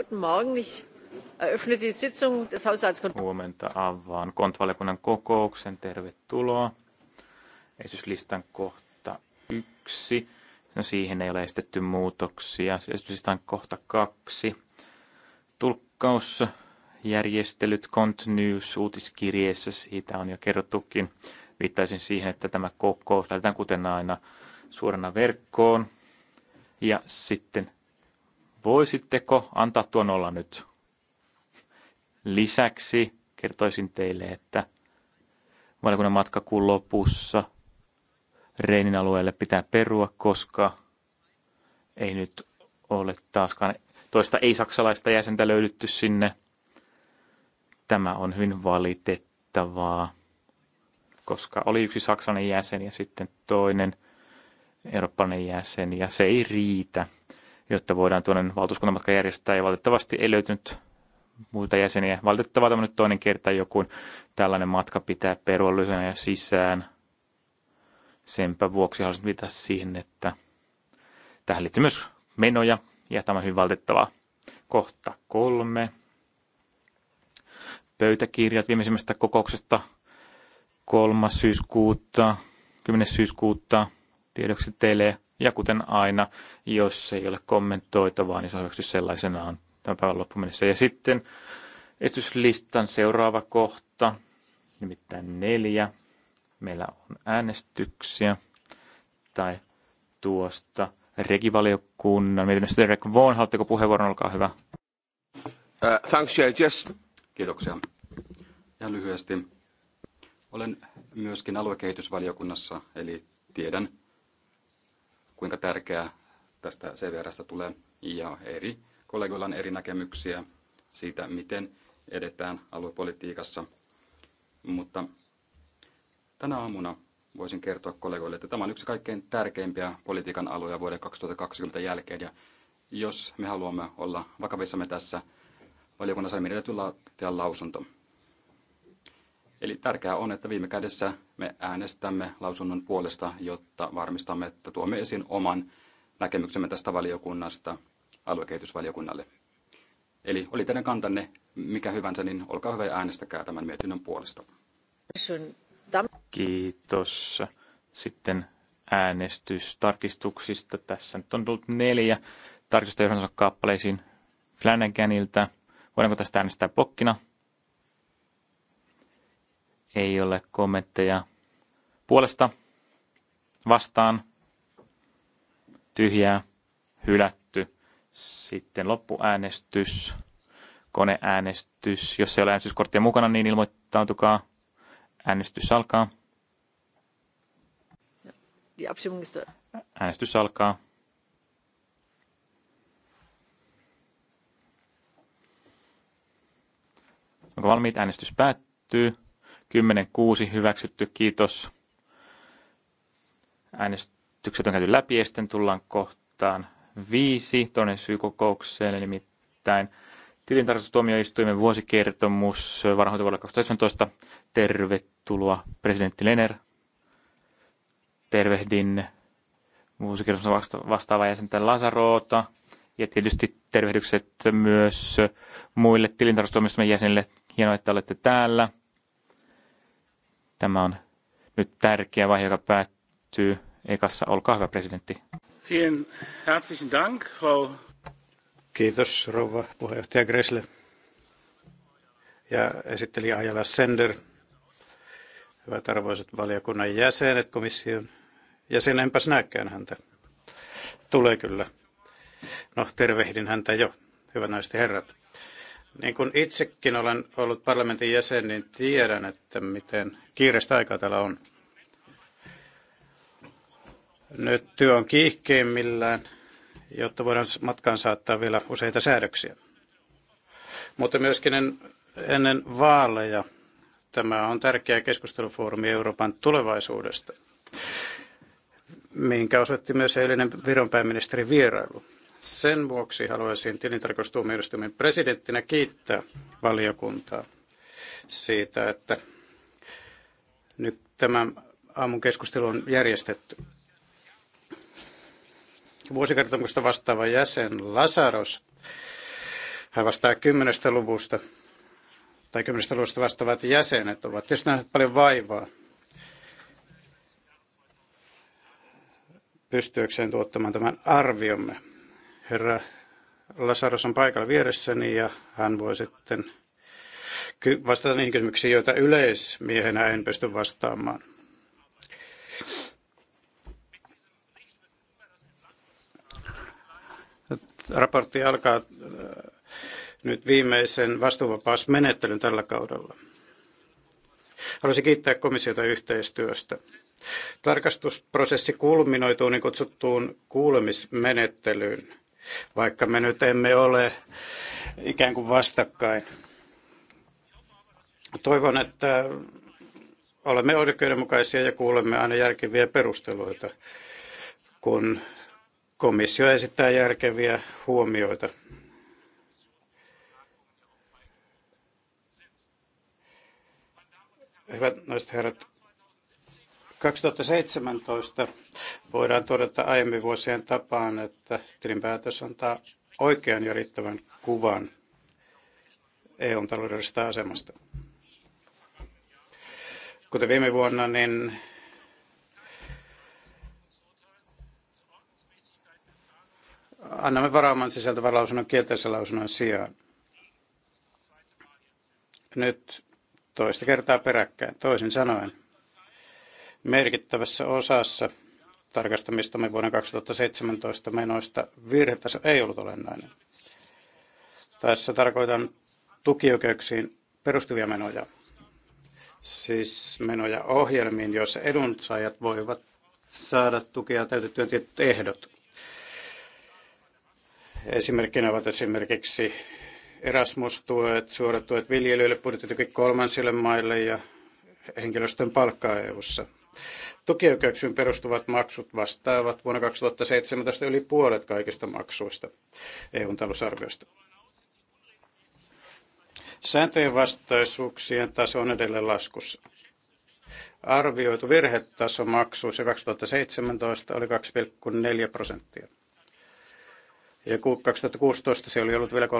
Guten Morgen. Ich eröffne die Sitzung des Haushaltskontrolls. Huomenta avaan kontvaliokunnan kokouksen. Tervetuloa. Esityslistan kohta yksi. No siihen ei ole estetty muutoksia. Esityslistan kohta kaksi. Tulkkausjärjestelyt Continuous uutiskirjeessä. Siitä on jo kerrottukin. Viittaisin siihen, että tämä kokous lähdetään kuten aina suorana verkkoon. Ja sitten Voisitteko antaa tuon olla nyt? Lisäksi kertoisin teille, että valiokunnan matkakuun lopussa Reinin alueelle pitää perua, koska ei nyt ole taaskaan toista ei-saksalaista jäsentä löydytty sinne. Tämä on hyvin valitettavaa, koska oli yksi saksalainen jäsen ja sitten toinen eurooppalainen jäsen ja se ei riitä jotta voidaan tuonne matka järjestää. Ja valitettavasti ei löytynyt muita jäseniä. Valitettavaa tämä nyt toinen kerta joku tällainen matka pitää perua lyhyen ja sisään. Senpä vuoksi haluaisin viitata siihen, että tähän liittyy myös menoja ja tämä on hyvin valitettavaa. Kohta kolme. Pöytäkirjat viimeisimmästä kokouksesta 3. syyskuuta, 10. syyskuuta tiedoksi teille ja kuten aina, jos ei ole kommentoitavaa, niin se on hyväksy sellaisenaan tämän päivän loppuun mennessä. Ja sitten esityslistan seuraava kohta, nimittäin neljä. Meillä on äänestyksiä tai tuosta regivaliokunnan mietinnöstä. Derek Vaughan, haluatteko puheenvuoron? Olkaa hyvä. Uh, thanks, Jay. Yes. Kiitoksia. Ja lyhyesti. Olen myöskin aluekehitysvaliokunnassa, eli tiedän, kuinka tärkeää tästä CVRstä tulee ja eri kollegoilla on eri näkemyksiä siitä, miten edetään aluepolitiikassa. Mutta tänä aamuna voisin kertoa kollegoille, että tämä on yksi kaikkein tärkeimpiä politiikan aloja vuoden 2020 jälkeen. Ja jos me haluamme olla vakavissamme tässä valiokunnassa, on täytyy lausunto. Eli tärkeää on, että viime kädessä me äänestämme lausunnon puolesta, jotta varmistamme, että tuomme esiin oman näkemyksemme tästä valiokunnasta aluekehitysvaliokunnalle. Eli oli teidän kantanne mikä hyvänsä, niin olkaa hyvä ja äänestäkää tämän mietinnön puolesta. Kiitos. Sitten äänestystarkistuksista. Tässä nyt on tullut neljä tarkistusta johdannossa kappaleisiin Flanaganilta. Voidaanko tästä äänestää pokkina? Ei ole kommentteja. Puolesta vastaan tyhjää hylätty. Sitten loppuäänestys, koneäänestys. Jos ei ole äänestyskorttia mukana, niin ilmoittautukaa. Äänestys alkaa. Äh, Äänestys alkaa. Onko valmiit? Äänestys päättyy. 10.6 hyväksytty, kiitos. Äänestykset on käyty läpi ja sitten tullaan kohtaan viisi tuonne syykokoukseen, nimittäin tilintarkastustuomioistuimen vuosikertomus varainhoitovuodelle 2017. Tervetuloa presidentti Lener. Tervehdin vuosikertomus vastaavaa jäsentä Lasaroota ja tietysti tervehdykset myös muille tilintarkastustuomioistuimen jäsenille. Hienoa, että olette täällä. Tämä on nyt tärkeä vaihe, joka päättyy ekassa. Olkaa hyvä, presidentti. Kiitos, rouva puheenjohtaja Gressle. Ja esitteli Ajala Sender. Hyvät arvoisat valiokunnan jäsenet, komission jäsen, enpäs näkään häntä. Tulee kyllä. No, tervehdin häntä jo, Hyvä naiset herrat. Niin kuin itsekin olen ollut parlamentin jäsen, niin tiedän, että miten kiireistä aikaa täällä on. Nyt työ on kiihkeimmillään, jotta voidaan matkaan saattaa vielä useita säädöksiä. Mutta myöskin ennen vaaleja tämä on tärkeä keskustelufoorumi Euroopan tulevaisuudesta, minkä osoitti myös eilinen Viron pääministerin vierailu. Sen vuoksi haluaisin tilintarkastustuomioistuimen presidenttinä kiittää valiokuntaa siitä, että nyt tämä aamun keskustelu on järjestetty. Vuosikertomuksesta vastaava jäsen Lasaros, hän vastaa 10. luvusta, tai 10. luvusta vastaavat jäsenet ovat tietysti nähneet paljon vaivaa pystyäkseen tuottamaan tämän arviomme Herra Lasaros on paikalla vieressäni ja hän voi sitten vastata niihin kysymyksiin, joita yleismiehenä en pysty vastaamaan. Raportti alkaa äh, nyt viimeisen vastuuvapausmenettelyn tällä kaudella. Haluaisin kiittää komissiota yhteistyöstä. Tarkastusprosessi kulminoituu niin kutsuttuun kuulemismenettelyyn vaikka me nyt emme ole ikään kuin vastakkain. Toivon, että olemme oikeudenmukaisia ja kuulemme aina järkeviä perusteluita, kun komissio esittää järkeviä huomioita. Hyvät naiset herrat, 2017 voidaan todeta aiemmin vuosien tapaan, että tilinpäätös antaa oikean ja riittävän kuvan EUn taloudellisesta asemasta. Kuten viime vuonna, niin annamme varaaman sisältävän lausunnon kielteisen lausunnon sijaan. Nyt toista kertaa peräkkäin, toisin sanoen merkittävässä osassa tarkastamistamme vuoden 2017 menoista virhetaso ei ollut olennainen. Tässä tarkoitan tukioikeuksiin perustuvia menoja, siis menoja ohjelmiin, joissa edunsaajat voivat saada tukea täytettyä tietyt ehdot. Esimerkkinä ovat esimerkiksi Erasmus-tuet, suoratuet viljelyille, budjettituki kolmansille maille ja henkilöstön palkkaa EU-ssa. Tukioikeuksiin perustuvat maksut vastaavat vuonna 2017 yli puolet kaikista maksuista EUn talousarviosta. Sääntöjen vastaisuuksien taso on edelleen laskussa. Arvioitu virhetaso maksuissa 2017 oli 2,4 prosenttia. Ja 2016 se oli ollut vielä 3,1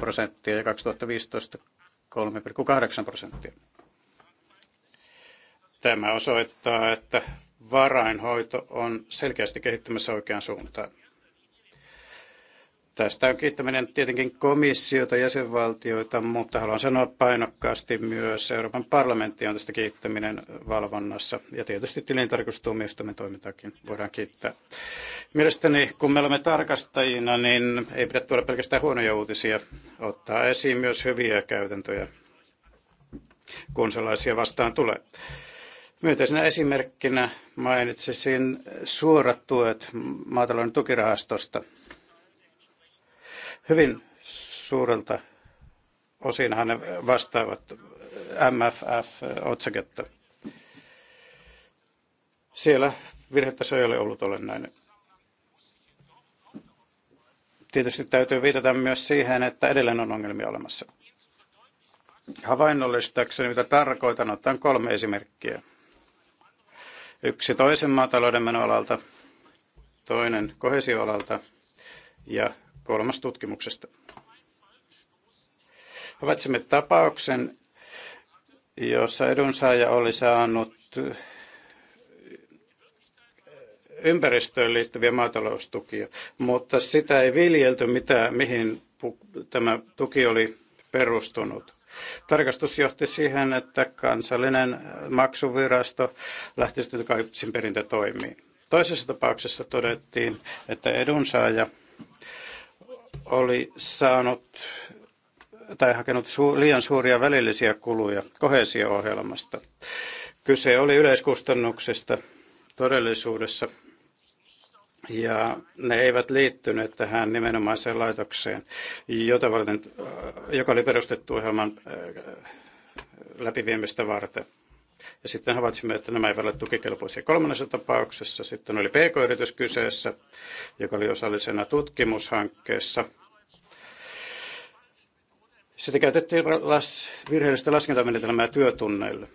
prosenttia ja 2015 3,8 prosenttia. Tämä osoittaa, että varainhoito on selkeästi kehittymässä oikeaan suuntaan. Tästä on kiittäminen tietenkin komissiota, jäsenvaltioita, mutta haluan sanoa painokkaasti myös Euroopan parlamentti on tästä kiittäminen valvonnassa. Ja tietysti tilintarkastustuomioistuimen toimintakin voidaan kiittää. Mielestäni kun me olemme tarkastajina, niin ei pidä tuoda pelkästään huonoja uutisia, ottaa esiin myös hyviä käytäntöjä, kun sellaisia vastaan tulee. Myönteisenä esimerkkinä mainitsisin suorat tuet maatalouden tukirahastosta. Hyvin suurelta osinhan ne vastaavat MFF-otsaketta. Siellä virhetaso ei ole ollut olennainen. Tietysti täytyy viitata myös siihen, että edelleen on ongelmia olemassa. Havainnollistaakseni, mitä tarkoitan, otan kolme esimerkkiä. Yksi toisen maatalouden menoalalta, toinen kohesioalalta ja kolmas tutkimuksesta. Havaitsimme tapauksen, jossa edunsaaja oli saanut ympäristöön liittyviä maataloustukia, mutta sitä ei viljelty, mitä, mihin tämä tuki oli perustunut. Tarkastus johti siihen, että kansallinen maksuvirasto lähti sitten kaipsin perintätoimiin. Toisessa tapauksessa todettiin, että edunsaaja oli saanut tai hakenut su- liian suuria välillisiä kuluja kohesio-ohjelmasta. Kyse oli yleiskustannuksista todellisuudessa ja ne eivät liittyneet tähän nimenomaiseen laitokseen, jota varten, joka oli perustettu ohjelman äh, läpiviemistä varten. Ja sitten havaitsimme, että nämä eivät ole tukikelpoisia. Kolmannessa tapauksessa sitten oli PK-yritys kyseessä, joka oli osallisena tutkimushankkeessa. Sitä käytettiin las, virheellistä laskentamenetelmää työtunneille.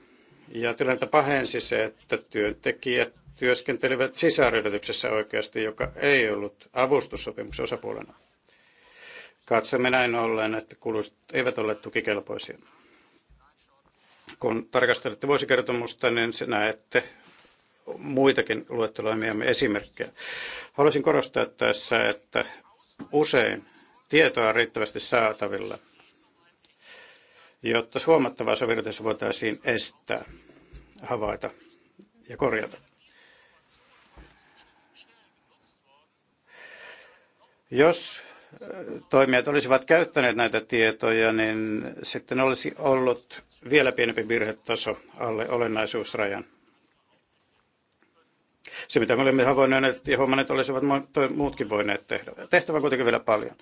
Ja tilannetta pahensi se, että työntekijät työskentelivät sisaryrityksessä oikeasti, joka ei ollut avustussopimuksen osapuolena. Katsomme näin ollen, että kulut eivät ole tukikelpoisia. Kun tarkastelette vuosikertomusta, niin se näette muitakin luetteloimiamme esimerkkejä. Haluaisin korostaa tässä, että usein tietoa on riittävästi saatavilla, jotta huomattavaa sovellutusta voitaisiin estää, havaita ja korjata. Jos äh, toimijat olisivat käyttäneet näitä tietoja, niin sitten olisi ollut vielä pienempi virhetaso alle olennaisuusrajan. Se, mitä me olemme havainneet ja huomanneet, olisivat muutkin voineet tehdä. Tehtävä on kuitenkin vielä paljon.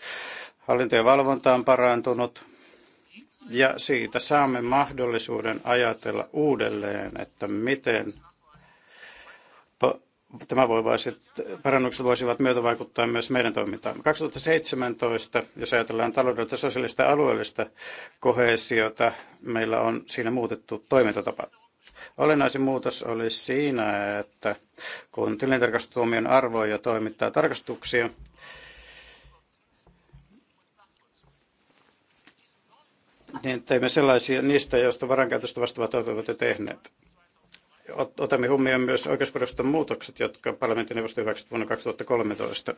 Hallinto ja valvonta on parantunut ja siitä saamme mahdollisuuden ajatella uudelleen, että miten tämä voi voisit, parannukset voisivat myötä vaikuttaa myös meidän toimintaamme. 2017, jos ajatellaan taloudellista, sosiaalista ja alueellista kohesiota, meillä on siinä muutettu toimintatapa. Olennaisin muutos oli siinä, että kun tilintarkastustuomion arvoja toimittaa tarkastuksia, niin teimme sellaisia niistä, joista varankäytöstä vastaavat ovat jo tehneet otamme huomioon myös oikeusperustan muutokset, jotka neuvosto hyväksyi vuonna 2013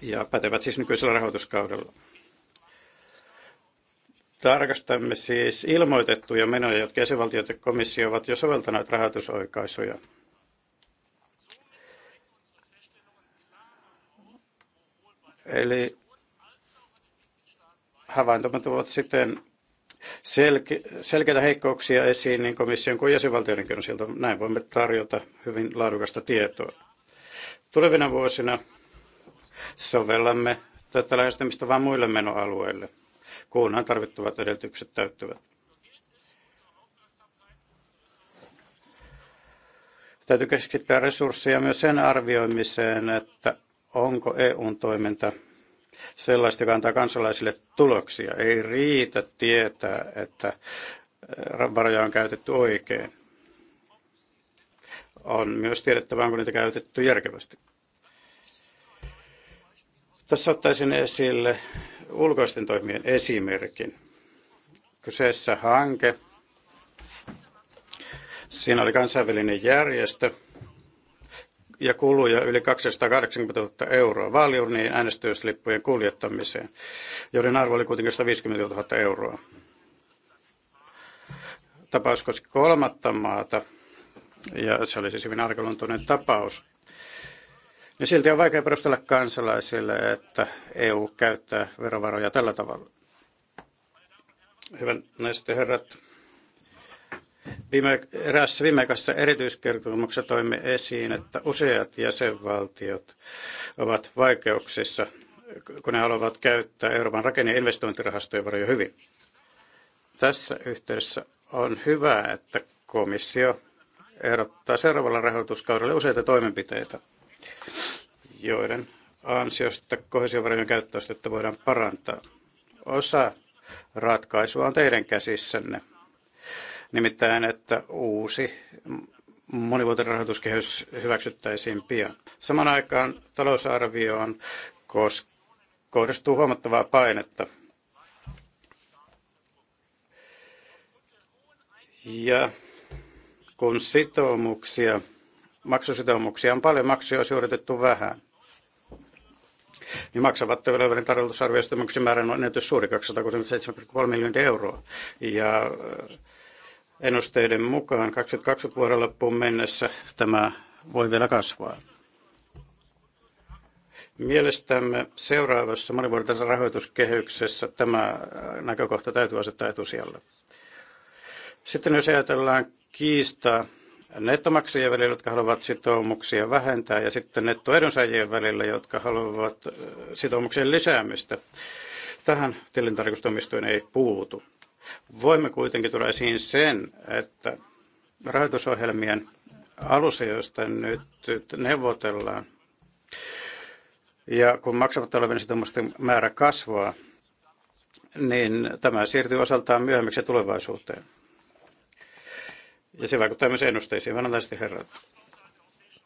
ja pätevät siis nykyisellä rahoituskaudella. Tarkastamme siis ilmoitettuja menoja, jotka jäsenvaltiot ja komissio ovat jo soveltaneet rahoitusoikaisuja. Eli havaintomme ovat siten selke- selkeitä heikkouksia esiin niin komission kuin jäsenvaltioidenkin sieltä Näin voimme tarjota hyvin laadukasta tietoa. Tulevina vuosina sovellamme tätä lähestymistä vain muille menoalueille, kunhan tarvittavat edellytykset täyttyvät. Täytyy keskittää resursseja myös sen arvioimiseen, että onko EUn toiminta sellaista, joka antaa kansalaisille tuloksia. Ei riitä tietää, että varoja on käytetty oikein. On myös tiedettävä, onko niitä käytetty järkevästi. Tässä ottaisin esille ulkoisten toimien esimerkin. Kyseessä hanke. Siinä oli kansainvälinen järjestö, ja kuluja yli 280 000 euroa vaaliurniin äänestyslippujen kuljettamiseen, joiden arvo oli kuitenkin 150 000 euroa. Tapaus koski kolmatta maata, ja se oli siis hyvin arkaluontoinen tapaus. Niin silti on vaikea perustella kansalaisille, että EU käyttää verovaroja tällä tavalla. Hyvä näistä herrat, Viime, erässä viimeaikaisessa erityiskertomuksessa toimme esiin, että useat jäsenvaltiot ovat vaikeuksissa, kun ne haluavat käyttää Euroopan rakenne- ja investointirahastojen varoja hyvin. Tässä yhteydessä on hyvä, että komissio ehdottaa seuraavalla rahoituskaudella useita toimenpiteitä, joiden ansiosta kohesiovarojen käyttöastetta voidaan parantaa. Osa ratkaisua on teidän käsissänne nimittäin että uusi monivuotinen rahoituskehys hyväksyttäisiin pian. Samaan aikaan talousarvioon kohdistuu huomattavaa painetta. Ja kun sitoumuksia, maksusitoumuksia on paljon, maksuja on suoritettu vähän, niin maksavat työvelvollinen tarjotusarvioistumuksen määrän on ennätys suuri 267,3 miljoonaa euroa. Ja ennusteiden mukaan 22 vuoden loppuun mennessä tämä voi vielä kasvaa. Mielestämme seuraavassa monivuotisessa rahoituskehyksessä tämä näkökohta täytyy asettaa etusijalle. Sitten jos ajatellaan kiistaa nettomaksajien välillä, jotka haluavat sitoumuksia vähentää, ja sitten nettoedunsaajien välillä, jotka haluavat sitoumuksien lisäämistä, tähän tilintarkastustoimistoin ei puutu. Voimme kuitenkin tuoda esiin sen, että rahoitusohjelmien alussa, joista nyt neuvotellaan, ja kun maksavat olevien niin sitoumusten määrä kasvaa, niin tämä siirtyy osaltaan myöhemmäksi tulevaisuuteen. Ja se vaikuttaa myös ennusteisiin. Vanhantaisesti herrat.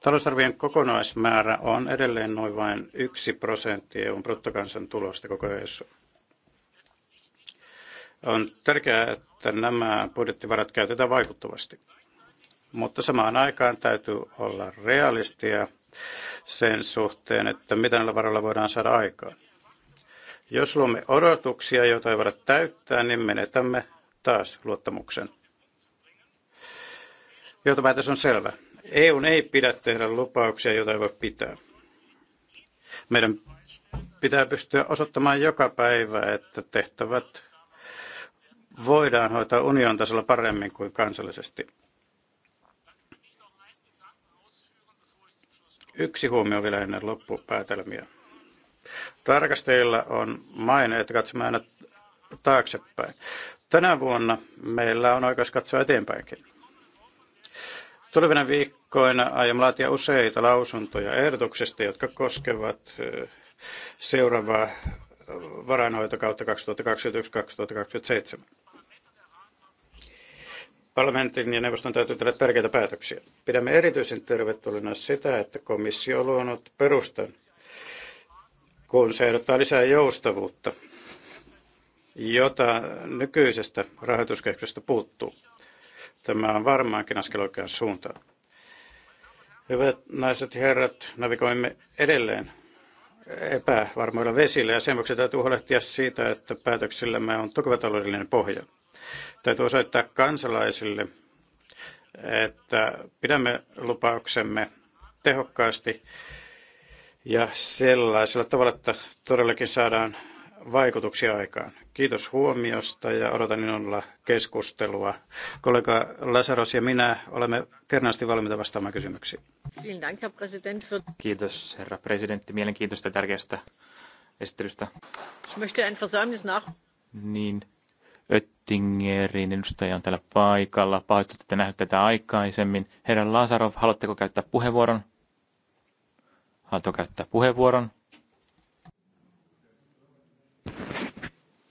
Talousarvien kokonaismäärä on edelleen noin vain yksi prosentti EUn bruttokansantulosta koko EU:ssa. On tärkeää, että nämä budjettivarat käytetään vaikuttavasti. Mutta samaan aikaan täytyy olla realistia sen suhteen, että mitä näillä varoilla voidaan saada aikaan. Jos luomme odotuksia, joita ei voida täyttää, niin menetämme taas luottamuksen. Johtopäätös on selvä. EUn ei pidä tehdä lupauksia, joita ei voi pitää. Meidän pitää pystyä osoittamaan joka päivä, että tehtävät voidaan hoitaa union tasolla paremmin kuin kansallisesti. Yksi huomio vielä ennen loppupäätelmiä. Tarkastajilla on maine, että katsomme aina taaksepäin. Tänä vuonna meillä on oikeus katsoa eteenpäinkin. Tulevina viikkoina aion laatia useita lausuntoja ehdotuksista, jotka koskevat seuraavaa varainhoitokautta 2021-2027. Parlamentin ja neuvoston täytyy tehdä tärkeitä päätöksiä. Pidämme erityisen tervetulleena sitä, että komissio on luonut perustan, kun se ehdottaa lisää joustavuutta, jota nykyisestä rahoituskehyksestä puuttuu. Tämä on varmaankin askel oikeaan suuntaan. Hyvät naiset ja herrat, navigoimme edelleen epävarmoilla vesillä ja sen vuoksi täytyy huolehtia siitä, että päätöksillämme on tukeva taloudellinen pohja. Täytyy osoittaa kansalaisille, että pidämme lupauksemme tehokkaasti ja sellaisella tavalla, että todellakin saadaan vaikutuksia aikaan. Kiitos huomiosta ja odotan innolla keskustelua. Kollega Lasaros ja minä olemme kernaasti valmiita vastaamaan kysymyksiin. Kiitos herra presidentti mielenkiintoista tärkeästä esittelystä. Ich möchte ein Versäumnis nach. Niin, Öttingerin edustaja on täällä paikalla. Pahoittu, että nähnyt tätä aikaisemmin. Herra Lazarov, haluatteko käyttää puheenvuoron? Haluatko käyttää puheenvuoron?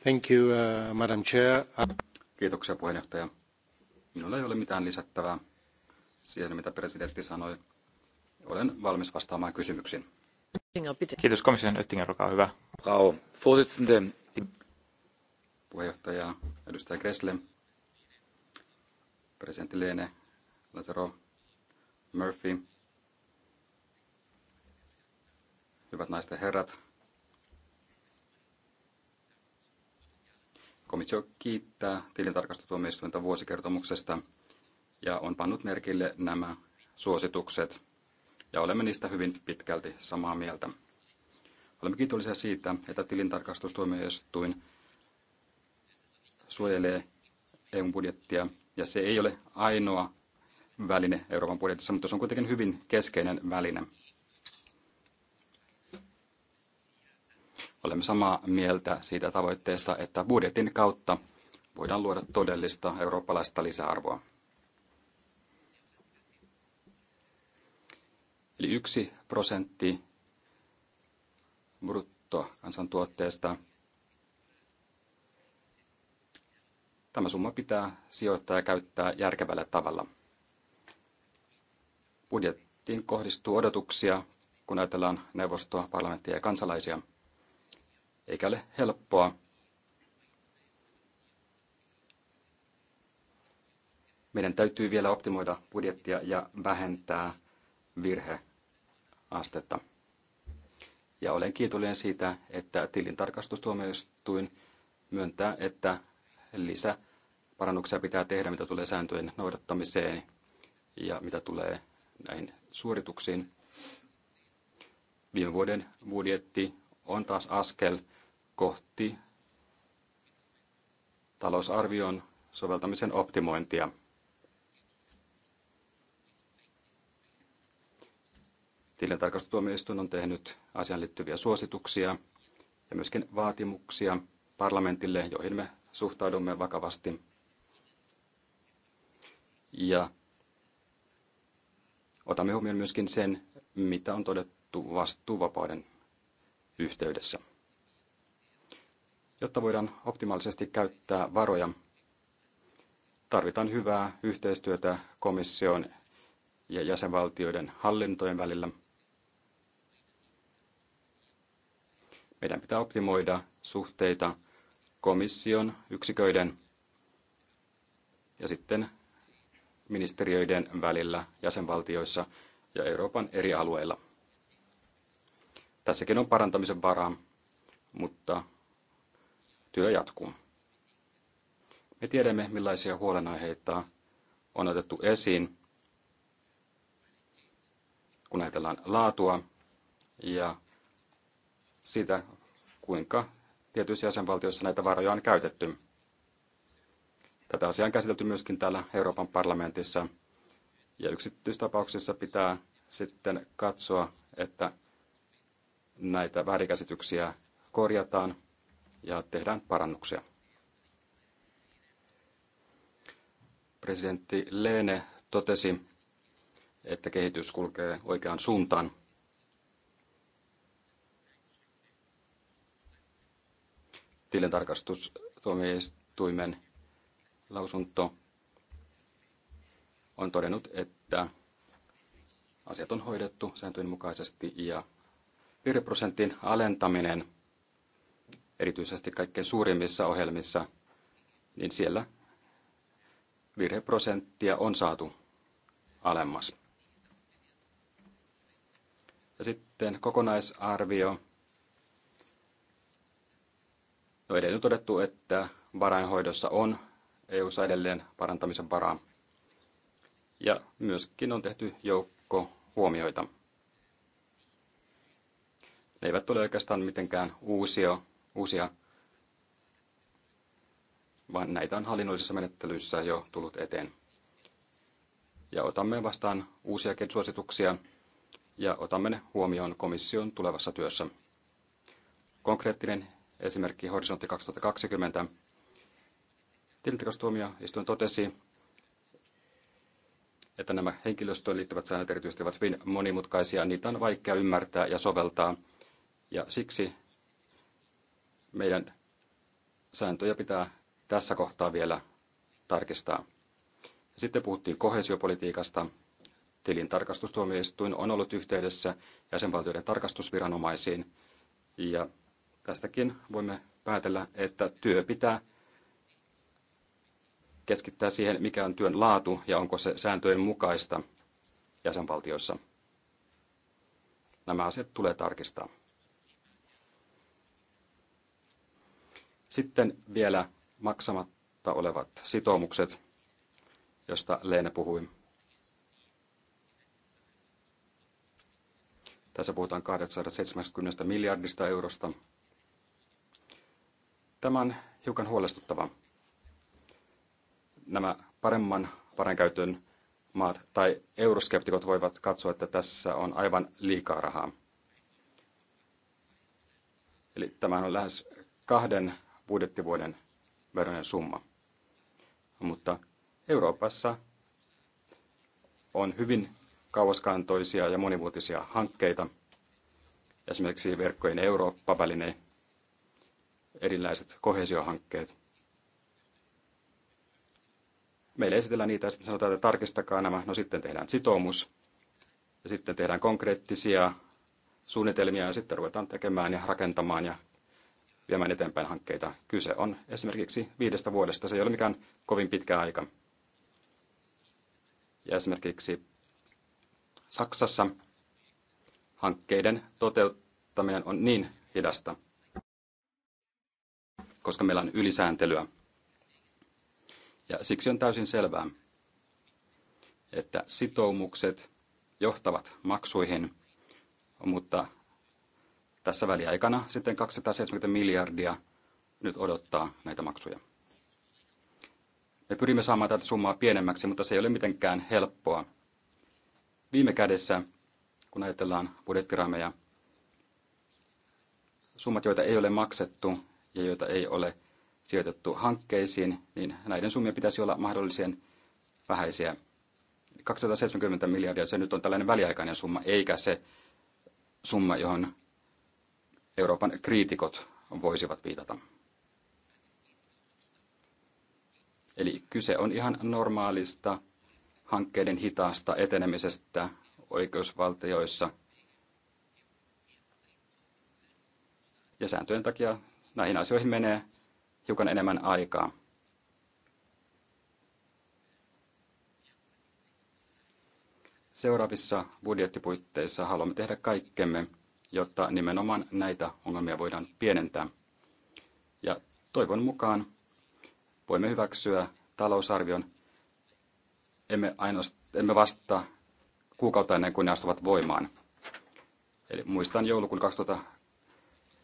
Thank you, uh, Madam Chair. Kiitoksia puheenjohtaja. Minulla ei ole mitään lisättävää siihen, mitä presidentti sanoi. Olen valmis vastaamaan kysymyksiin. Kiitos komission Oettinger, olkaa hyvä. Frau Vorsitzende, puheenjohtaja edustaja Gressle, presidentti Leene, Lazaro, Murphy, hyvät naiset ja herrat. Komissio kiittää tilintarkastustuomioistuinta vuosikertomuksesta ja on pannut merkille nämä suositukset ja olemme niistä hyvin pitkälti samaa mieltä. Olemme kiitollisia siitä, että tilintarkastustuomioistuin suojelee EUn budjettia ja se ei ole ainoa väline Euroopan budjetissa, mutta se on kuitenkin hyvin keskeinen väline. Olemme samaa mieltä siitä tavoitteesta, että budjetin kautta voidaan luoda todellista eurooppalaista lisäarvoa. Eli yksi prosentti bruttokansantuotteesta Tämä summa pitää sijoittaa ja käyttää järkevällä tavalla. Budjettiin kohdistuu odotuksia, kun ajatellaan neuvostoa, parlamenttia ja kansalaisia. Eikä ole helppoa. Meidän täytyy vielä optimoida budjettia ja vähentää virheastetta. Ja olen kiitollinen siitä, että tilintarkastustuomioistuin myöntää, että lisä parannuksia pitää tehdä, mitä tulee sääntöjen noudattamiseen ja mitä tulee näihin suorituksiin. Viime vuoden budjetti on taas askel kohti talousarvion soveltamisen optimointia. Tilintarkastustuomioistuin on tehnyt asiaan liittyviä suosituksia ja myöskin vaatimuksia parlamentille, joihin me suhtaudumme vakavasti. Ja otamme huomioon myöskin sen, mitä on todettu vastuuvapauden yhteydessä. Jotta voidaan optimaalisesti käyttää varoja, tarvitaan hyvää yhteistyötä komission ja jäsenvaltioiden hallintojen välillä. Meidän pitää optimoida suhteita komission yksiköiden ja sitten ministeriöiden välillä jäsenvaltioissa ja Euroopan eri alueilla. Tässäkin on parantamisen varaa, mutta työ jatkuu. Me tiedämme, millaisia huolenaiheita on otettu esiin, kun ajatellaan laatua ja sitä, kuinka tietyissä jäsenvaltioissa näitä varoja on käytetty. Tätä asiaa on käsitelty myöskin täällä Euroopan parlamentissa. Ja yksityistapauksissa pitää sitten katsoa, että näitä väärikäsityksiä korjataan ja tehdään parannuksia. Presidentti Leene totesi, että kehitys kulkee oikeaan suuntaan. tilintarkastustuomioistuimen lausunto on todennut, että asiat on hoidettu sääntöjen mukaisesti ja virheprosentin alentaminen erityisesti kaikkein suurimmissa ohjelmissa, niin siellä virheprosenttia on saatu alemmas. Ja sitten kokonaisarvio No edelleen todettu, että varainhoidossa on eu edelleen parantamisen varaa. Ja myöskin on tehty joukko huomioita. Ne eivät ole oikeastaan mitenkään uusia, uusia vaan näitä on hallinnollisissa menettelyissä jo tullut eteen. Ja otamme vastaan uusiakin suosituksia ja otamme ne huomioon komission tulevassa työssä. Konkreettinen esimerkki Horisontti 2020. istuin totesi, että nämä henkilöstöön liittyvät säännöt erityisesti ovat hyvin monimutkaisia, niitä on vaikea ymmärtää ja soveltaa. Ja siksi meidän sääntöjä pitää tässä kohtaa vielä tarkistaa. Sitten puhuttiin kohesiopolitiikasta. Tilintarkastustuomioistuin on ollut yhteydessä jäsenvaltioiden tarkastusviranomaisiin ja Tästäkin voimme päätellä, että työ pitää keskittää siihen, mikä on työn laatu ja onko se sääntöjen mukaista jäsenvaltioissa. Nämä asiat tulee tarkistaa. Sitten vielä maksamatta olevat sitoumukset, josta Leena puhui. Tässä puhutaan 270 miljardista eurosta. Tämä on hiukan huolestuttavaa. Nämä paremman varainkäytön maat tai euroskeptikot voivat katsoa, että tässä on aivan liikaa rahaa. Eli tämä on lähes kahden budjettivuoden veroinen summa. Mutta Euroopassa on hyvin kauaskantoisia ja monivuotisia hankkeita, esimerkiksi verkkojen eurooppa välineen erilaiset kohesiohankkeet. Meille esitellään niitä ja sitten sanotaan, että tarkistakaa nämä. No sitten tehdään sitoumus ja sitten tehdään konkreettisia suunnitelmia ja sitten ruvetaan tekemään ja rakentamaan ja viemään eteenpäin hankkeita. Kyse on esimerkiksi viidestä vuodesta. Se ei ole mikään kovin pitkä aika. Ja esimerkiksi Saksassa hankkeiden toteuttaminen on niin hidasta, koska meillä on ylisääntelyä. Ja siksi on täysin selvää, että sitoumukset johtavat maksuihin, mutta tässä väliaikana sitten 270 miljardia nyt odottaa näitä maksuja. Me pyrimme saamaan tätä summaa pienemmäksi, mutta se ei ole mitenkään helppoa. Viime kädessä, kun ajatellaan budjettiraameja, summat, joita ei ole maksettu, ja joita ei ole sijoitettu hankkeisiin, niin näiden summien pitäisi olla mahdollisen vähäisiä. 270 miljardia, se nyt on tällainen väliaikainen summa, eikä se summa, johon Euroopan kriitikot voisivat viitata. Eli kyse on ihan normaalista hankkeiden hitaasta etenemisestä oikeusvaltioissa. Ja sääntöjen takia näihin asioihin menee hiukan enemmän aikaa. Seuraavissa budjettipuitteissa haluamme tehdä kaikkemme, jotta nimenomaan näitä ongelmia voidaan pienentää. Ja toivon mukaan voimme hyväksyä talousarvion. Emme, ainoastaan, emme vastaa kuukautta ennen kuin ne astuvat voimaan. Eli muistan joulukuun 2000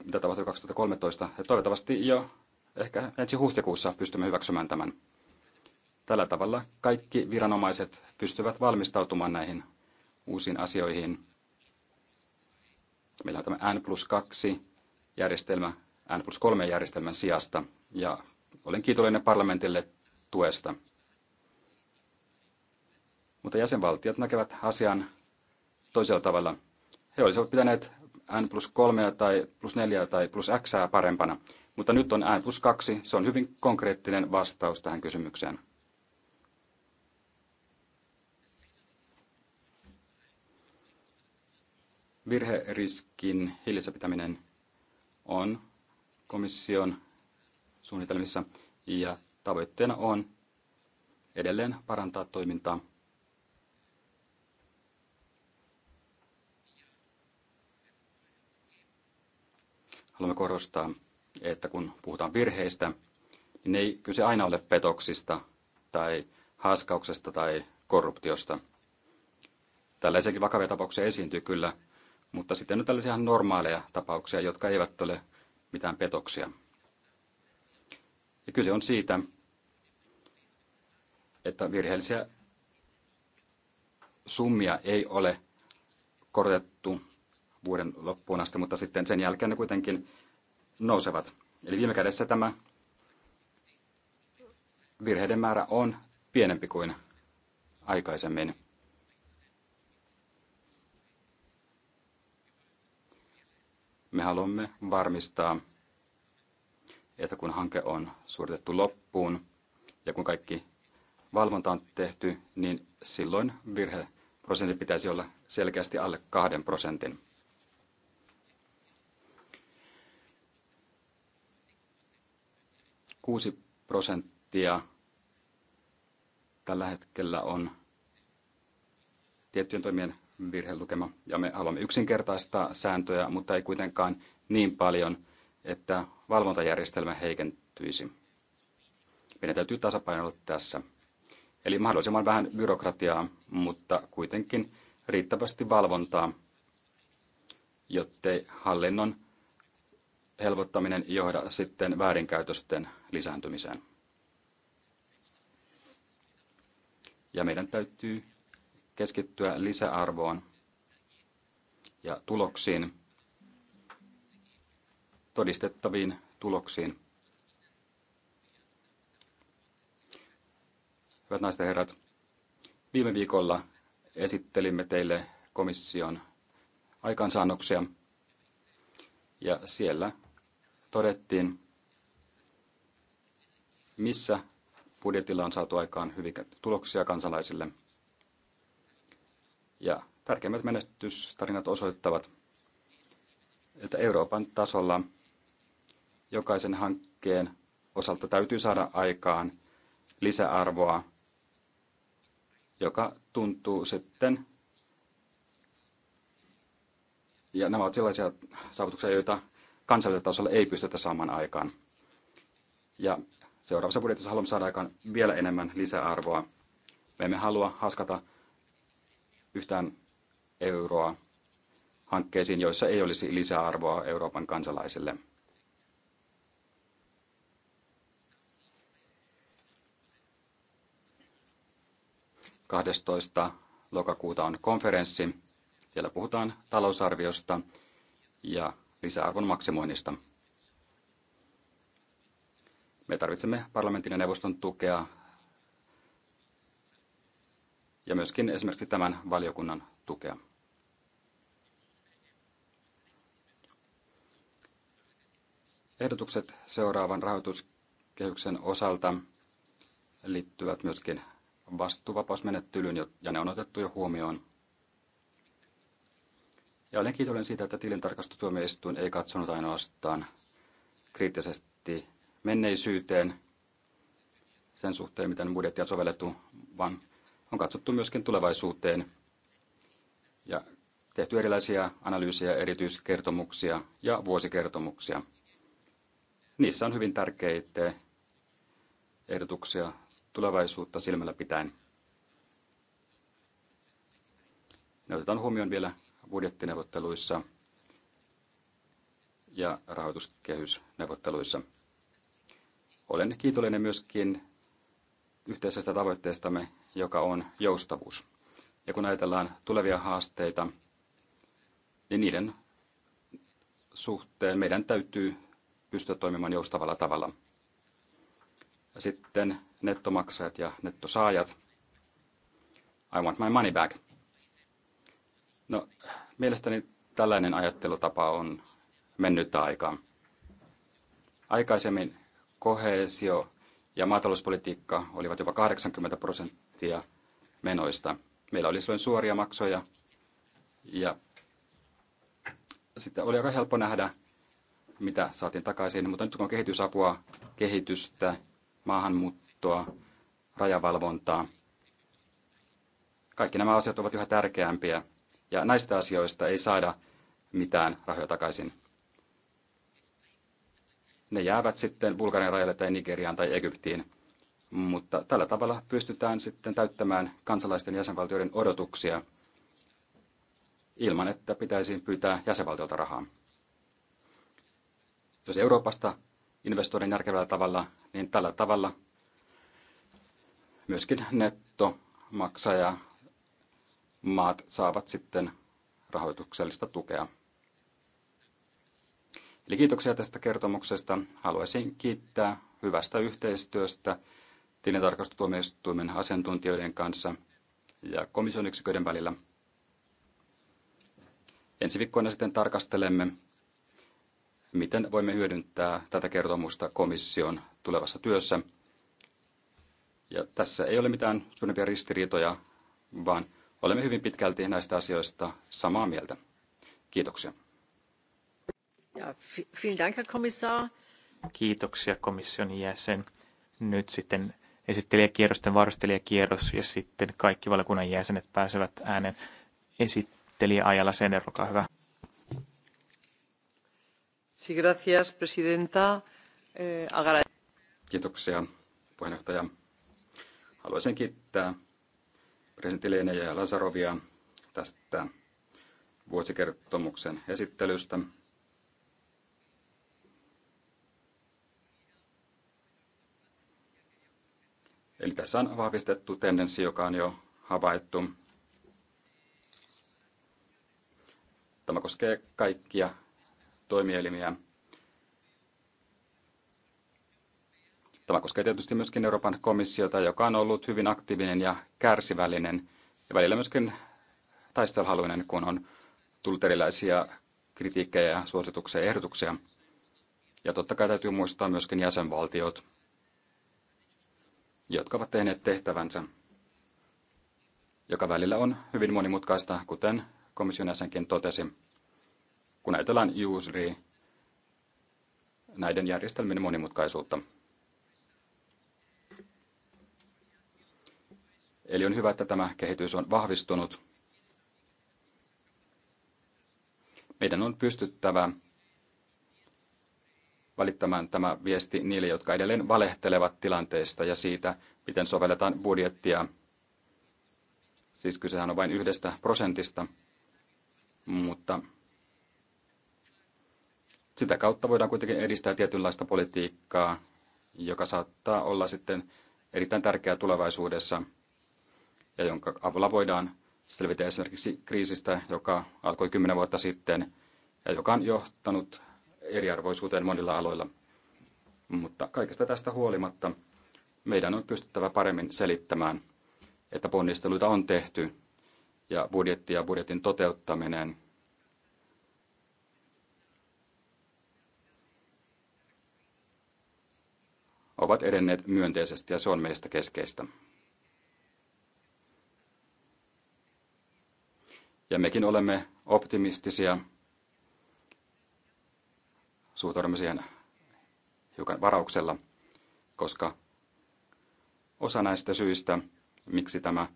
mitä tapahtui 2013. Ja toivottavasti jo ehkä ensi huhtikuussa pystymme hyväksymään tämän. Tällä tavalla kaikki viranomaiset pystyvät valmistautumaan näihin uusiin asioihin. Meillä on tämä N plus 2 järjestelmä N plus 3 järjestelmän sijasta ja olen kiitollinen parlamentille tuesta. Mutta jäsenvaltiot näkevät asian toisella tavalla. He olisivat pitäneet n plus 3 tai plus 4 tai plus x parempana, mutta nyt on n plus 2. Se on hyvin konkreettinen vastaus tähän kysymykseen. Virheriskin hillissä pitäminen on komission suunnitelmissa ja tavoitteena on edelleen parantaa toimintaa Haluamme korostaa, että kun puhutaan virheistä, niin ei kyse aina ole petoksista tai haaskauksesta tai korruptiosta. Tällaisiakin vakavia tapauksia esiintyy kyllä, mutta sitten on tällaisia normaaleja tapauksia, jotka eivät ole mitään petoksia. Ja kyse on siitä, että virheellisiä summia ei ole korotettu vuoden loppuun asti, mutta sitten sen jälkeen ne kuitenkin nousevat. Eli viime kädessä tämä virheiden määrä on pienempi kuin aikaisemmin. Me haluamme varmistaa, että kun hanke on suoritettu loppuun ja kun kaikki valvonta on tehty, niin silloin virheprosentti pitäisi olla selkeästi alle kahden prosentin. 6 prosenttia tällä hetkellä on tiettyjen toimien virhelukema. Ja me haluamme yksinkertaistaa sääntöjä, mutta ei kuitenkaan niin paljon, että valvontajärjestelmä heikentyisi. Meidän täytyy tasapainoilla tässä. Eli mahdollisimman vähän byrokratiaa, mutta kuitenkin riittävästi valvontaa, jottei hallinnon helpottaminen johda sitten väärinkäytösten lisääntymiseen. Ja meidän täytyy keskittyä lisäarvoon ja tuloksiin, todistettaviin tuloksiin. Hyvät naiset ja herrat, viime viikolla esittelimme teille komission aikaansaannoksia ja siellä todettiin, missä budjetilla on saatu aikaan hyviä tuloksia kansalaisille. Ja tärkeimmät menestystarinat osoittavat, että Euroopan tasolla jokaisen hankkeen osalta täytyy saada aikaan lisäarvoa, joka tuntuu sitten. Ja nämä ovat sellaisia saavutuksia, joita kansallisella tasolla ei pystytä saamaan aikaan. Ja Seuraavassa budjetissa haluamme saada aikaan vielä enemmän lisäarvoa. Me emme halua haskata yhtään euroa hankkeisiin, joissa ei olisi lisäarvoa Euroopan kansalaisille. Kahdestoista lokakuuta on konferenssi. Siellä puhutaan talousarviosta ja lisäarvon maksimoinnista. Me tarvitsemme parlamentin ja neuvoston tukea ja myöskin esimerkiksi tämän valiokunnan tukea. Ehdotukset seuraavan rahoituskehyksen osalta liittyvät myöskin vastuuvapausmenettelyyn, ja ne on otettu jo huomioon. Ja olen kiitollinen siitä, että tilintarkastustuomioistuin ei katsonut ainoastaan kriittisesti menneisyyteen sen suhteen, miten budjettia on sovellettu, vaan on katsottu myöskin tulevaisuuteen ja tehty erilaisia analyysejä, erityiskertomuksia ja vuosikertomuksia. Niissä on hyvin tärkeitä ehdotuksia tulevaisuutta silmällä pitäen. Ne otetaan huomioon vielä budjettineuvotteluissa ja rahoituskehysneuvotteluissa. Olen kiitollinen myöskin yhteisestä tavoitteestamme, joka on joustavuus. Ja kun ajatellaan tulevia haasteita, niin niiden suhteen meidän täytyy pystyä toimimaan joustavalla tavalla. Ja sitten nettomaksajat ja nettosaajat. I want my money back. No, mielestäni tällainen ajattelutapa on mennyt aikaan. Aikaisemmin kohesio ja maatalouspolitiikka olivat jopa 80 prosenttia menoista. Meillä oli silloin suoria maksoja ja sitten oli aika helppo nähdä, mitä saatiin takaisin. Mutta nyt kun on kehitysapua, kehitystä, maahanmuuttoa, rajavalvontaa, kaikki nämä asiat ovat yhä tärkeämpiä. Ja näistä asioista ei saada mitään rahoja takaisin. Ne jäävät sitten Bulgarian rajalle tai Nigeriaan tai Egyptiin. Mutta tällä tavalla pystytään sitten täyttämään kansalaisten jäsenvaltioiden odotuksia ilman, että pitäisi pyytää jäsenvaltiolta rahaa. Jos Euroopasta investoidaan järkevällä tavalla, niin tällä tavalla myöskin nettomaksaja maat saavat sitten rahoituksellista tukea. Eli kiitoksia tästä kertomuksesta. Haluaisin kiittää hyvästä yhteistyöstä tilintarkastustuomioistuimen asiantuntijoiden kanssa ja komission yksiköiden välillä. Ensi viikkoina sitten tarkastelemme, miten voimme hyödyntää tätä kertomusta komission tulevassa työssä. Ja tässä ei ole mitään suurempia ristiriitoja, vaan olemme hyvin pitkälti näistä asioista samaa mieltä. Kiitoksia. Kiitoksia komission jäsen. Nyt sitten esittelijäkierrosten varustelijakierros ja sitten kaikki valiokunnan jäsenet pääsevät äänen esittelijä Ajala Sener, olkaa hyvä. Sí, gracias, presidenta. Eh, Kiitoksia, puheenjohtaja. Haluaisin kiittää presidentti Leene ja Lazarovia tästä vuosikertomuksen esittelystä Eli tässä on vahvistettu tendenssi, joka on jo havaittu. Tämä koskee kaikkia toimielimiä. Tämä koskee tietysti myöskin Euroopan komissiota, joka on ollut hyvin aktiivinen ja kärsivällinen ja välillä myöskin taisteluhaluinen, kun on tullut erilaisia kritiikkejä, suosituksia ja ehdotuksia. Ja totta kai täytyy muistaa myöskin jäsenvaltiot – jotka ovat tehneet tehtävänsä, joka välillä on hyvin monimutkaista, kuten komission jäsenkin totesi. Kun ajatellaan juuri näiden järjestelmien monimutkaisuutta. Eli on hyvä, että tämä kehitys on vahvistunut. Meidän on pystyttävä välittämään tämä viesti niille, jotka edelleen valehtelevat tilanteesta ja siitä, miten sovelletaan budjettia. Siis kysehän on vain yhdestä prosentista, mutta sitä kautta voidaan kuitenkin edistää tietynlaista politiikkaa, joka saattaa olla sitten erittäin tärkeää tulevaisuudessa ja jonka avulla voidaan selvitä esimerkiksi kriisistä, joka alkoi kymmenen vuotta sitten ja joka on johtanut eriarvoisuuteen monilla aloilla. Mutta kaikesta tästä huolimatta meidän on pystyttävä paremmin selittämään, että ponnisteluita on tehty ja budjetti ja budjetin toteuttaminen ovat edenneet myönteisesti ja se on meistä keskeistä. Ja mekin olemme optimistisia suhtaudumme siihen hiukan varauksella, koska osa näistä syistä, miksi tämä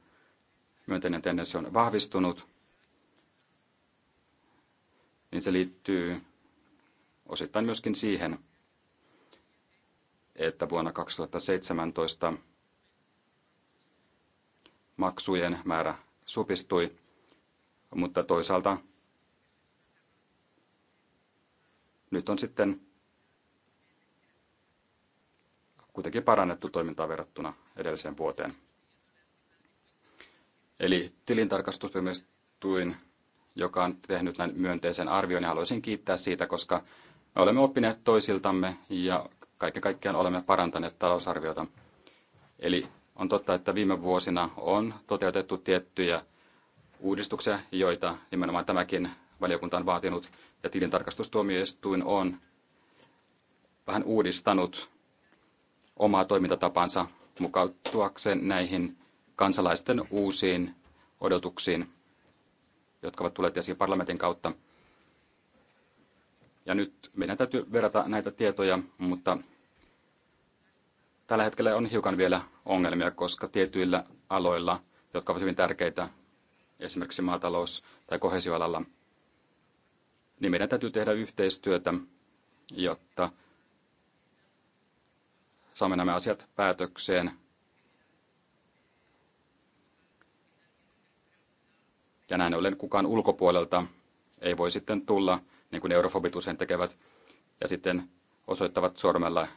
myönteinen tendenssi on vahvistunut, niin se liittyy osittain myöskin siihen, että vuonna 2017 maksujen määrä supistui, mutta toisaalta Nyt on sitten kuitenkin parannettu toimintaa verrattuna edelliseen vuoteen. Eli tilintarkastustuomioistuin, joka on tehnyt näin myönteisen arvion, niin haluaisin kiittää siitä, koska me olemme oppineet toisiltamme ja kaiken kaikkiaan olemme parantaneet talousarviota. Eli on totta, että viime vuosina on toteutettu tiettyjä uudistuksia, joita nimenomaan tämäkin valiokunta on vaatinut ja tilintarkastustuomioistuin on vähän uudistanut omaa toimintatapansa mukautuakseen näihin kansalaisten uusiin odotuksiin, jotka ovat tulleet esiin parlamentin kautta. Ja nyt meidän täytyy verrata näitä tietoja, mutta tällä hetkellä on hiukan vielä ongelmia, koska tietyillä aloilla, jotka ovat hyvin tärkeitä, esimerkiksi maatalous- tai kohesioalalla, niin meidän täytyy tehdä yhteistyötä, jotta saamme nämä asiat päätökseen. Ja näin ollen kukaan ulkopuolelta ei voi sitten tulla, niin kuin eurofobit usein tekevät, ja sitten osoittavat sormella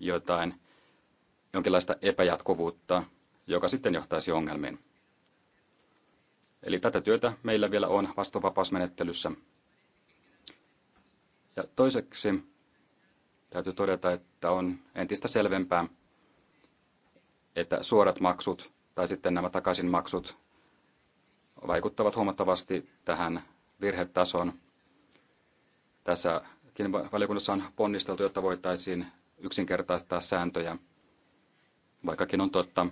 jotain, jonkinlaista epäjatkuvuutta, joka sitten johtaisi ongelmiin. Eli tätä työtä meillä vielä on vastuvapausmenettelyssä. Ja toiseksi täytyy todeta, että on entistä selvempää, että suorat maksut tai sitten nämä takaisinmaksut vaikuttavat huomattavasti tähän virhetasoon. Tässäkin valiokunnassa on ponnisteltu, jotta voitaisiin yksinkertaistaa sääntöjä, vaikkakin on totta,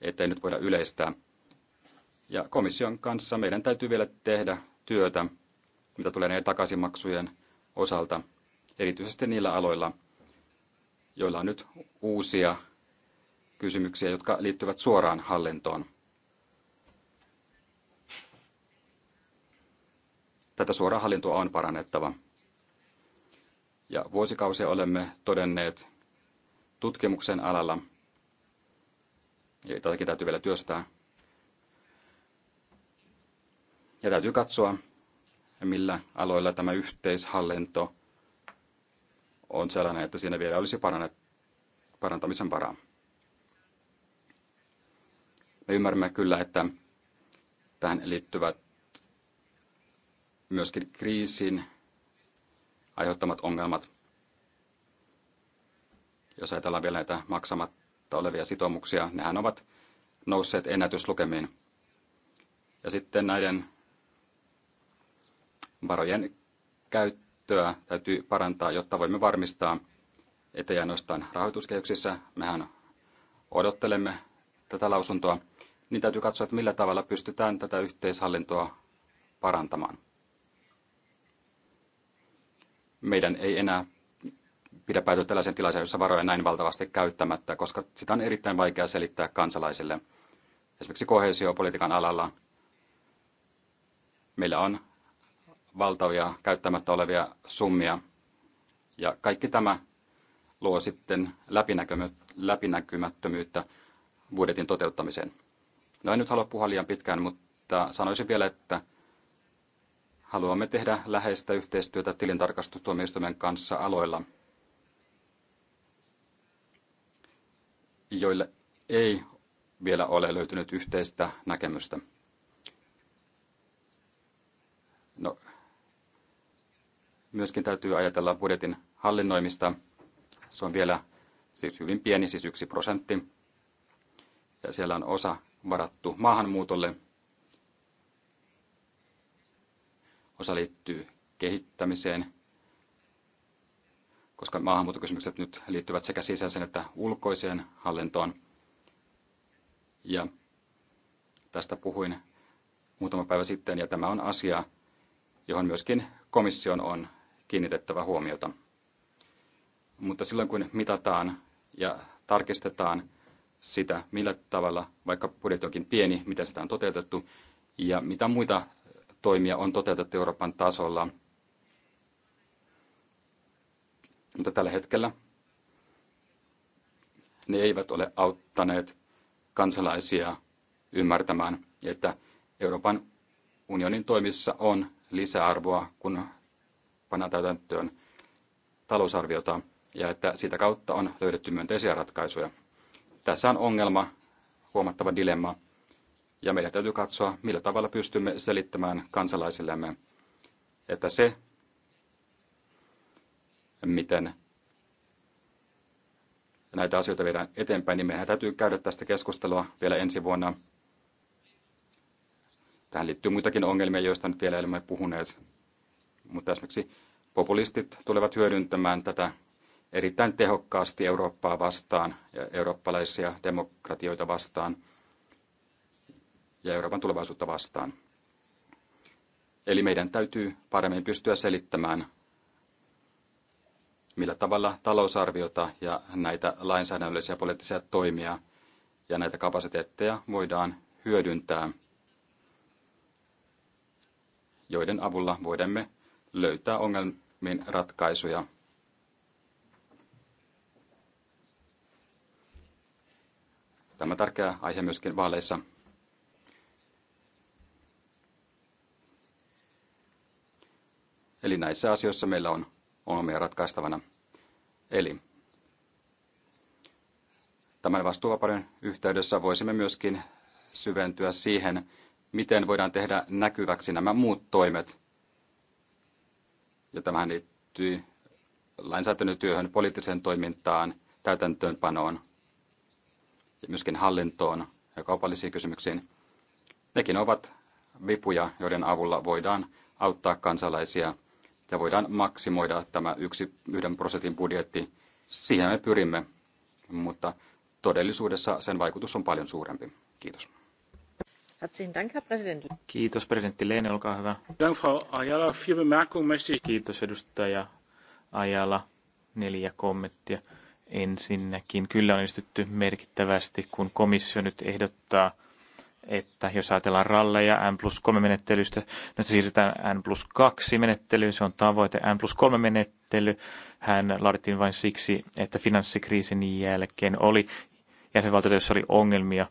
ettei nyt voida yleistää. Ja komission kanssa meidän täytyy vielä tehdä työtä, mitä tulee näiden takaisinmaksujen osalta, erityisesti niillä aloilla, joilla on nyt uusia kysymyksiä, jotka liittyvät suoraan hallintoon. Tätä suoraa hallintoa on parannettava. Ja vuosikausia olemme todenneet tutkimuksen alalla, ja tätäkin täytyy vielä työstää, ja täytyy katsoa, millä aloilla tämä yhteishallinto on sellainen, että siinä vielä olisi parantamisen varaa. Me ymmärrämme kyllä, että tähän liittyvät myöskin kriisin aiheuttamat ongelmat. Jos ajatellaan vielä näitä maksamatta olevia sitoumuksia, nehän ovat nousseet ennätyslukemiin. Ja sitten näiden varojen käyttöä täytyy parantaa, jotta voimme varmistaa, että ei ainoastaan rahoituskehyksissä, mehän odottelemme tätä lausuntoa, niin täytyy katsoa, että millä tavalla pystytään tätä yhteishallintoa parantamaan. Meidän ei enää pidä päätyä tällaisen tilaisen, jossa varoja näin valtavasti käyttämättä, koska sitä on erittäin vaikea selittää kansalaisille. Esimerkiksi kohesiopolitiikan alalla meillä on valtavia käyttämättä olevia summia. Ja kaikki tämä luo sitten läpinäkymättömyyttä budjetin toteuttamiseen. No en nyt halua puhua liian pitkään, mutta sanoisin vielä, että haluamme tehdä läheistä yhteistyötä tilintarkastustuomioistuimen kanssa aloilla, joille ei vielä ole löytynyt yhteistä näkemystä. No, Myöskin täytyy ajatella budjetin hallinnoimista. Se on vielä siis hyvin pieni, siis yksi prosentti. Ja siellä on osa varattu maahanmuutolle. Osa liittyy kehittämiseen, koska maahanmuutokysymykset nyt liittyvät sekä sisäiseen että ulkoiseen hallintoon. Ja tästä puhuin muutama päivä sitten, ja tämä on asia, johon myöskin komission on kiinnitettävä huomiota. Mutta silloin kun mitataan ja tarkistetaan sitä, millä tavalla, vaikka budjetti onkin pieni, miten sitä on toteutettu ja mitä muita toimia on toteutettu Euroopan tasolla. Mutta tällä hetkellä ne eivät ole auttaneet kansalaisia ymmärtämään, että Euroopan unionin toimissa on lisäarvoa, kun pannaan täytäntöön talousarviota ja että siitä kautta on löydetty myönteisiä ratkaisuja. Tässä on ongelma, huomattava dilemma, ja meidän täytyy katsoa, millä tavalla pystymme selittämään kansalaisillemme, että se, miten näitä asioita viedään eteenpäin, niin meidän täytyy käydä tästä keskustelua vielä ensi vuonna. Tähän liittyy muitakin ongelmia, joista nyt vielä emme puhuneet, mutta esimerkiksi populistit tulevat hyödyntämään tätä erittäin tehokkaasti Eurooppaa vastaan ja eurooppalaisia demokratioita vastaan ja Euroopan tulevaisuutta vastaan. Eli meidän täytyy paremmin pystyä selittämään, millä tavalla talousarviota ja näitä lainsäädännöllisiä poliittisia toimia ja näitä kapasiteetteja voidaan hyödyntää, joiden avulla voidemme löytää ongelmiin ratkaisuja. Tämä tärkeä aihe myöskin vaaleissa. Eli näissä asioissa meillä on ongelmia ratkaistavana. Eli tämän vastuuvapauden yhteydessä voisimme myöskin syventyä siihen, miten voidaan tehdä näkyväksi nämä muut toimet, ja tämähän liittyy lainsäädäntötyöhön, poliittiseen toimintaan, täytäntöönpanoon ja myöskin hallintoon ja kaupallisiin kysymyksiin. Nekin ovat vipuja, joiden avulla voidaan auttaa kansalaisia ja voidaan maksimoida tämä yksi, yhden prosentin budjetti. Siihen me pyrimme, mutta todellisuudessa sen vaikutus on paljon suurempi. Kiitos. Kiitos presidentti Leene, olkaa hyvä. Dank, Frau Ajala. Vier Bemerkungen Kiitos edustaja Ajala. Neljä kommenttia. Ensinnäkin kyllä on edistytty merkittävästi, kun komissio nyt ehdottaa, että jos ajatellaan ralleja N plus 3 menettelystä, nyt no siirrytään N plus 2 menettelyyn, se on tavoite. N plus 3 menettely, hän laadittiin vain siksi, että finanssikriisin jälkeen oli jäsenvaltioita, joissa oli ongelmia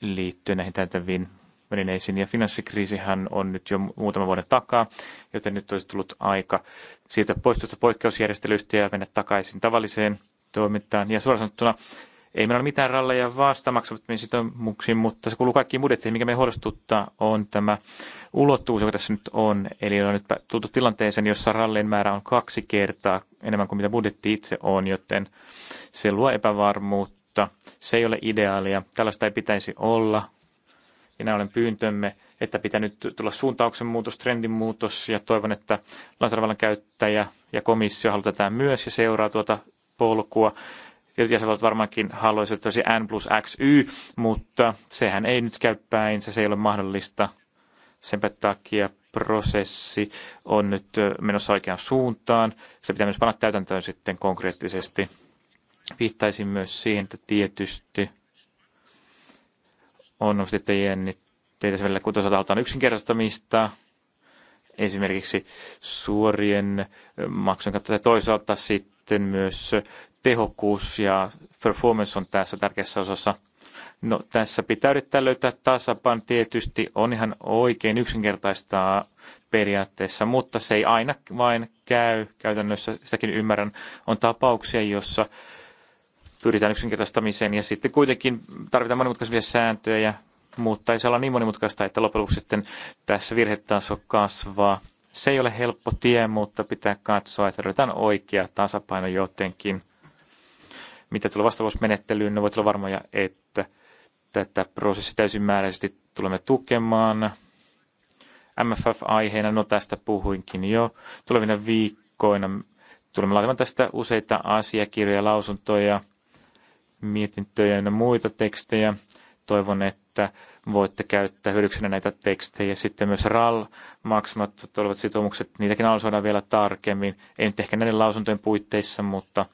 liittyen näihin täytäviin välineisiin. Ja finanssikriisihän on nyt jo muutaman vuoden takaa, joten nyt olisi tullut aika siirtyä pois tuosta poikkeusjärjestelystä ja mennä takaisin tavalliseen toimintaan. Ja suoraan sanottuna ei meillä ole mitään ralleja vasta maksamattomiin sitoumuksiin, mutta se kuuluu kaikkiin budjetteihin. Mikä me huolestuttaa on tämä ulottuvuus, joka tässä nyt on. Eli on nyt tultu tilanteeseen, jossa rallien määrä on kaksi kertaa enemmän kuin mitä budjetti itse on, joten se luo epävarmuutta mutta se ei ole ideaalia. Tällaista ei pitäisi olla. Ja näin olen pyyntömme, että pitää nyt tulla suuntauksen muutos, trendin muutos ja toivon, että Lansarvallan käyttäjä ja komissio haluaa tätä myös ja seuraa tuota polkua. Jäsenvaltiot varmaankin haluaisivat tosi N plus XY, mutta sehän ei nyt käy päin, se ei ole mahdollista. Sen takia prosessi on nyt menossa oikeaan suuntaan. Se pitää myös panna täytäntöön sitten konkreettisesti viittaisin myös siihen, että tietysti on nostettajien niin teitä välillä kutosataltaan yksinkertaistamista, esimerkiksi suorien maksujen kautta ja toisaalta sitten myös tehokkuus ja performance on tässä tärkeässä osassa. No, tässä pitää yrittää löytää tasapaino. Tietysti on ihan oikein yksinkertaistaa periaatteessa, mutta se ei aina vain käy. Käytännössä sitäkin ymmärrän. On tapauksia, jossa pyritään yksinkertaistamiseen ja sitten kuitenkin tarvitaan monimutkaisia sääntöjä ja mutta ei se olla niin monimutkaista, että loppujen lopuksi sitten tässä virhetaso kasvaa. Se ei ole helppo tie, mutta pitää katsoa, että löydetään oikea tasapaino jotenkin. Mitä tulee vastaavuusmenettelyyn, ne no voit olla varmoja, että tätä prosessia täysimääräisesti tulemme tukemaan. MFF-aiheena, no tästä puhuinkin jo. Tulevina viikkoina tulemme laatimaan tästä useita asiakirjoja, lausuntoja – mietintöjä ja muita tekstejä. Toivon, että voitte käyttää hyödyksenä näitä tekstejä. Sitten myös RAL maksamat olevat sitoumukset, niitäkin analysoidaan vielä tarkemmin. en nyt ehkä näiden lausuntojen puitteissa, mutta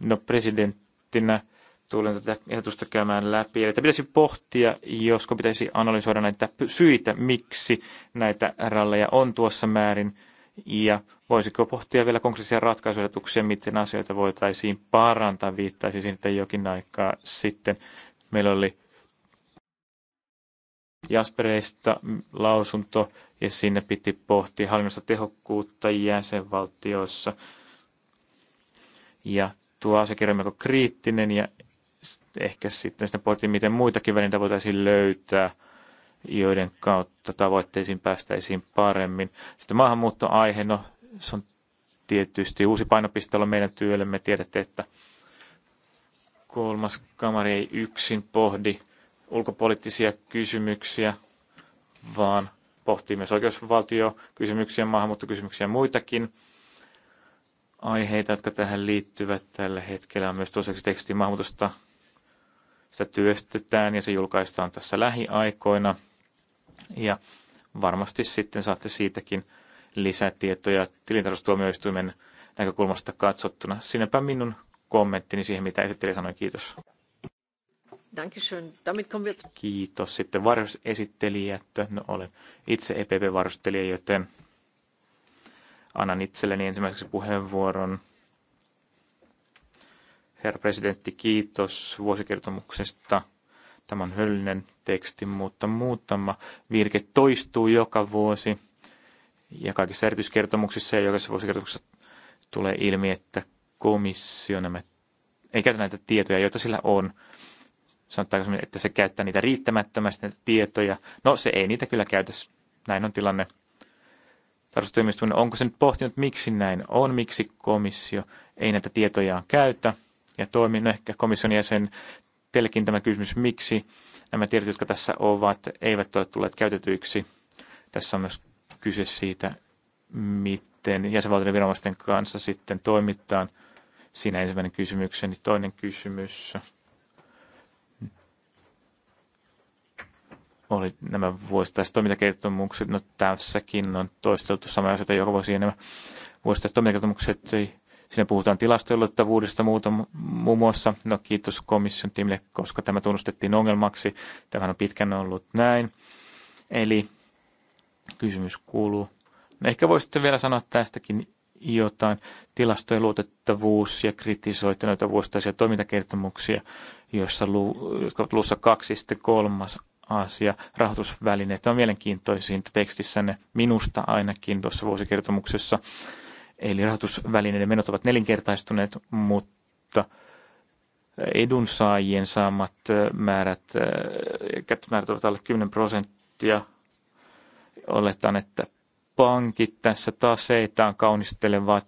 no presidenttinä tulen tätä ehdotusta käymään läpi. Eli pitäisi pohtia, josko pitäisi analysoida näitä syitä, miksi näitä ralleja on tuossa määrin – ja voisiko pohtia vielä konkreettisia ratkaisuehdotuksia, miten asioita voitaisiin parantaa, viittaisin siitä jokin aikaa sitten. Meillä oli Jaspereista lausunto, ja sinne piti pohtia hallinnosta tehokkuutta jäsenvaltioissa. Ja tuo asiakirja on melko kriittinen, ja ehkä sitten sinne pohtii, miten muitakin välineitä voitaisiin löytää – joiden kautta tavoitteisiin päästäisiin paremmin. Sitten maahanmuuttoaihe, no se on tietysti uusi painopiste olla meidän Me Tiedätte, että kolmas kamari ei yksin pohdi ulkopoliittisia kysymyksiä, vaan pohtii myös oikeusvaltiokysymyksiä, maahanmuuttokysymyksiä ja muitakin aiheita, jotka tähän liittyvät tällä hetkellä. On myös toiseksi teksti maahanmuutosta sitä työstetään ja se julkaistaan tässä lähiaikoina. Ja varmasti sitten saatte siitäkin lisätietoja tilintarkastustuomioistuimen näkökulmasta katsottuna. Sinäpä minun kommenttini siihen, mitä esittelijä sanoi. Kiitos. Kiitos. Sitten että No olen itse epp varustelija joten annan itselleni ensimmäiseksi puheenvuoron. Herra presidentti, kiitos vuosikertomuksesta. Tämä on höllinen teksti, mutta muutama virke toistuu joka vuosi. Ja kaikissa erityiskertomuksissa ja jokaisessa vuosikertomuksessa tulee ilmi, että komissio nämä, ei käytä näitä tietoja, joita sillä on. Sanotaanko, että se käyttää niitä riittämättömästi, näitä tietoja. No se ei niitä kyllä käytä. Näin on tilanne. Tarkastustuomioistuin, onko se nyt pohtinut, miksi näin on, miksi komissio ei näitä tietojaan käytä ja toimin. No ehkä komission jäsen teillekin tämä kysymys, miksi nämä tiedot, jotka tässä ovat, eivät ole tulleet käytetyiksi. Tässä on myös kyse siitä, miten jäsenvaltioiden viranomaisten kanssa sitten toimitaan. Siinä ensimmäinen kysymykseni. Toinen kysymys oli nämä vuosittaiset toimintakertomukset. No tässäkin on toisteltu samoja asioita joka vuosi enemmän. vuosittaiset toimintakertomukset Siinä puhutaan tilastoiluttavuudesta muun muassa. No kiitos komission tiimille, koska tämä tunnustettiin ongelmaksi. Tämä on pitkään ollut näin. Eli kysymys kuuluu. No ehkä voisitte vielä sanoa tästäkin jotain. Tilastojen luotettavuus ja kritisoitte noita vuosittaisia toimintakertomuksia, joissa lu, jotka ovat luussa kaksi ja sitten kolmas asia, rahoitusvälineet. on mielenkiintoisin tekstissänne minusta ainakin tuossa vuosikertomuksessa. Eli rahoitusvälineiden menot ovat nelinkertaistuneet, mutta edunsaajien saamat määrät, käyttömäärät ovat alle 10 prosenttia. Oletan, että pankit tässä taseitaan kaunistelevat,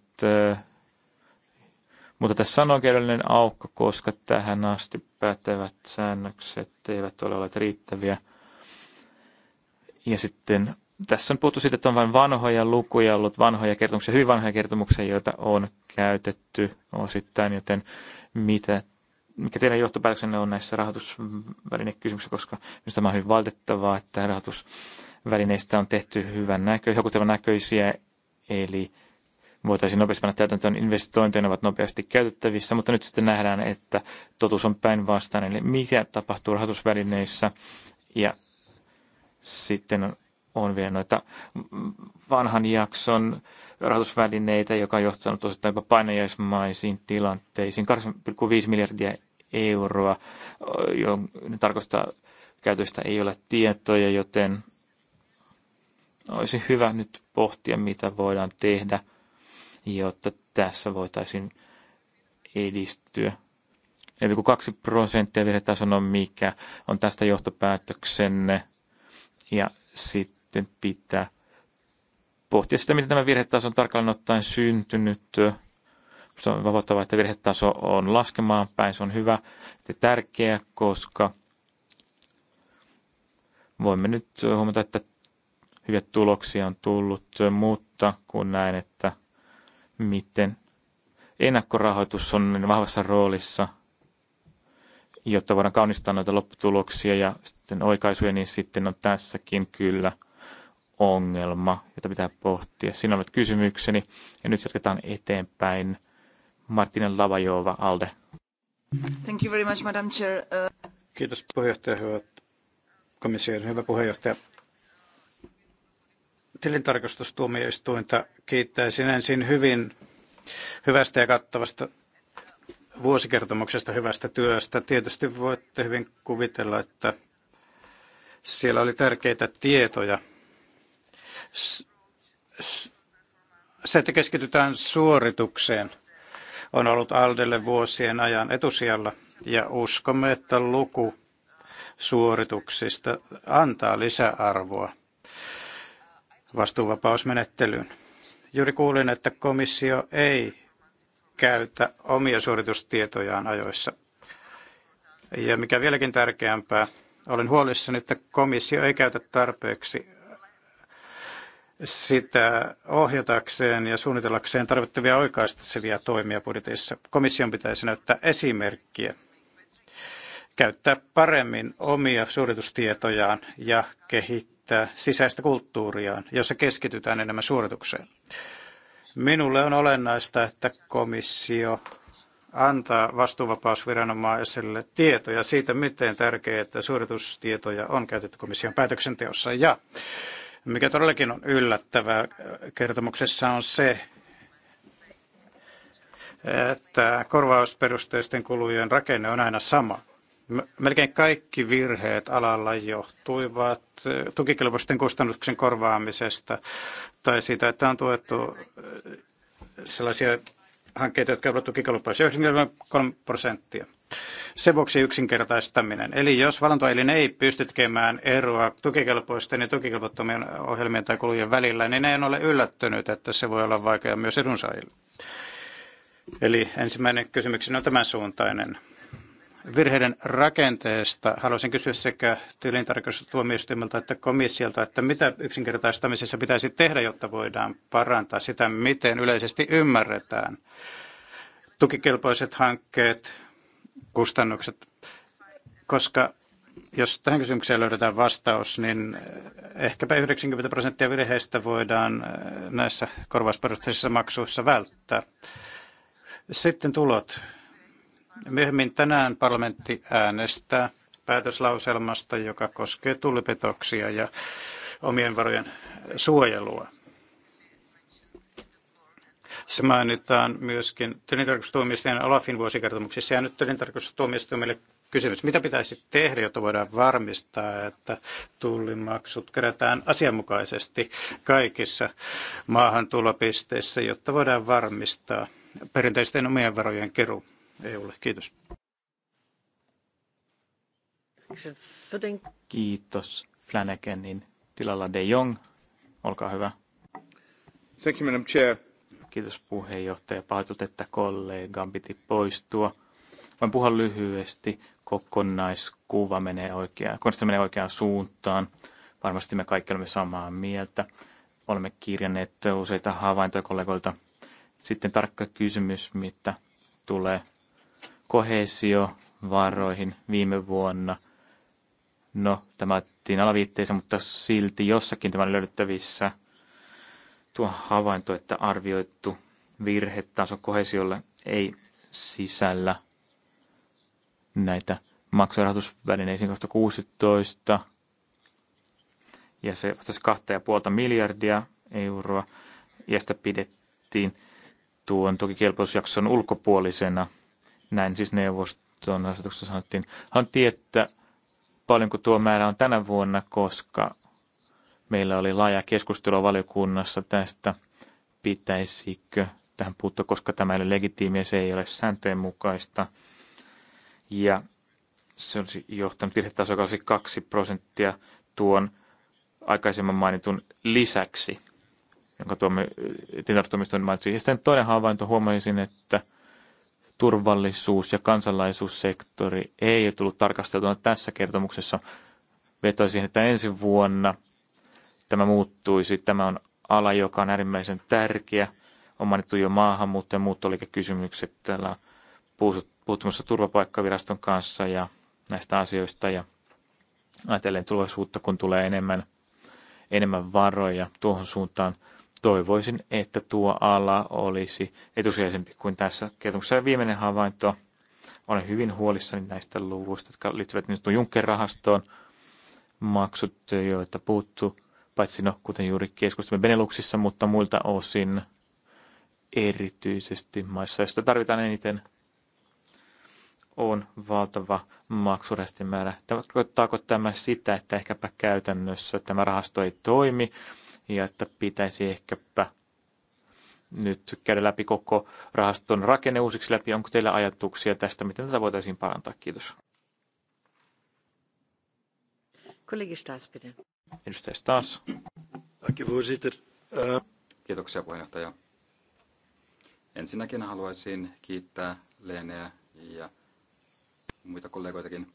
mutta tässä on oikeudellinen aukko, koska tähän asti pätevät säännökset eivät ole olleet riittäviä. Ja sitten tässä on puhuttu siitä, että on vain vanhoja lukuja ollut, vanhoja kertomuksia, hyvin vanhoja kertomuksia, joita on käytetty osittain, joten mitä, mikä teidän johtopäätöksenne on näissä rahoitusvälinekysymyksissä, koska minusta tämä on hyvin valitettavaa, että rahoitusvälineistä on tehty hyvän näkö, houkuttavan näköisiä, eli voitaisiin nopeasti panna täytäntöön investointeja, ne ovat nopeasti käytettävissä, mutta nyt sitten nähdään, että totuus on päinvastainen, eli mikä tapahtuu rahoitusvälineissä, ja sitten on on vielä noita vanhan jakson rahoitusvälineitä, joka on johtanut osittain jopa painajaismaisiin tilanteisiin. 8,5 miljardia euroa, jo tarkoista käytöstä ei ole tietoja, joten olisi hyvä nyt pohtia, mitä voidaan tehdä, jotta tässä voitaisiin edistyä. Eli kun kaksi prosenttia tässä on mikä, on tästä johtopäätöksenne. Ja sitten sitten pitää pohtia sitä, miten tämä virhetaso on tarkalleen ottaen syntynyt. Se on vapauttavaa, että virhetaso on laskemaan päin. Se on hyvä ja tärkeä, koska voimme nyt huomata, että hyviä tuloksia on tullut, mutta kun näen, että miten ennakkorahoitus on niin vahvassa roolissa, jotta voidaan kaunistaa noita lopputuloksia ja sitten oikaisuja, niin sitten on tässäkin kyllä – ongelma, jota pitää pohtia. Siinä olet kysymykseni. Ja nyt jatketaan eteenpäin. Martina Lavajova, Alde. Thank you very much, Madam Chair. Uh... Kiitos puheenjohtaja, hyvä komissio, hyvä puheenjohtaja. Tilintarkastustuomioistuinta kiittäisin ensin hyvin hyvästä ja kattavasta vuosikertomuksesta hyvästä työstä. Tietysti voitte hyvin kuvitella, että siellä oli tärkeitä tietoja – se, että keskitytään suoritukseen, on ollut Aldelle vuosien ajan etusijalla ja uskomme, että luku suorituksista antaa lisäarvoa vastuuvapausmenettelyyn. Juuri kuulin, että komissio ei käytä omia suoritustietojaan ajoissa. Ja mikä vieläkin tärkeämpää, olen huolissani, että komissio ei käytä tarpeeksi sitä ohjatakseen ja suunnitellakseen tarvittavia oikaisevia toimia budjetissa. Komission pitäisi näyttää esimerkkiä, käyttää paremmin omia suoritustietojaan ja kehittää sisäistä kulttuuriaan, jossa keskitytään enemmän suoritukseen. Minulle on olennaista, että komissio antaa vastuuvapausviranomaiselle tietoja siitä, miten tärkeää suoritustietoja on käytetty komission päätöksenteossa. Ja mikä todellakin on yllättävää äh, kertomuksessa on se, että korvausperusteisten kulujen rakenne on aina sama. Melkein kaikki virheet alalla johtuivat äh, tukikelpoisten kustannuksen korvaamisesta tai siitä, että on tuettu äh, sellaisia hankkeita, jotka ovat tukikelpoisia 93 prosenttia. Sen vuoksi yksinkertaistaminen. Eli jos valantoelin ei pysty tekemään eroa tukikelpoisten ja tukikelvottomien ohjelmien tai kulujen välillä, niin en ole yllättynyt, että se voi olla vaikea myös edunsaajille. Eli ensimmäinen kysymykseni on tämän suuntainen virheiden rakenteesta. Haluaisin kysyä sekä tilintarkastustuomioistuimelta että komissiolta, että mitä yksinkertaistamisessa pitäisi tehdä, jotta voidaan parantaa sitä, miten yleisesti ymmärretään tukikelpoiset hankkeet, kustannukset, koska jos tähän kysymykseen löydetään vastaus, niin ehkäpä 90 prosenttia virheistä voidaan äh, näissä korvausperusteisissa maksuissa välttää. Sitten tulot. Myöhemmin tänään parlamentti äänestää päätöslauselmasta, joka koskee tullipetoksia ja omien varojen suojelua. Se mainitaan myöskin tilintarkastustuomioistuimen Olafin vuosikertomuksissa. Ja nyt tilintarkastustuomioistuimelle kysymys, mitä pitäisi tehdä, jotta voidaan varmistaa, että tullimaksut kerätään asianmukaisesti kaikissa maahantulopisteissä, jotta voidaan varmistaa perinteisten omien varojen keruu EUlle. Kiitos. Kiitos Flanaganin niin, tilalla De Jong. Olkaa hyvä. Thank you, Madam Chair. Kiitos puheenjohtaja. Pahoitut, että kollegan piti poistua. Voin puhua lyhyesti. Kokonaiskuva menee oikeaan, konsta menee oikeaan suuntaan. Varmasti me kaikki olemme samaa mieltä. Olemme kirjanneet useita havaintoja kollegoilta. Sitten tarkka kysymys, mitä tulee kohesiovaroihin viime vuonna. No, tämä otettiin alaviitteeseen, mutta silti jossakin tämä on löydettävissä – tuo havainto, että arvioittu virhetaso kohesiolle ei sisällä näitä maksurahoitusvälineisiin 16 ja se vastasi 2,5 miljardia euroa ja sitä pidettiin tuon toki kelpoisuusjakson ulkopuolisena. Näin siis neuvoston asetuksessa sanottiin. Hän tietää, paljonko tuo määrä on tänä vuonna, koska Meillä oli laaja keskustelu valiokunnassa tästä, pitäisikö tähän puuttua, koska tämä ei ole legitiimiä, se ei ole sääntöjen mukaista. Ja se olisi johtanut virhetasoa, 2 prosenttia tuon aikaisemman mainitun lisäksi, jonka tuomme tilastumistoon mainitsi. Ja sitten toinen havainto huomaisin, että turvallisuus- ja kansalaisuussektori ei ole tullut tarkasteltuna tässä kertomuksessa. Vetoisin, että ensi vuonna – tämä muuttuisi. Tämä on ala, joka on äärimmäisen tärkeä. On mainittu jo maahanmuutto- ja muuttoliikekysymykset. Täällä on puuttumassa turvapaikkaviraston kanssa ja näistä asioista ja ajatellen tulevaisuutta, kun tulee enemmän, enemmän varoja tuohon suuntaan. Toivoisin, että tuo ala olisi etusijaisempi kuin tässä kertomuksessa. Viimeinen havainto. Olen hyvin huolissani näistä luvuista, jotka liittyvät nyt Junker-rahastoon. Maksut, joita puuttuu paitsi no, kuten juuri keskustelimme Beneluxissa, mutta muilta osin erityisesti maissa, joista tarvitaan eniten, on valtava maksurästin Tämä Tarkoittaako tämä sitä, että ehkäpä käytännössä tämä rahasto ei toimi ja että pitäisi ehkäpä nyt käydä läpi koko rahaston rakenne uusiksi läpi. Onko teillä ajatuksia tästä, miten tätä voitaisiin parantaa? Kiitos. Kollegi Staas, bitte. Edustaja Staas. Eh, Kiitoksia puheenjohtaja. Ensinnäkin haluaisin kiittää Leeneä ja muita kollegoitakin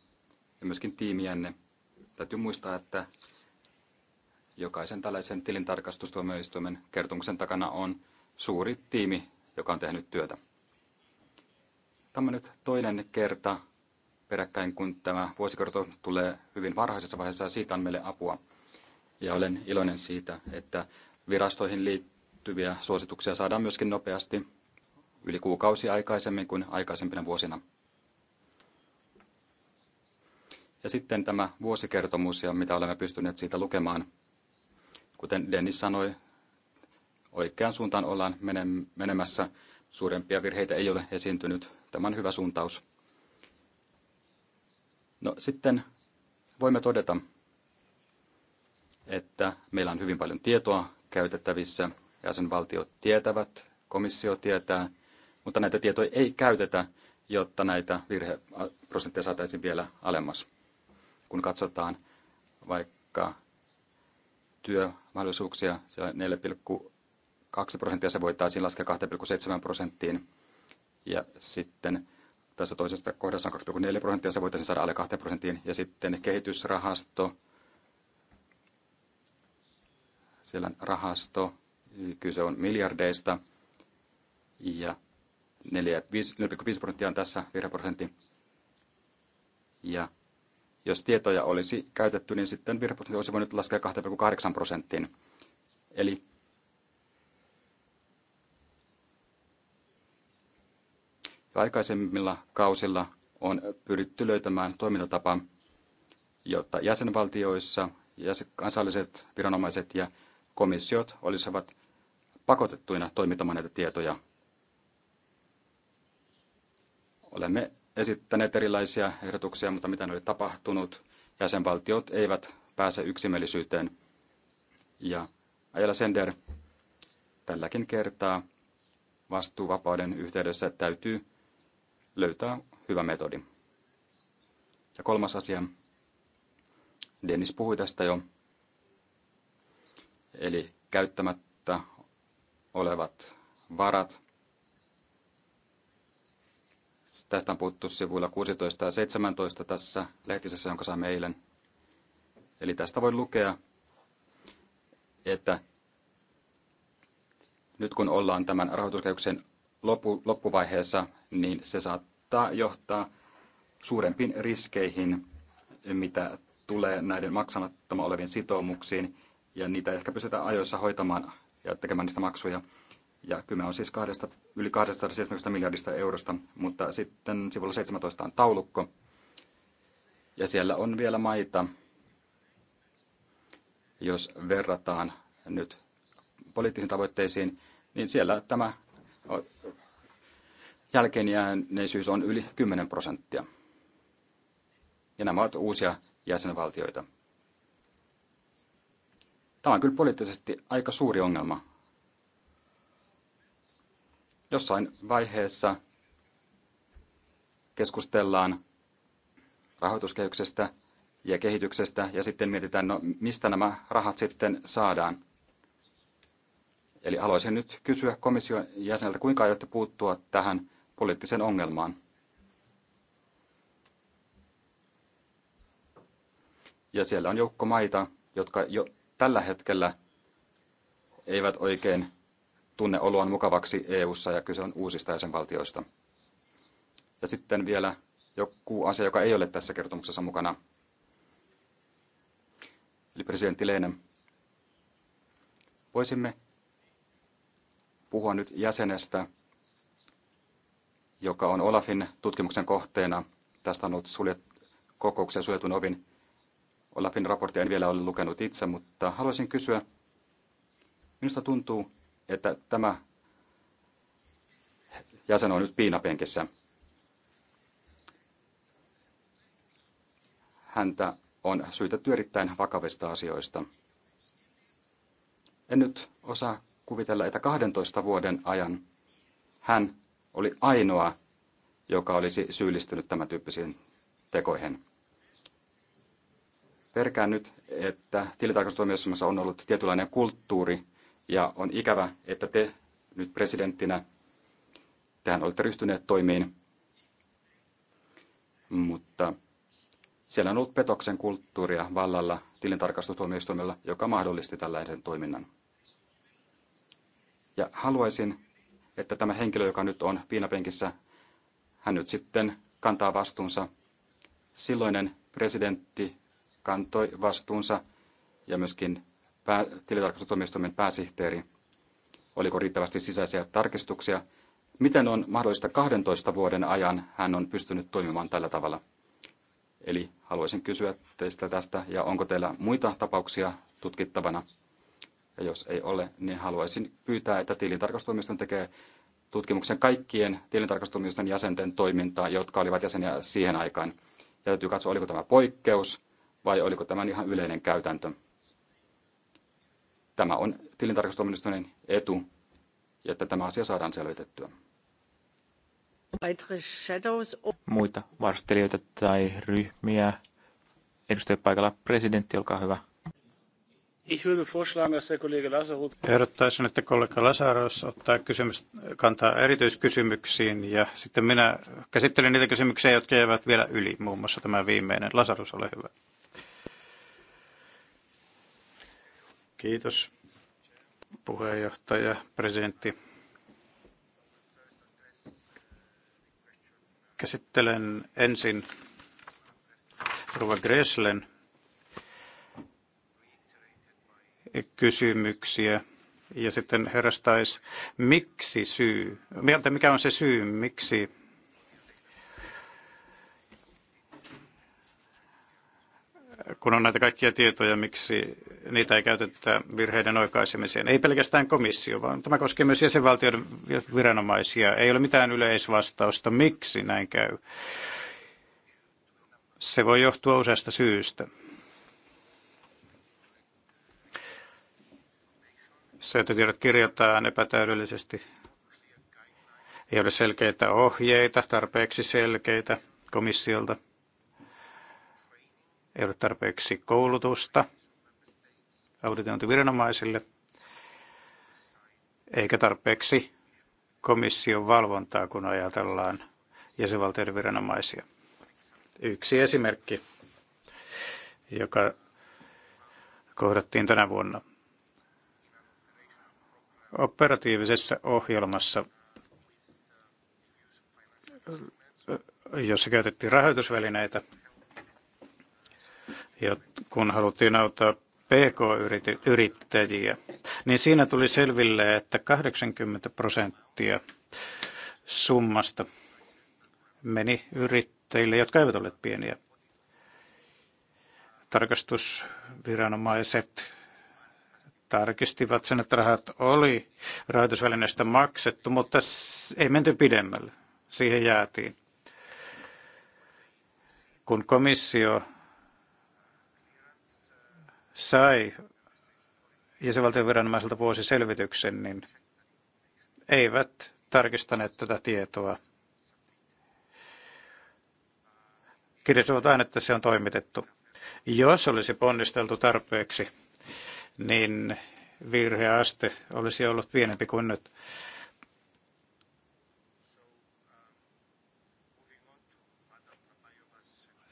ja myöskin tiimiänne. Täytyy muistaa, että jokaisen tällaisen tilintarkastustuomioistuimen kertomuksen takana on suuri tiimi, joka on tehnyt työtä. Tämä nyt toinen kerta, peräkkäin, kun tämä vuosikertomus tulee hyvin varhaisessa vaiheessa ja siitä on meille apua. Ja olen iloinen siitä, että virastoihin liittyviä suosituksia saadaan myöskin nopeasti yli kuukausi aikaisemmin kuin aikaisempina vuosina. Ja sitten tämä vuosikertomus ja mitä olemme pystyneet siitä lukemaan. Kuten Dennis sanoi, oikeaan suuntaan ollaan menemässä. Suurempia virheitä ei ole esiintynyt. Tämä on hyvä suuntaus. No sitten voimme todeta, että meillä on hyvin paljon tietoa käytettävissä. Jäsenvaltiot tietävät, komissio tietää, mutta näitä tietoja ei käytetä, jotta näitä virheprosentteja saataisiin vielä alemmas. Kun katsotaan vaikka työmahdollisuuksia, siellä 4,2 prosenttia se voitaisiin laskea 2,7 prosenttiin. Ja sitten tässä toisessa kohdassa on 2,4 prosenttia, se voitaisiin saada alle 2 prosenttiin. Ja sitten kehitysrahasto, siellä on rahasto, kyse on miljardeista, ja 4,5 prosenttia on tässä virheprosentti. Ja jos tietoja olisi käytetty, niin sitten virheprosentti olisi voinut laskea 2,8 prosenttiin. Eli Jo aikaisemmilla kausilla on pyritty löytämään toimintatapa, jotta jäsenvaltioissa kansalliset viranomaiset ja komissiot olisivat pakotettuina toimittamaan näitä tietoja. Olemme esittäneet erilaisia ehdotuksia, mutta mitä ne oli tapahtunut, jäsenvaltiot eivät pääse yksimielisyyteen. Ja Ajala Sender, tälläkin kertaa vastuuvapauden yhteydessä täytyy löytää hyvä metodi. Ja kolmas asia, Dennis puhui tästä jo, eli käyttämättä olevat varat. Tästä on puhuttu sivuilla 16 ja 17 tässä lehtisessä, jonka saimme eilen. Eli tästä voi lukea, että nyt kun ollaan tämän rahoituskehyksen loppu, loppuvaiheessa, niin se saat, saattaa johtaa suurempiin riskeihin, mitä tulee näiden maksamattoman olevien sitoumuksiin, ja niitä ehkä pystytään ajoissa hoitamaan ja tekemään niistä maksuja. Ja kyllä on siis kahdesta, yli 270 miljardista eurosta, mutta sitten sivulla 17 on taulukko, ja siellä on vielä maita, jos verrataan nyt poliittisiin tavoitteisiin, niin siellä tämä jälkeenjääneisyys on yli 10 prosenttia. Ja nämä ovat uusia jäsenvaltioita. Tämä on kyllä poliittisesti aika suuri ongelma. Jossain vaiheessa keskustellaan rahoituskehyksestä ja kehityksestä ja sitten mietitään, no, mistä nämä rahat sitten saadaan. Eli haluaisin nyt kysyä komission jäseneltä, kuinka aiotte puuttua tähän poliittiseen ongelmaan. Ja siellä on joukko maita, jotka jo tällä hetkellä eivät oikein tunne oloaan mukavaksi EU:ssa ja kyse on uusista jäsenvaltioista. Ja sitten vielä joku asia, joka ei ole tässä kertomuksessa mukana. Eli presidentti Leinen. Voisimme puhua nyt jäsenestä, joka on Olafin tutkimuksen kohteena. Tästä on ollut suljet, kokouksia suljetun ovin. Olafin raporttia en vielä ole lukenut itse, mutta haluaisin kysyä. Minusta tuntuu, että tämä jäsen on nyt piinapenkissä. Häntä on syytetty erittäin vakavista asioista. En nyt osaa kuvitella, että 12 vuoden ajan hän oli ainoa, joka olisi syyllistynyt tämän tyyppisiin tekoihin. Perkään nyt, että tilitarkastustoimijoissa on ollut tietynlainen kulttuuri, ja on ikävä, että te nyt presidenttinä, tähän olette ryhtyneet toimiin, mutta siellä on ollut petoksen kulttuuria vallalla tilintarkastustuomioistuimella, joka mahdollisti tällaisen toiminnan. Ja haluaisin, että tämä henkilö, joka nyt on piinapenkissä, hän nyt sitten kantaa vastuunsa. Silloinen presidentti kantoi vastuunsa ja myöskin pää, tilitarkastustuomioistuimen pääsihteeri. Oliko riittävästi sisäisiä tarkistuksia? Miten on mahdollista 12 vuoden ajan hän on pystynyt toimimaan tällä tavalla? Eli haluaisin kysyä teistä tästä ja onko teillä muita tapauksia tutkittavana? Ja jos ei ole, niin haluaisin pyytää, että tilintarkastustoimiston tekee tutkimuksen kaikkien tilintarkastustoimiston jäsenten toimintaa, jotka olivat jäseniä siihen aikaan. Ja täytyy katsoa, oliko tämä poikkeus vai oliko tämä ihan yleinen käytäntö. Tämä on tilintarkastustoimiston etu, että tämä asia saadaan selvitettyä. Muita varustelijoita tai ryhmiä. Edustaja paikalla presidentti, olkaa hyvä. Ehdottaisin, että kollega Lazarus ottaa kysymys, kantaa erityiskysymyksiin ja sitten minä käsittelen niitä kysymyksiä, jotka jäävät vielä yli, muun muassa tämä viimeinen. Lazarus, ole hyvä. Kiitos puheenjohtaja, presidentti. Käsittelen ensin Ruva Greslen kysymyksiä. Ja sitten herästäisi, miksi syy, mikä on se syy, miksi kun on näitä kaikkia tietoja, miksi niitä ei käytetä virheiden oikaisemiseen. Ei pelkästään komissio, vaan tämä koskee myös jäsenvaltioiden viranomaisia. Ei ole mitään yleisvastausta, miksi näin käy. Se voi johtua useasta syystä. Säätötiedot kirjataan epätäydellisesti. Ei ole selkeitä ohjeita, tarpeeksi selkeitä komissiolta. Ei ole tarpeeksi koulutusta auditointiviranomaisille, eikä tarpeeksi komission valvontaa, kun ajatellaan jäsenvaltioiden viranomaisia. Yksi esimerkki, joka kohdattiin tänä vuonna operatiivisessa ohjelmassa, jossa käytettiin rahoitusvälineitä, ja kun haluttiin auttaa PK-yrittäjiä, niin siinä tuli selville, että 80 prosenttia summasta meni yrittäjille, jotka eivät olleet pieniä. Tarkastusviranomaiset tarkistivat sen, että rahat oli rahoitusvälineestä maksettu, mutta ei menty pidemmälle. Siihen jäätiin. Kun komissio sai jäsenvaltion viranomaiselta vuosiselvityksen, niin eivät tarkistaneet tätä tietoa. Kirjasivat aina, että se on toimitettu. Jos olisi ponnisteltu tarpeeksi, niin virheaste olisi ollut pienempi kuin nyt.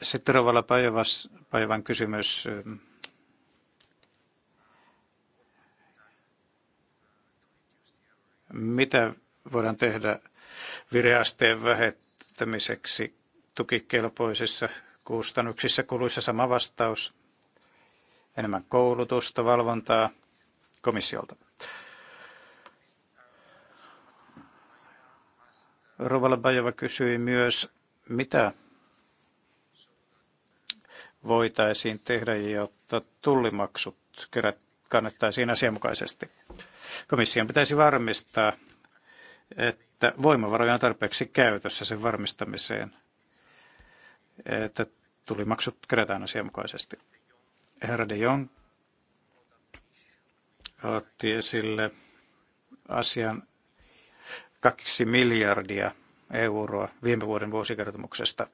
Sitten Rovalla Pajovas, Pajovan kysymys. Mitä voidaan tehdä vireasteen vähettämiseksi tukikelpoisissa kustannuksissa kuluissa? Sama vastaus enemmän koulutusta, valvontaa komissiolta. Rovala Bajova kysyi myös, mitä voitaisiin tehdä, jotta tullimaksut kannattaisiin asianmukaisesti. Komission pitäisi varmistaa, että voimavaroja on tarpeeksi käytössä sen varmistamiseen, että tullimaksut kerätään asianmukaisesti. Herra de Jong otti esille asian kaksi miljardia euroa viime vuoden vuosikertomuksesta,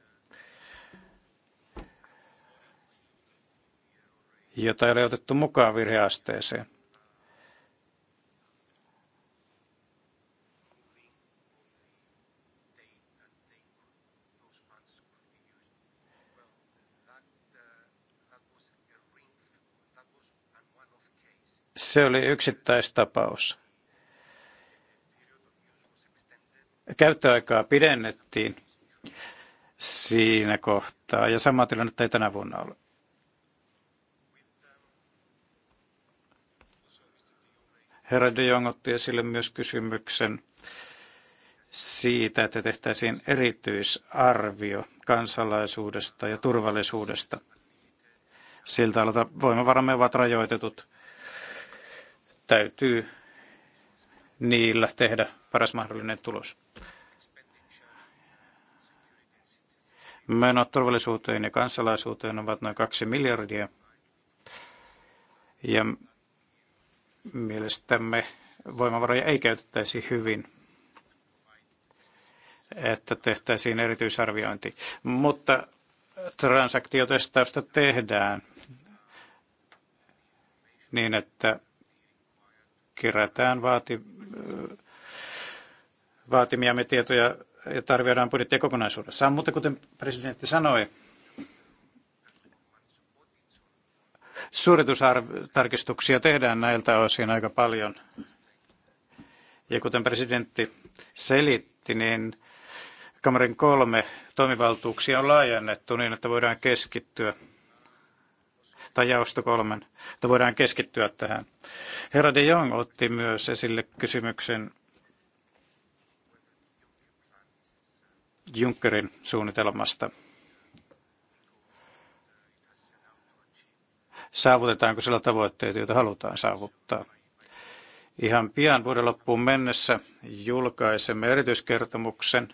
jota ei ole otettu mukaan virheasteeseen. Se oli yksittäistapaus. Käyttöaikaa pidennettiin siinä kohtaa ja sama tilannetta ei tänä vuonna ole. Herra de Jong otti esille myös kysymyksen siitä, että tehtäisiin erityisarvio kansalaisuudesta ja turvallisuudesta. Siltä alalta voimavaramme ovat rajoitetut täytyy niillä tehdä paras mahdollinen tulos. Menot turvallisuuteen ja kansalaisuuteen ovat noin kaksi miljardia. Ja mielestämme voimavaroja ei käytettäisi hyvin, että tehtäisiin erityisarviointi. Mutta transaktiotestausta tehdään niin, että kerätään vaati, vaatimiamme tietoja ja tarvioidaan budjettia kokonaisuudessaan. Mutta kuten presidentti sanoi, suoritustarkistuksia tehdään näiltä osin aika paljon. Ja kuten presidentti selitti, niin Kamarin kolme toimivaltuuksia on laajennettu niin, että voidaan keskittyä tai jaosto kolmen, että voidaan keskittyä tähän. Herra de Jong otti myös esille kysymyksen Junckerin suunnitelmasta. Saavutetaanko sillä tavoitteet, joita halutaan saavuttaa? Ihan pian vuoden loppuun mennessä julkaisemme erityiskertomuksen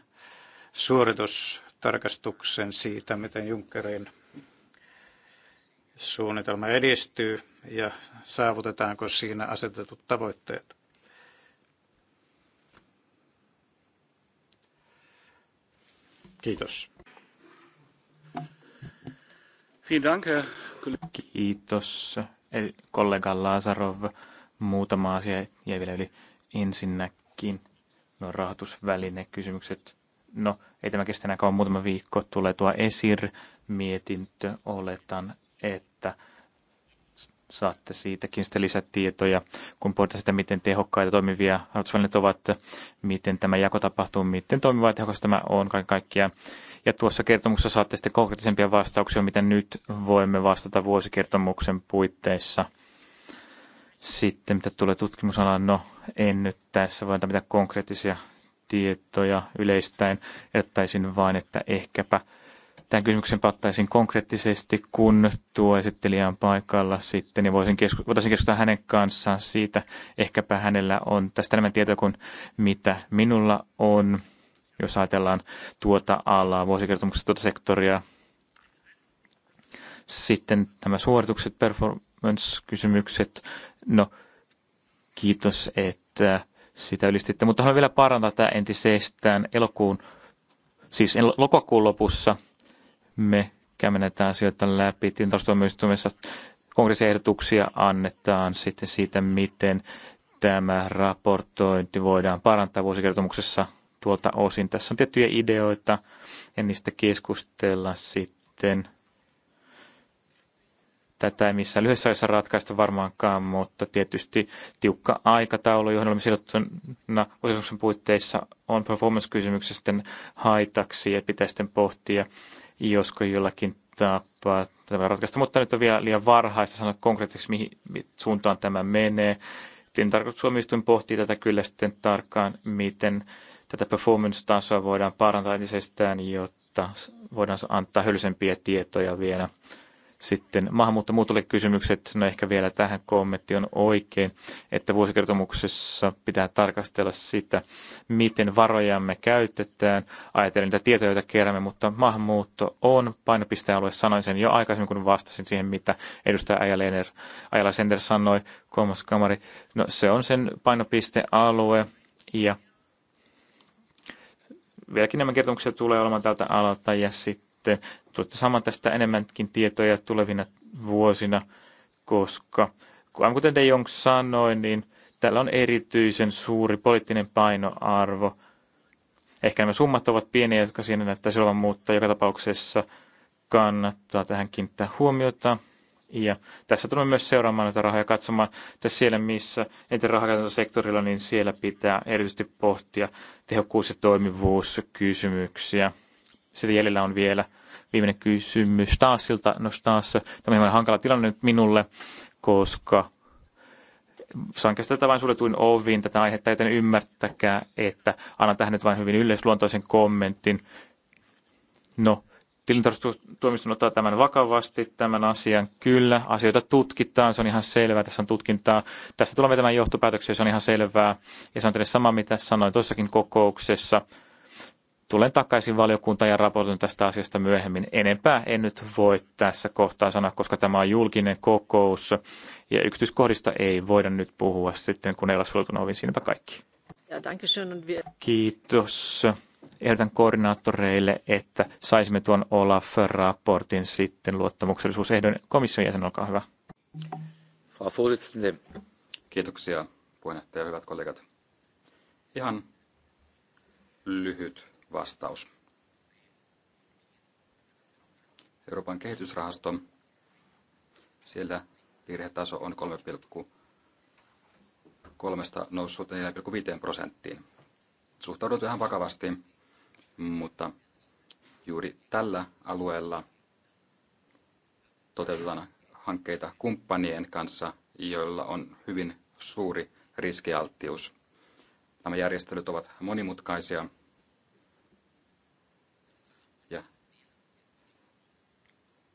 suoritustarkastuksen siitä, miten Junckerin suunnitelma edistyy ja saavutetaanko siinä asetetut tavoitteet. Kiitos. Kiitos Eli kollega Lazarov. Muutama asia jäi vielä yli. Ensinnäkin no rahoitusvälinekysymykset. No, ei tämä kestä enää muutama viikko. Tulee tuo ESIR-mietintö. Oletan, että että saatte siitäkin sitten lisätietoja, kun pohditaan sitä, miten tehokkaita toimivia rahoitusvälineet ovat, miten tämä jako tapahtuu, miten toimiva ja tehokas tämä on kaiken kaikkiaan. Ja tuossa kertomuksessa saatte sitten konkreettisempia vastauksia, mitä nyt voimme vastata vuosikertomuksen puitteissa. Sitten mitä tulee tutkimusalaan, no en nyt tässä voi antaa mitään konkreettisia tietoja yleistäen. jättäisin vain, että ehkäpä tämän kysymyksen pattaisin konkreettisesti, kun tuo esittelijä on paikalla sitten, niin voisin kesku- voitaisiin keskustella hänen kanssaan siitä. Ehkäpä hänellä on tästä enemmän tietoa kuin mitä minulla on, jos ajatellaan tuota alaa, vuosikertomuksesta tuota sektoria. Sitten nämä suoritukset, performance-kysymykset. No, kiitos, että sitä ylistitte, mutta haluan vielä parantaa tätä entisestään elokuun, siis lokakuun lopussa – me käymme näitä asioita läpi. Tilintarkastustuomioistuimessa kongressiehdotuksia annetaan sitten siitä, miten tämä raportointi voidaan parantaa vuosikertomuksessa tuolta osin. Tässä on tiettyjä ideoita ja niistä keskustella sitten. Tätä ei missään lyhyessä ajassa ratkaista varmaankaan, mutta tietysti tiukka aikataulu, johon olemme sidottuna vuosikertomuksen puitteissa, on performance-kysymyksessä haitaksi ja pitää sitten pohtia, josko jollakin tapaa tämä ratkaista, mutta nyt on vielä liian varhaista sanoa konkreettisesti, mihin suuntaan tämä menee. suomistuin pohtii tätä kyllä sitten tarkkaan, miten tätä performance-tasoa voidaan parantaa entisestään, jotta voidaan antaa höllisempiä tietoja vielä sitten maahanmuuttomuutolle kysymykset, no ehkä vielä tähän kommentti on oikein, että vuosikertomuksessa pitää tarkastella sitä, miten varojamme käytetään, ajatellen niitä tietoja, joita keräämme, mutta maahanmuutto on painopistealue, sanoin sen jo aikaisemmin, kun vastasin siihen, mitä edustaja Ajala Sender sanoi, kolmas kamari, no se on sen painopistealue ja vieläkin nämä kertomuksia tulee olemaan tältä alalta ja sitten sitten tuotte saman tästä enemmänkin tietoja tulevina vuosina, koska aivan kuten De Jong sanoi, niin tällä on erityisen suuri poliittinen painoarvo. Ehkä nämä summat ovat pieniä, jotka siinä näyttäisi olevan, mutta joka tapauksessa kannattaa tähän kiinnittää huomiota. Ja tässä tulemme myös seuraamaan näitä rahoja katsomaan, että siellä missä sektorilla, niin siellä pitää erityisesti pohtia tehokkuus- ja toimivuuskysymyksiä sitä jäljellä on vielä viimeinen kysymys Staasilta. No Staas, tämä on hieman hankala tilanne nyt minulle, koska saan käsitellä vain suljetuin oviin tätä aihetta, joten ymmärtäkää, että annan tähän nyt vain hyvin yleisluontoisen kommentin. No, tilintarkastustuomioistuin ottaa tämän vakavasti, tämän asian. Kyllä, asioita tutkitaan, se on ihan selvää, tässä on tutkintaa. Tästä tulee tämän johtopäätöksiä, se on ihan selvää. Ja se on teille sama, mitä sanoin tuossakin kokouksessa tulen takaisin valiokuntaan ja raportoin tästä asiasta myöhemmin. Enempää en nyt voi tässä kohtaa sanoa, koska tämä on julkinen kokous ja yksityiskohdista ei voida nyt puhua sitten, kun ei ole suljetun ovin. Siinäpä kaikki. Kiitos. Ehdotan koordinaattoreille, että saisimme tuon Olaf-raportin sitten luottamuksellisuusehdon. Komission jäsen, olkaa hyvä. Kiitoksia puheenjohtaja, hyvät kollegat. Ihan lyhyt vastaus. Euroopan kehitysrahasto, siellä virhetaso on 3,3 noussut 4,5 prosenttiin. Suhtaudun ihan vakavasti, mutta juuri tällä alueella toteutetaan hankkeita kumppanien kanssa, joilla on hyvin suuri riskialttius. Nämä järjestelyt ovat monimutkaisia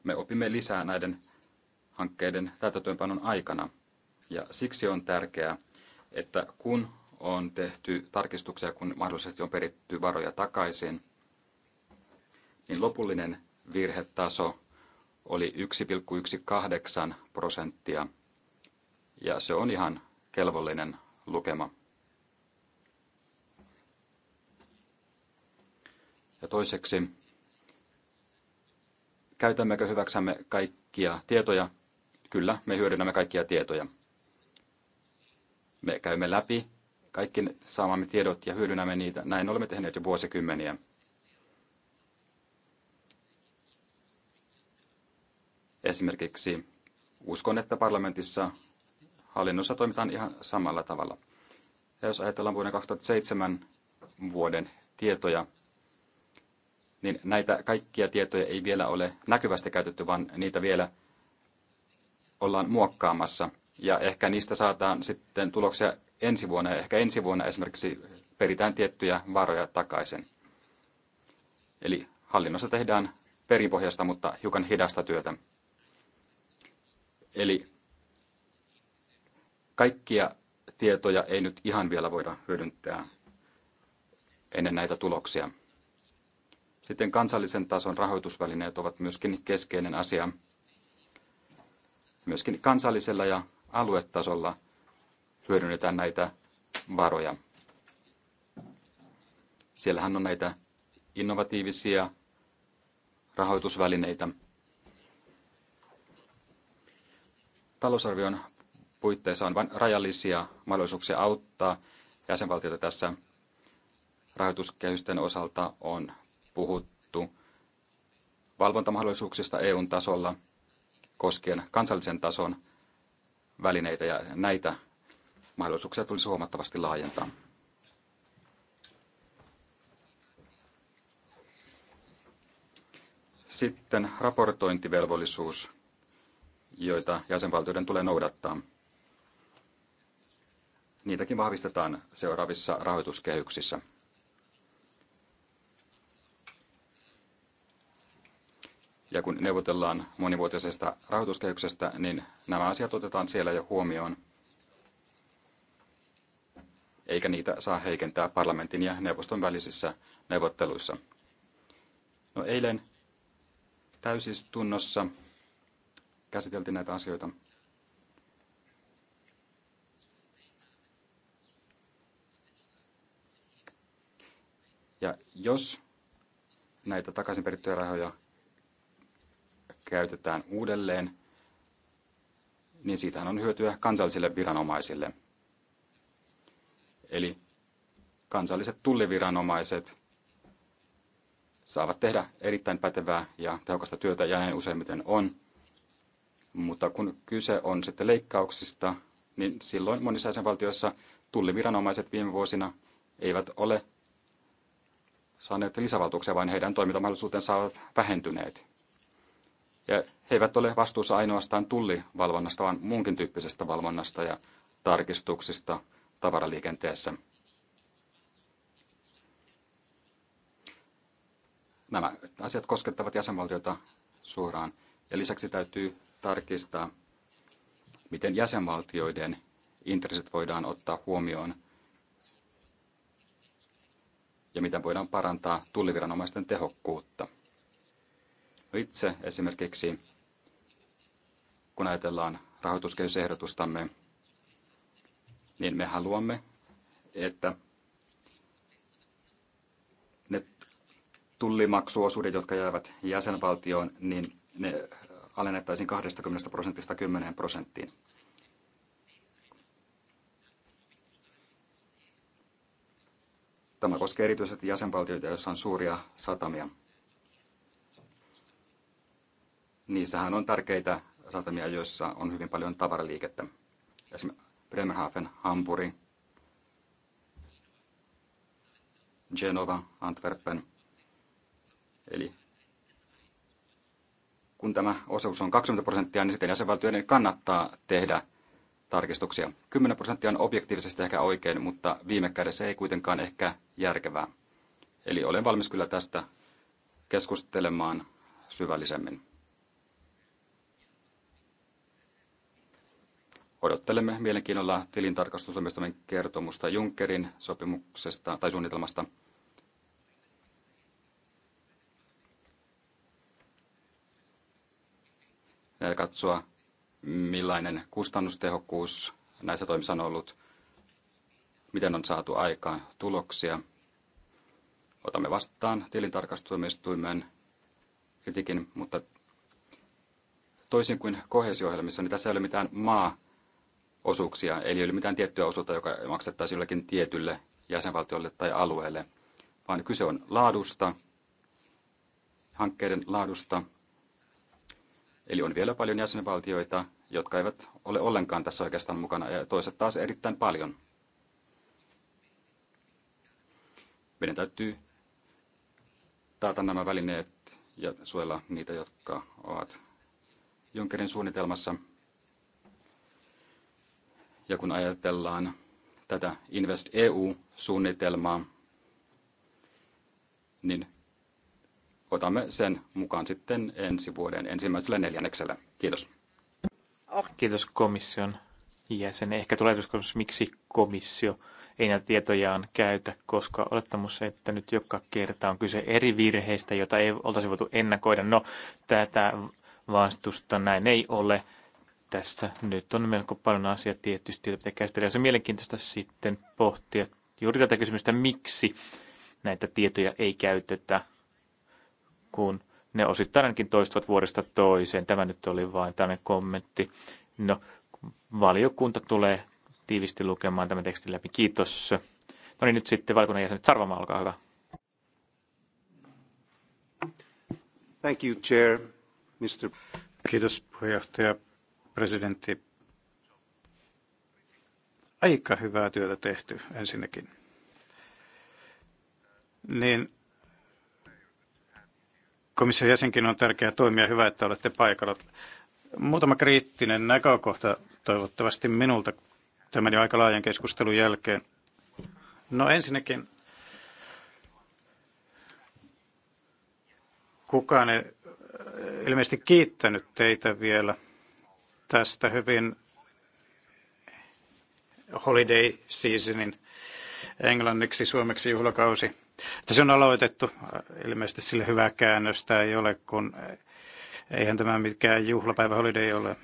Me opimme lisää näiden hankkeiden täytäntöönpanon aikana. Ja siksi on tärkeää, että kun on tehty tarkistuksia, kun mahdollisesti on peritty varoja takaisin, niin lopullinen virhetaso oli 1,18 prosenttia. Ja se on ihan kelvollinen lukema. Ja toiseksi Käytämmekö hyväksämme kaikkia tietoja? Kyllä, me hyödynnämme kaikkia tietoja. Me käymme läpi kaikki saamamme tiedot ja hyödynnämme niitä. Näin olemme tehneet jo vuosikymmeniä. Esimerkiksi uskon, että parlamentissa hallinnossa toimitaan ihan samalla tavalla. Ja jos ajatellaan vuoden 2007 vuoden tietoja, niin näitä kaikkia tietoja ei vielä ole näkyvästi käytetty, vaan niitä vielä ollaan muokkaamassa. Ja ehkä niistä saadaan sitten tuloksia ensi vuonna, ja ehkä ensi vuonna esimerkiksi peritään tiettyjä varoja takaisin. Eli hallinnossa tehdään perinpohjasta, mutta hiukan hidasta työtä. Eli kaikkia tietoja ei nyt ihan vielä voida hyödyntää ennen näitä tuloksia. Sitten kansallisen tason rahoitusvälineet ovat myöskin keskeinen asia. Myöskin kansallisella ja aluetasolla hyödynnetään näitä varoja. Siellähän on näitä innovatiivisia rahoitusvälineitä. Talousarvion puitteissa on vain rajallisia mahdollisuuksia auttaa jäsenvaltioita tässä rahoituskehysten osalta on puhuttu valvontamahdollisuuksista EUn tasolla koskien kansallisen tason välineitä ja näitä mahdollisuuksia tulisi huomattavasti laajentaa. Sitten raportointivelvollisuus, joita jäsenvaltioiden tulee noudattaa. Niitäkin vahvistetaan seuraavissa rahoituskehyksissä. Ja kun neuvotellaan monivuotisesta rahoituskehyksestä, niin nämä asiat otetaan siellä jo huomioon, eikä niitä saa heikentää parlamentin ja neuvoston välisissä neuvotteluissa. No eilen täysistunnossa käsiteltiin näitä asioita. Ja jos näitä takaisin rahoja käytetään uudelleen, niin siitähän on hyötyä kansallisille viranomaisille. Eli kansalliset tulliviranomaiset saavat tehdä erittäin pätevää ja tehokasta työtä, ja näin useimmiten on. Mutta kun kyse on sitten leikkauksista, niin silloin monissa jäsenvaltioissa tulliviranomaiset viime vuosina eivät ole saaneet lisävaltuuksia, vaan heidän toimintamahdollisuutensa ovat vähentyneet. Ja he eivät ole vastuussa ainoastaan tullivalvonnasta, vaan muunkin tyyppisestä valvonnasta ja tarkistuksista tavaraliikenteessä. Nämä asiat koskettavat jäsenvaltioita suoraan. Ja lisäksi täytyy tarkistaa, miten jäsenvaltioiden intressit voidaan ottaa huomioon ja miten voidaan parantaa tulliviranomaisten tehokkuutta itse esimerkiksi, kun ajatellaan rahoituskehysehdotustamme, niin me haluamme, että ne tullimaksuosuudet, jotka jäävät jäsenvaltioon, niin ne alennettaisiin 20 prosentista 10 prosenttiin. Tämä koskee erityisesti jäsenvaltioita, joissa on suuria satamia niissähän on tärkeitä satamia, joissa on hyvin paljon tavaraliikettä. Esimerkiksi Bremerhaven, Hampuri, Genova, Antwerpen. Eli kun tämä osuus on 20 prosenttia, niin sitten jäsenvaltioiden kannattaa tehdä tarkistuksia. 10 prosenttia on objektiivisesti ehkä oikein, mutta viime kädessä ei kuitenkaan ehkä järkevää. Eli olen valmis kyllä tästä keskustelemaan syvällisemmin. Odottelemme mielenkiinnolla tilintarkastusomistamme kertomusta Junckerin sopimuksesta tai suunnitelmasta. Ja katsoa, millainen kustannustehokkuus näissä toimissa on ollut, miten on saatu aikaan tuloksia. Otamme vastaan tilintarkastusomistuimen kritiikin, mutta toisin kuin kohesio niin tässä ei ole mitään maa osuuksia, eli ei ole mitään tiettyä osuutta, joka maksettaisiin jollekin tietylle jäsenvaltiolle tai alueelle, vaan kyse on laadusta, hankkeiden laadusta. Eli on vielä paljon jäsenvaltioita, jotka eivät ole ollenkaan tässä oikeastaan mukana, ja toiset taas erittäin paljon. Meidän täytyy taata nämä välineet ja suojella niitä, jotka ovat Junckerin suunnitelmassa – ja kun ajatellaan tätä Invest EU-suunnitelmaa, niin otamme sen mukaan sitten ensi vuoden ensimmäisellä neljänneksellä. Kiitos. Kiitos komission jäsen. Ehkä tulee kysymys, miksi komissio ei näitä tietojaan käytä, koska olettamus, että nyt joka kerta on kyse eri virheistä, joita ei oltaisi voitu ennakoida. No, tätä vastusta näin ei ole tässä nyt on melko paljon asiaa tietysti, joita pitää käsitellä. Se on mielenkiintoista sitten pohtia juuri tätä kysymystä, miksi näitä tietoja ei käytetä, kun ne osittain ainakin toistuvat vuodesta toiseen. Tämä nyt oli vain tällainen kommentti. No, valiokunta tulee tiivisti lukemaan tämän tekstin läpi. Kiitos. No niin, nyt sitten valiokunnan jäsenet. Sarvama, olkaa hyvä. Thank you, Chair. Mr. Kiitos puheenjohtaja presidentti. Aika hyvää työtä tehty ensinnäkin. Niin komission jäsenkin on tärkeää toimia. Hyvä, että olette paikalla. Muutama kriittinen näkökohta toivottavasti minulta tämän jo aika laajan keskustelun jälkeen. No ensinnäkin kukaan ei äh, ilmeisesti kiittänyt teitä vielä tästä hyvin holiday seasonin englanniksi suomeksi juhlakausi. Se on aloitettu, äh, ilmeisesti sille hyvää käännöstä ei ole, kun äh, eihän tämä mikään juhlapäivä holiday ole äh,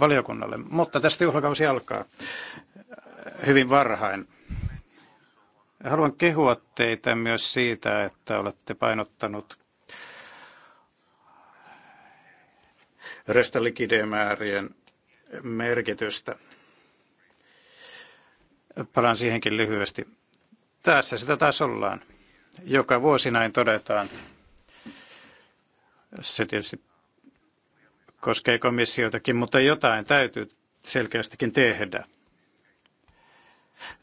valiokunnalle. Mutta tästä juhlakausi alkaa hyvin varhain. Haluan kehua teitä myös siitä, että olette painottanut restalikidemäärien merkitystä. Palaan siihenkin lyhyesti. Tässä sitä taas ollaan. Joka vuosi näin todetaan. Se tietysti koskee komissiotakin, mutta jotain täytyy selkeästikin tehdä.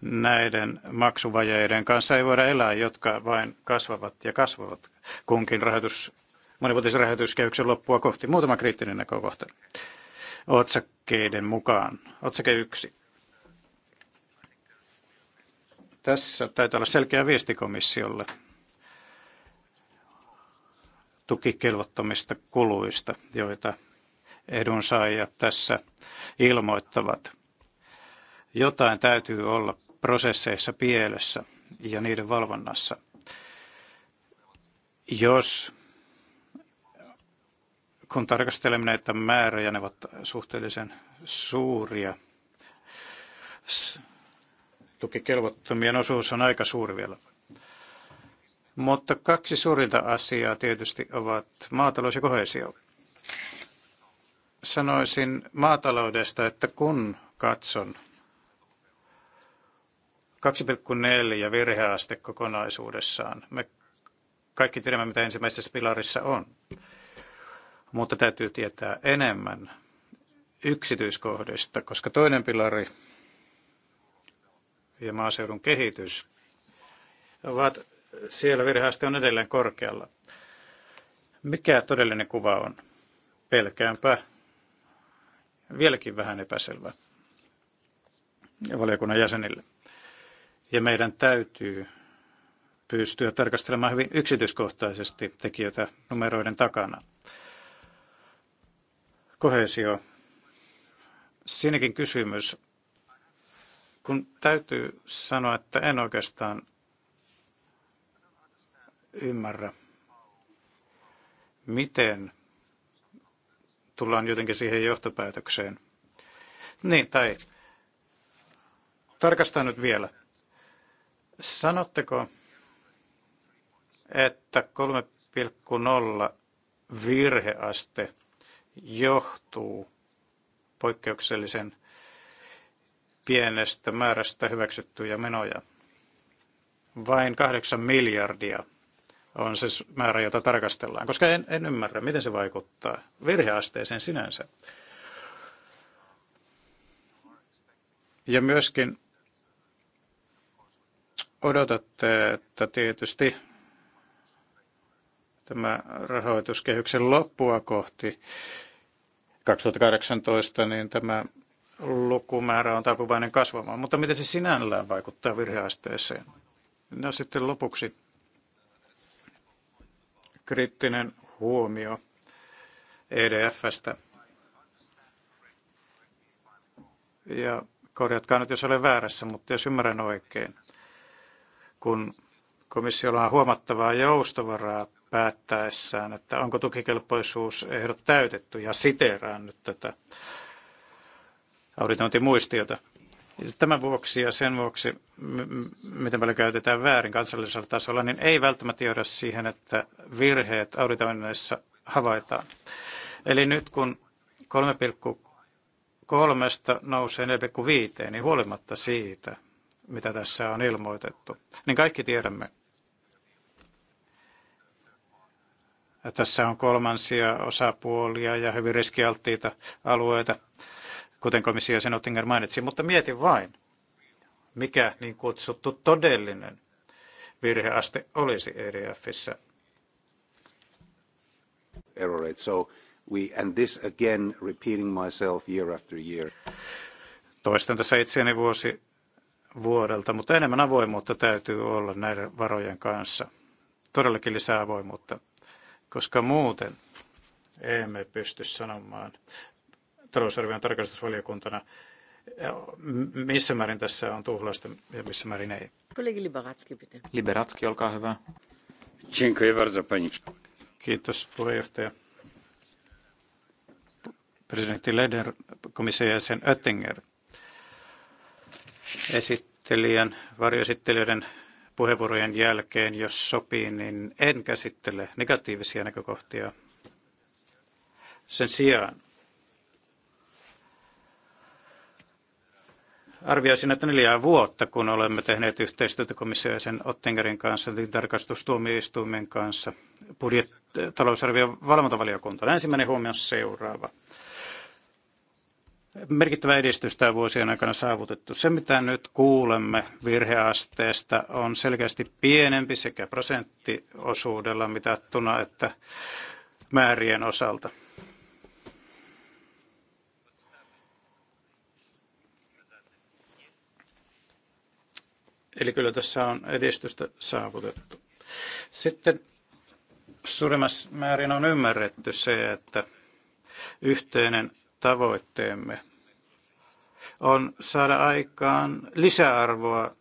Näiden maksuvajeiden kanssa ei voida elää, jotka vain kasvavat ja kasvavat kunkin rahoitus monivuotisen rahoituskehyksen loppua kohti. Muutama kriittinen näkökohta otsakkeiden mukaan. Otsake yksi. Tässä taitaa olla selkeä viesti komissiolle tukikelvottomista kuluista, joita edunsaajat tässä ilmoittavat. Jotain täytyy olla prosesseissa pielessä ja niiden valvonnassa. Jos kun tarkastelemme näitä määriä, ne ovat suhteellisen suuria. Tukikelvottomien osuus on aika suuri vielä. Mutta kaksi suurinta asiaa tietysti ovat maatalous ja kohesio. Sanoisin maataloudesta, että kun katson 2,4 virheaste kokonaisuudessaan, me kaikki tiedämme, mitä ensimmäisessä pilarissa on mutta täytyy tietää enemmän yksityiskohdista, koska toinen pilari ja maaseudun kehitys ovat siellä virheaste on edelleen korkealla. Mikä todellinen kuva on? Pelkäänpä vieläkin vähän epäselvä valiokunnan jäsenille. Ja meidän täytyy pystyä tarkastelemaan hyvin yksityiskohtaisesti tekijöitä numeroiden takana. Kohesio. Siinäkin kysymys. Kun täytyy sanoa, että en oikeastaan ymmärrä, miten tullaan jotenkin siihen johtopäätökseen. Niin, tai tarkastan nyt vielä. Sanotteko, että 3,0 virheaste – johtuu poikkeuksellisen pienestä määrästä hyväksyttyjä menoja. Vain kahdeksan miljardia on se määrä, jota tarkastellaan, koska en, en ymmärrä, miten se vaikuttaa virheasteeseen sinänsä. Ja myöskin odotatte, että tietysti tämä rahoituskehyksen loppua kohti 2018, niin tämä lukumäärä on taipuvainen kasvamaan. Mutta miten se sinällään vaikuttaa virheasteeseen? No sitten lopuksi kriittinen huomio EDFstä. Ja korjatkaa nyt, jos olen väärässä, mutta jos ymmärrän oikein, kun komissiolla on huomattavaa joustovaraa päättäessään, että onko tukikelpoisuusehdot täytetty, ja siteeraan nyt tätä auditointimuistiota. Tämän vuoksi ja sen vuoksi, miten paljon käytetään väärin kansallisella tasolla, niin ei välttämättä johda siihen, että virheet auditoinneissa havaitaan. Eli nyt kun 3,3 nousee 4,5, niin huolimatta siitä, mitä tässä on ilmoitettu, niin kaikki tiedämme, Tässä on kolmansia osapuolia ja hyvin riskialttiita alueita, kuten komissio sen Ottinger mainitsi. Mutta mieti vain, mikä niin kutsuttu todellinen virheaste olisi EDFissä. Error rate. So we, and this again repeating myself year after year. Toistan tässä itseäni vuosi vuodelta, mutta enemmän avoimuutta täytyy olla näiden varojen kanssa. Todellakin lisää avoimuutta koska muuten emme pysty sanomaan talousarvion tarkastusvaliokuntana, eh, missä määrin tässä on tuhlausta ja missä määrin ei. Kollegi Liberatski, pitää. Liberatski, olkaa hyvä. Kiitos puheenjohtaja. Presidentti Leder, komission jäsen Oettinger, esittelijän, varjoesittelijöiden puheenvuorojen jälkeen, jos sopii, niin en käsittele negatiivisia näkökohtia. Sen sijaan arvioisin, että neljää vuotta, kun olemme tehneet yhteistyötä komission sen Ottingerin kanssa, tarkastustuomioistuimen kanssa, budjet, talousarvion valvontavaliokunta. Ensimmäinen huomio on seuraava merkittävää edistystä vuosien aikana saavutettu. Se, mitä nyt kuulemme virheasteesta, on selkeästi pienempi sekä prosenttiosuudella mitattuna että määrien osalta. Eli kyllä tässä on edistystä saavutettu. Sitten suurimmassa määrin on ymmärretty se, että yhteinen tavoitteemme on saada aikaan lisäarvoa,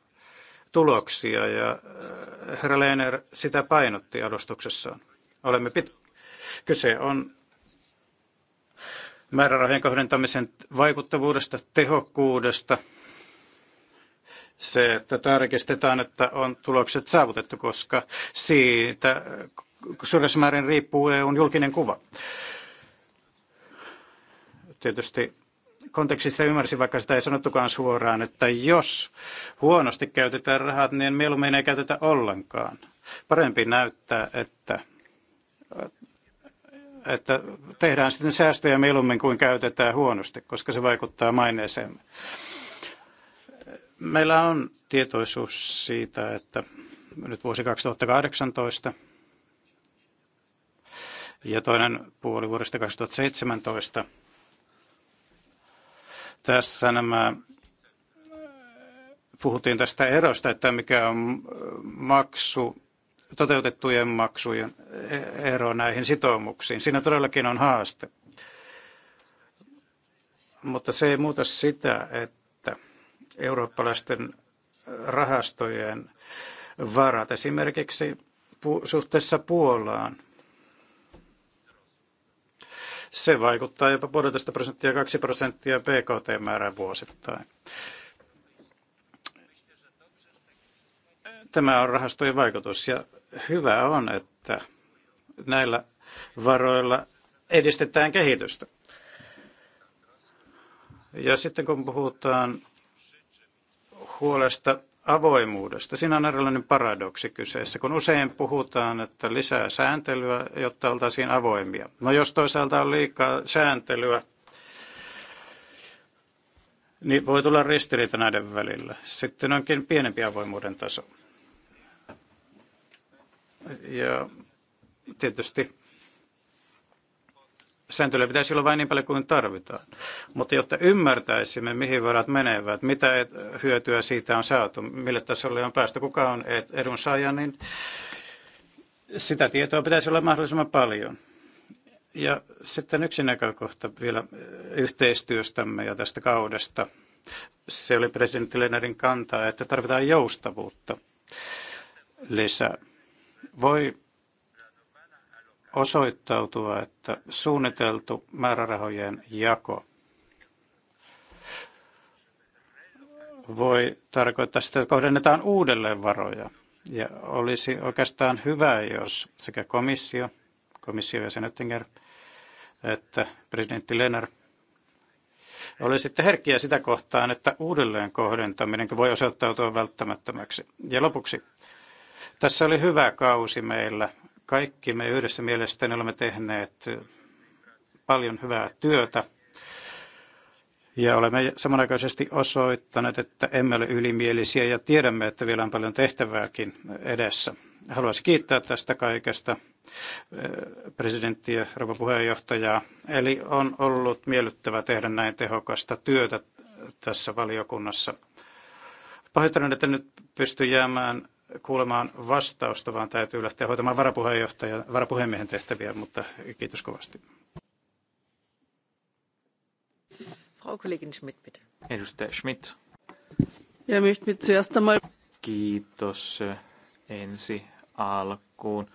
tuloksia ja äh, herra Lehner sitä painotti alustuksessaan. Olemme pit- Kyse on määrärahojen kohdentamisen vaikuttavuudesta, tehokkuudesta, se, että tarkistetaan, että on tulokset saavutettu, koska siitä suuressa määrin riippuu EUn julkinen kuva tietysti kontekstista ymmärsin, vaikka sitä ei sanottukaan suoraan, että jos huonosti käytetään rahat, niin mieluummin ei käytetä ollenkaan. Parempi näyttää, että, että tehdään sitten säästöjä mieluummin kuin käytetään huonosti, koska se vaikuttaa maineeseen. Meillä on tietoisuus siitä, että nyt vuosi 2018 ja toinen puoli vuodesta 2017 tässä nämä puhuttiin tästä erosta, että mikä on maksu, toteutettujen maksujen ero näihin sitoumuksiin. Siinä todellakin on haaste. Mutta se ei muuta sitä, että eurooppalaisten rahastojen varat esimerkiksi suhteessa Puolaan se vaikuttaa jopa puolitoista prosenttia 2 prosenttia PKT-määrään vuosittain. Tämä on rahastojen vaikutus ja hyvä on, että näillä varoilla edistetään kehitystä. Ja sitten kun puhutaan huolesta avoimuudesta. Siinä on erilainen paradoksi kyseessä, kun usein puhutaan, että lisää sääntelyä, jotta oltaisiin avoimia. No jos toisaalta on liikaa sääntelyä, niin voi tulla ristiriita näiden välillä. Sitten onkin pienempi avoimuuden taso. Ja tietysti Sääntelyä pitäisi olla vain niin paljon kuin tarvitaan. Mutta jotta ymmärtäisimme, mihin varat menevät, mitä hyötyä siitä on saatu, mille tasolle on päästä, kuka on edunsaaja, niin sitä tietoa pitäisi olla mahdollisimman paljon. Ja sitten yksi näkökohta vielä yhteistyöstämme ja tästä kaudesta. Se oli presidentti Lennerin kantaa, että tarvitaan joustavuutta lisää. Voi osoittautua, että suunniteltu määrärahojen jako voi tarkoittaa sitä, että kohdennetaan uudelleen varoja. Ja olisi oikeastaan hyvä, jos sekä komissio, komissio ja Senöttinger, että presidentti Lenner oli sitten herkkiä sitä kohtaan, että uudelleen kohdentaminen voi osoittautua välttämättömäksi. Ja lopuksi, tässä oli hyvä kausi meillä kaikki me yhdessä mielestäni olemme tehneet paljon hyvää työtä. Ja olemme samanaikaisesti osoittaneet, että emme ole ylimielisiä ja tiedämme, että vielä on paljon tehtävääkin edessä. Haluaisin kiittää tästä kaikesta eh, presidenttiä, rouva puheenjohtajaa. Eli on ollut miellyttävää tehdä näin tehokasta työtä tässä valiokunnassa. Pahoittelen, että nyt pysty jäämään kuulemaan vastausta, vaan täytyy lähteä hoitamaan varapuheenjohtajan, varapuhemiehen tehtäviä, mutta kiitos kovasti. Frau Kollegin Schmidt, bitte. Edustaja Schmidt. Ja möchte zuerst einmal... Kiitos äh, ensi alkuun.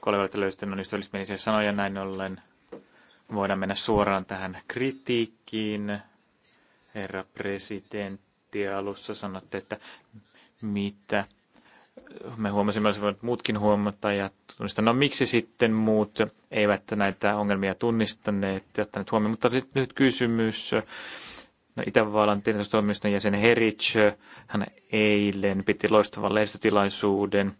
Kollegalta löysin tämän ystävällismielisiä sanoja näin ollen. Voidaan mennä suoraan tähän kritiikkiin. Herra presidentti alussa sanotte, että mitä me huomasimme, että muutkin huomata ja tunnistaa, no miksi sitten muut eivät näitä ongelmia tunnistaneet ja ottaneet huomioon. Mutta lyhyt kysymys. No, Itävallan tilintarkastustoimiston jäsen Herich, hän eilen piti loistavan lehdistötilaisuuden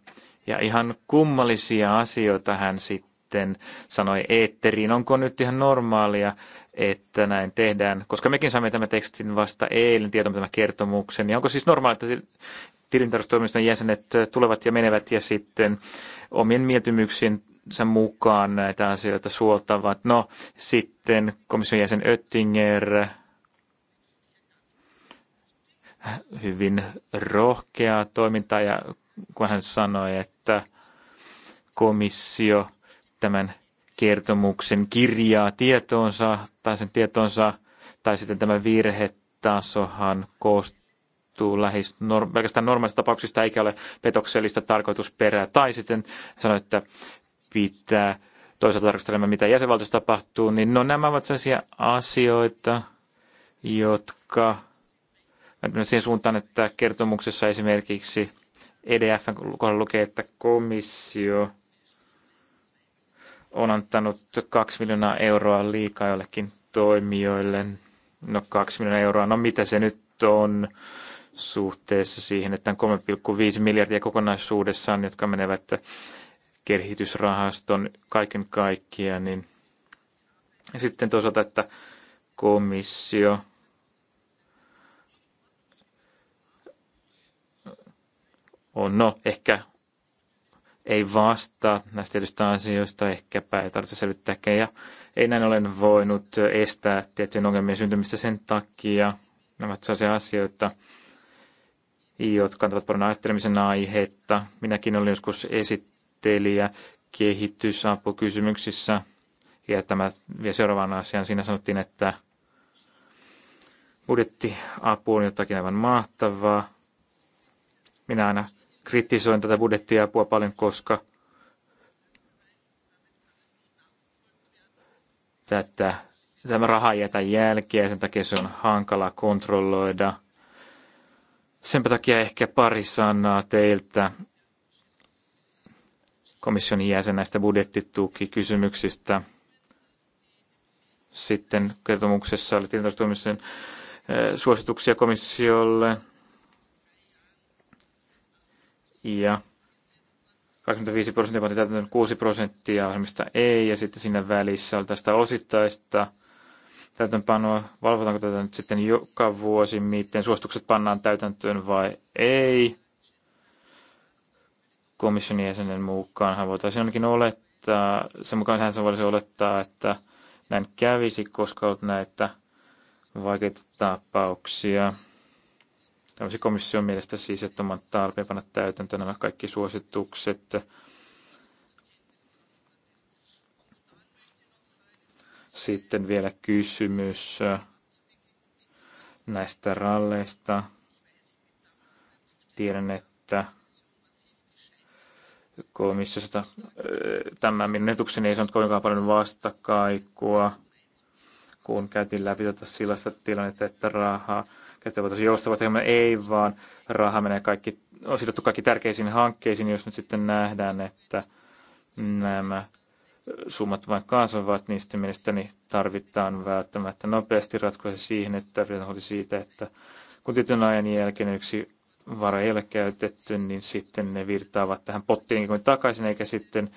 ja ihan kummallisia asioita hän sitten sanoi eetteriin. Onko nyt ihan normaalia, että näin tehdään, koska mekin saimme tämän tekstin vasta eilen tietomme tämän kertomuksen. niin onko siis normaalia, että tilintarkastustoimiston jäsenet tulevat ja menevät ja sitten omien mieltymyksiensä mukaan näitä asioita suoltavat. No sitten komission jäsen Oettinger hyvin rohkea toiminta ja kun hän sanoi, että komissio tämän kertomuksen kirjaa tietoonsa tai sen tietoonsa tai sitten tämä virhetasohan koostuu johtuu lähes nor- pelkästään normaalista tapauksista eikä ole petoksellista tarkoitusperää. Tai sitten sanoi, että pitää toisaalta tarkastella, mitä jäsenvaltiossa tapahtuu, niin no nämä ovat sellaisia asioita, jotka siihen suuntaan, että kertomuksessa esimerkiksi edf kohdalla lukee, että komissio on antanut 2 miljoonaa euroa liikaa jollekin toimijoille. No 2 miljoonaa euroa, no mitä se nyt on? suhteessa siihen, että on 3,5 miljardia kokonaisuudessaan, jotka menevät kehitysrahaston kaiken kaikkiaan, niin ja sitten toisaalta, että komissio on, no ehkä ei vastaa näistä tietystä asioista, ehkäpä ei tarvitse selvittääkään. Ja ei näin olen voinut estää tiettyjen ongelmien syntymistä sen takia. Nämä ovat sellaisia asioita, jotka antavat paljon ajattelemisen aihetta. Minäkin olin joskus esittelijä kehitysapukysymyksissä. Ja tämä vielä seuraavaan asiaan. Siinä sanottiin, että budjettiapu on jotakin aivan mahtavaa. Minä aina kritisoin tätä budjettiapua paljon, koska tätä, tämä raha jätä jälkeen ja sen takia se on hankala kontrolloida – Senpä takia ehkä pari sanaa teiltä komission jäsenäistä budjettitukikysymyksistä. Sitten kertomuksessa oli tilintarkastustoimiston suosituksia komissiolle. Ja 25 prosenttia, vaan 6 prosenttia ohjelmista ei, ja sitten siinä välissä oli tästä osittaista täytäntöönpanoa, valvotaanko tätä nyt sitten joka vuosi, miten suositukset pannaan täytäntöön vai ei. Komission jäsenen mukaanhan voitaisiin ainakin olettaa, sen mukaan hän voisi olettaa, että näin kävisi, koska olet näitä vaikeita tapauksia. Tämmöisen komission mielestä siis, että oman tarpeen panna täytäntöön nämä kaikki suositukset Sitten vielä kysymys äh, näistä ralleista. Tiedän, että komissiosta äh, tämä minun etukseni ei saanut kovinkaan paljon vastakaikua, kun käytiin läpi tätä sellaista tilannetta, että rahaa joustavaa tekemään. ei, vaan raha menee kaikki, on sidottu kaikki tärkeisiin hankkeisiin, jos nyt sitten nähdään, että nämä summat vain kasvavat, niin sitten mielestäni tarvitaan välttämättä nopeasti ratkaisu siihen, että huoli siitä, että kun tietyn ajan jälkeen yksi vara ei ole käytetty, niin sitten ne virtaavat tähän pottiin niin kuin takaisin, eikä sitten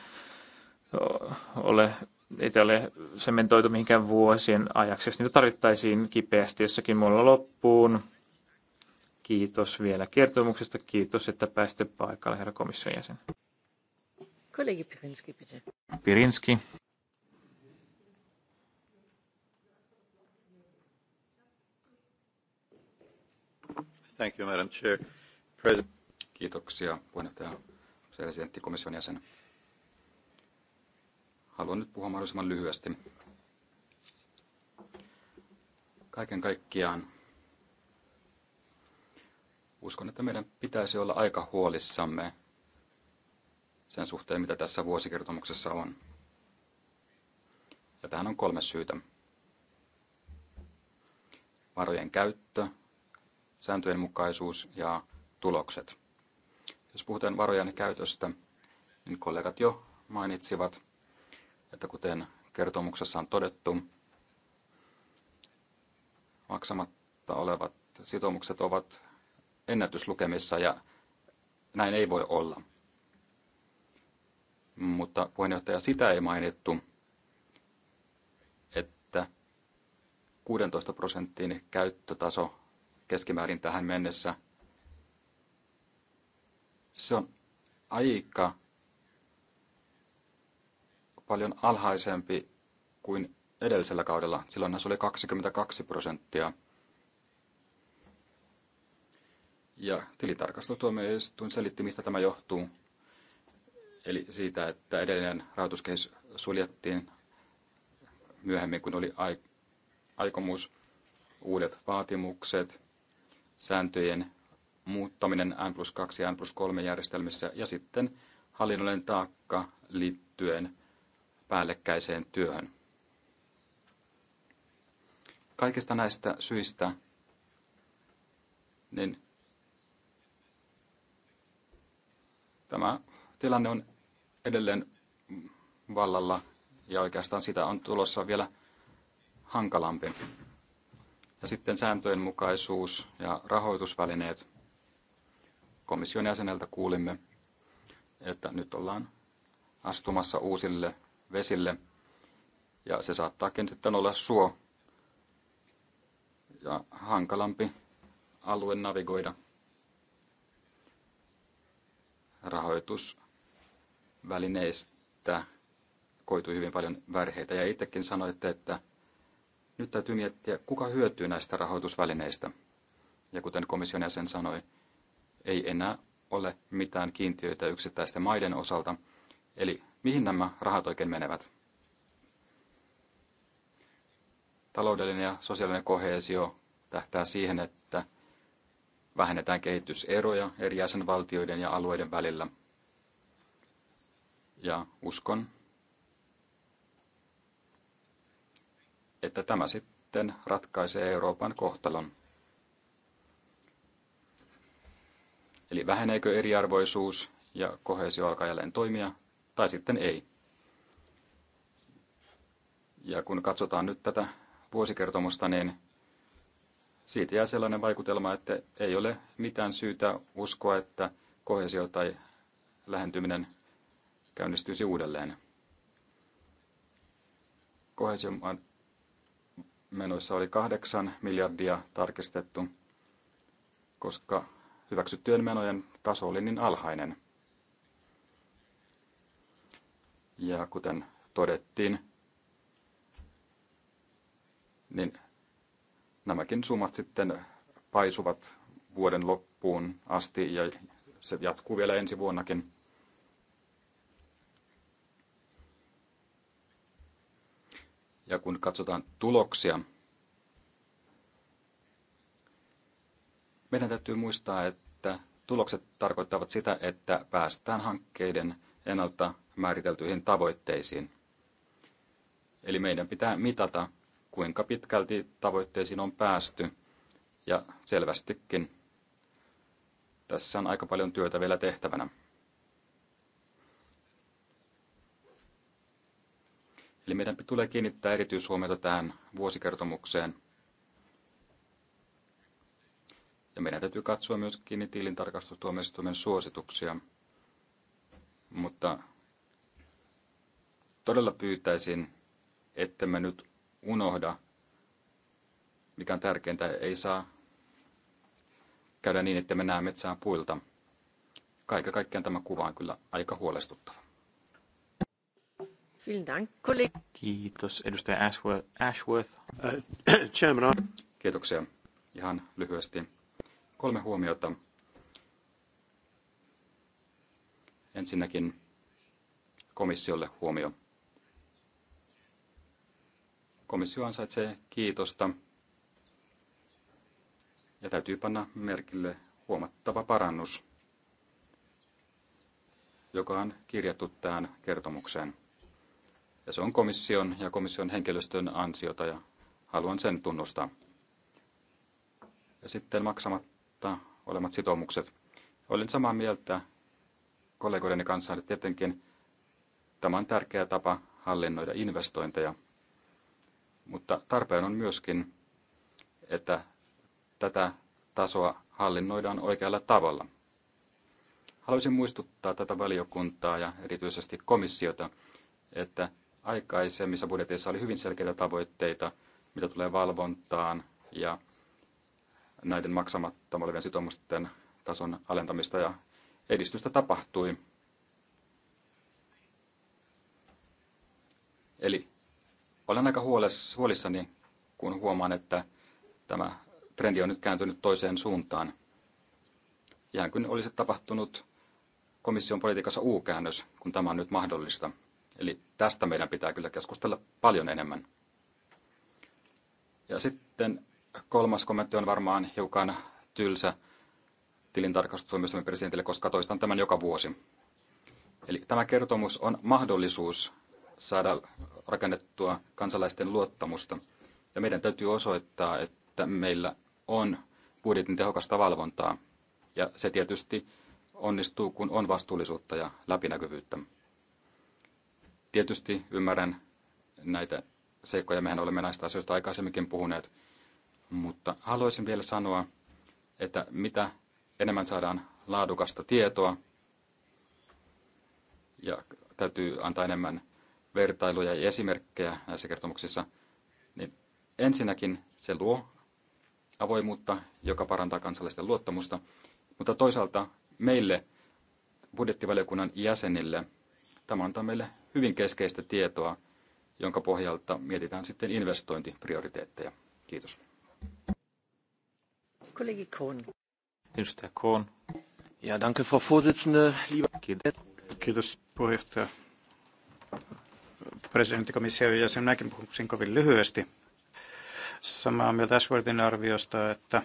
ole, ei ole sementoitu mihinkään vuosien ajaksi, jos niitä tarvittaisiin kipeästi jossakin muualla loppuun. Kiitos vielä kertomuksesta. Kiitos, että pääsitte paikalle, herra komission jäsen. Kollege Pirinski, bitte. Pirinski. Thank you, Madam Chair. President. Kiitoksia puheenjohtaja presidentti komission jäsen. Haluan nyt puhua mahdollisimman lyhyesti. Kaiken kaikkiaan uskon, että meidän pitäisi olla aika huolissamme sen suhteen, mitä tässä vuosikertomuksessa on. Ja tähän on kolme syytä. Varojen käyttö, sääntöjen mukaisuus ja tulokset. Jos puhutaan varojen käytöstä, niin kollegat jo mainitsivat, että kuten kertomuksessa on todettu, maksamatta olevat sitoumukset ovat ennätyslukemissa ja näin ei voi olla mutta puheenjohtaja sitä ei mainittu, että 16 prosentin käyttötaso keskimäärin tähän mennessä, se on aika paljon alhaisempi kuin edellisellä kaudella. Silloin se oli 22 prosenttia. Ja tilitarkastustuomioistuin selitti, mistä tämä johtuu eli siitä, että edellinen rahoituskehys suljettiin myöhemmin kuin oli aikomus, uudet vaatimukset, sääntöjen muuttaminen N plus 2 ja N plus 3 järjestelmissä ja sitten hallinnollinen taakka liittyen päällekkäiseen työhön. Kaikista näistä syistä niin tämä tilanne on edelleen vallalla ja oikeastaan sitä on tulossa vielä hankalampi. Ja sitten sääntöjen mukaisuus ja rahoitusvälineet. Komission jäseneltä kuulimme, että nyt ollaan astumassa uusille vesille ja se saattaakin sitten olla suo ja hankalampi alue navigoida. Rahoitus välineistä koitui hyvin paljon värheitä. Ja itsekin sanoitte, että nyt täytyy miettiä, kuka hyötyy näistä rahoitusvälineistä. Ja kuten komission jäsen sanoi, ei enää ole mitään kiintiöitä yksittäisten maiden osalta. Eli mihin nämä rahat oikein menevät? Taloudellinen ja sosiaalinen kohesio tähtää siihen, että vähennetään kehityseroja eri jäsenvaltioiden ja alueiden välillä – ja uskon, että tämä sitten ratkaisee Euroopan kohtalon. Eli väheneekö eriarvoisuus ja kohesio alkaa jälleen toimia, tai sitten ei. Ja kun katsotaan nyt tätä vuosikertomusta, niin siitä jää sellainen vaikutelma, että ei ole mitään syytä uskoa, että kohesio tai lähentyminen käynnistyisi uudelleen. Kohesion menoissa oli 8 miljardia tarkistettu, koska hyväksyttyjen menojen taso oli niin alhainen. Ja kuten todettiin, niin nämäkin summat sitten paisuvat vuoden loppuun asti ja se jatkuu vielä ensi vuonnakin. Ja kun katsotaan tuloksia, meidän täytyy muistaa, että tulokset tarkoittavat sitä, että päästään hankkeiden ennalta määriteltyihin tavoitteisiin. Eli meidän pitää mitata, kuinka pitkälti tavoitteisiin on päästy. Ja selvästikin tässä on aika paljon työtä vielä tehtävänä. Eli meidän tulee kiinnittää erityishuomiota tähän vuosikertomukseen. Ja meidän täytyy katsoa myöskin tilintarkastustuomioistuimen suosituksia. Mutta todella pyytäisin, että me nyt unohda, mikä on tärkeintä, ei saa käydä niin, että me näemme metsään puilta. Kaiken kaikkiaan tämä kuva on kyllä aika huolestuttava. Kiitos, edustaja Ashworth. Ashworth. Äh, chairman. Uh, Kiitoksia. Ihan lyhyesti. Kolme huomiota. Ensinnäkin komissiolle huomio. Komissio ansaitsee kiitosta ja täytyy panna merkille huomattava parannus, joka on kirjattu tähän kertomukseen. Ja se on komission ja komission henkilöstön ansiota ja haluan sen tunnustaa. Ja sitten maksamatta olemat sitoumukset. Olin samaa mieltä kollegoideni kanssa, että tietenkin tämä on tärkeä tapa hallinnoida investointeja. Mutta tarpeen on myöskin, että tätä tasoa hallinnoidaan oikealla tavalla. Haluaisin muistuttaa tätä valiokuntaa ja erityisesti komissiota, että Aikaisemmissa budjeteissa oli hyvin selkeitä tavoitteita, mitä tulee valvontaan ja näiden maksamatta olevien sitoumusten tason alentamista ja edistystä tapahtui. Eli olen aika huolissani, kun huomaan, että tämä trendi on nyt kääntynyt toiseen suuntaan. Ihan kuin olisi tapahtunut komission politiikassa U-käännös, kun tämä on nyt mahdollista – Eli tästä meidän pitää kyllä keskustella paljon enemmän. Ja sitten kolmas kommentti on varmaan hiukan tylsä tilintarkastustuomioistuimen presidentille, koska toistan tämän joka vuosi. Eli tämä kertomus on mahdollisuus saada rakennettua kansalaisten luottamusta. Ja meidän täytyy osoittaa, että meillä on budjetin tehokasta valvontaa. Ja se tietysti onnistuu, kun on vastuullisuutta ja läpinäkyvyyttä. Tietysti ymmärrän näitä seikkoja, mehän olemme näistä asioista aikaisemminkin puhuneet, mutta haluaisin vielä sanoa, että mitä enemmän saadaan laadukasta tietoa ja täytyy antaa enemmän vertailuja ja esimerkkejä näissä kertomuksissa, niin ensinnäkin se luo avoimuutta, joka parantaa kansalaisten luottamusta, mutta toisaalta meille budjettivaliokunnan jäsenille – Tämä antaa meille hyvin keskeistä tietoa, jonka pohjalta mietitään sitten investointiprioriteetteja. Kiitos. Kollegi Kohn. Edustaja Kohn. Ja, danke, Frau Vorsitzende. Liebe... Kiitos. puheenjohtaja. puheenjohtaja. ja jäsen näkin puhuksin kovin lyhyesti. Samaa mieltä Ashworthin arviosta, että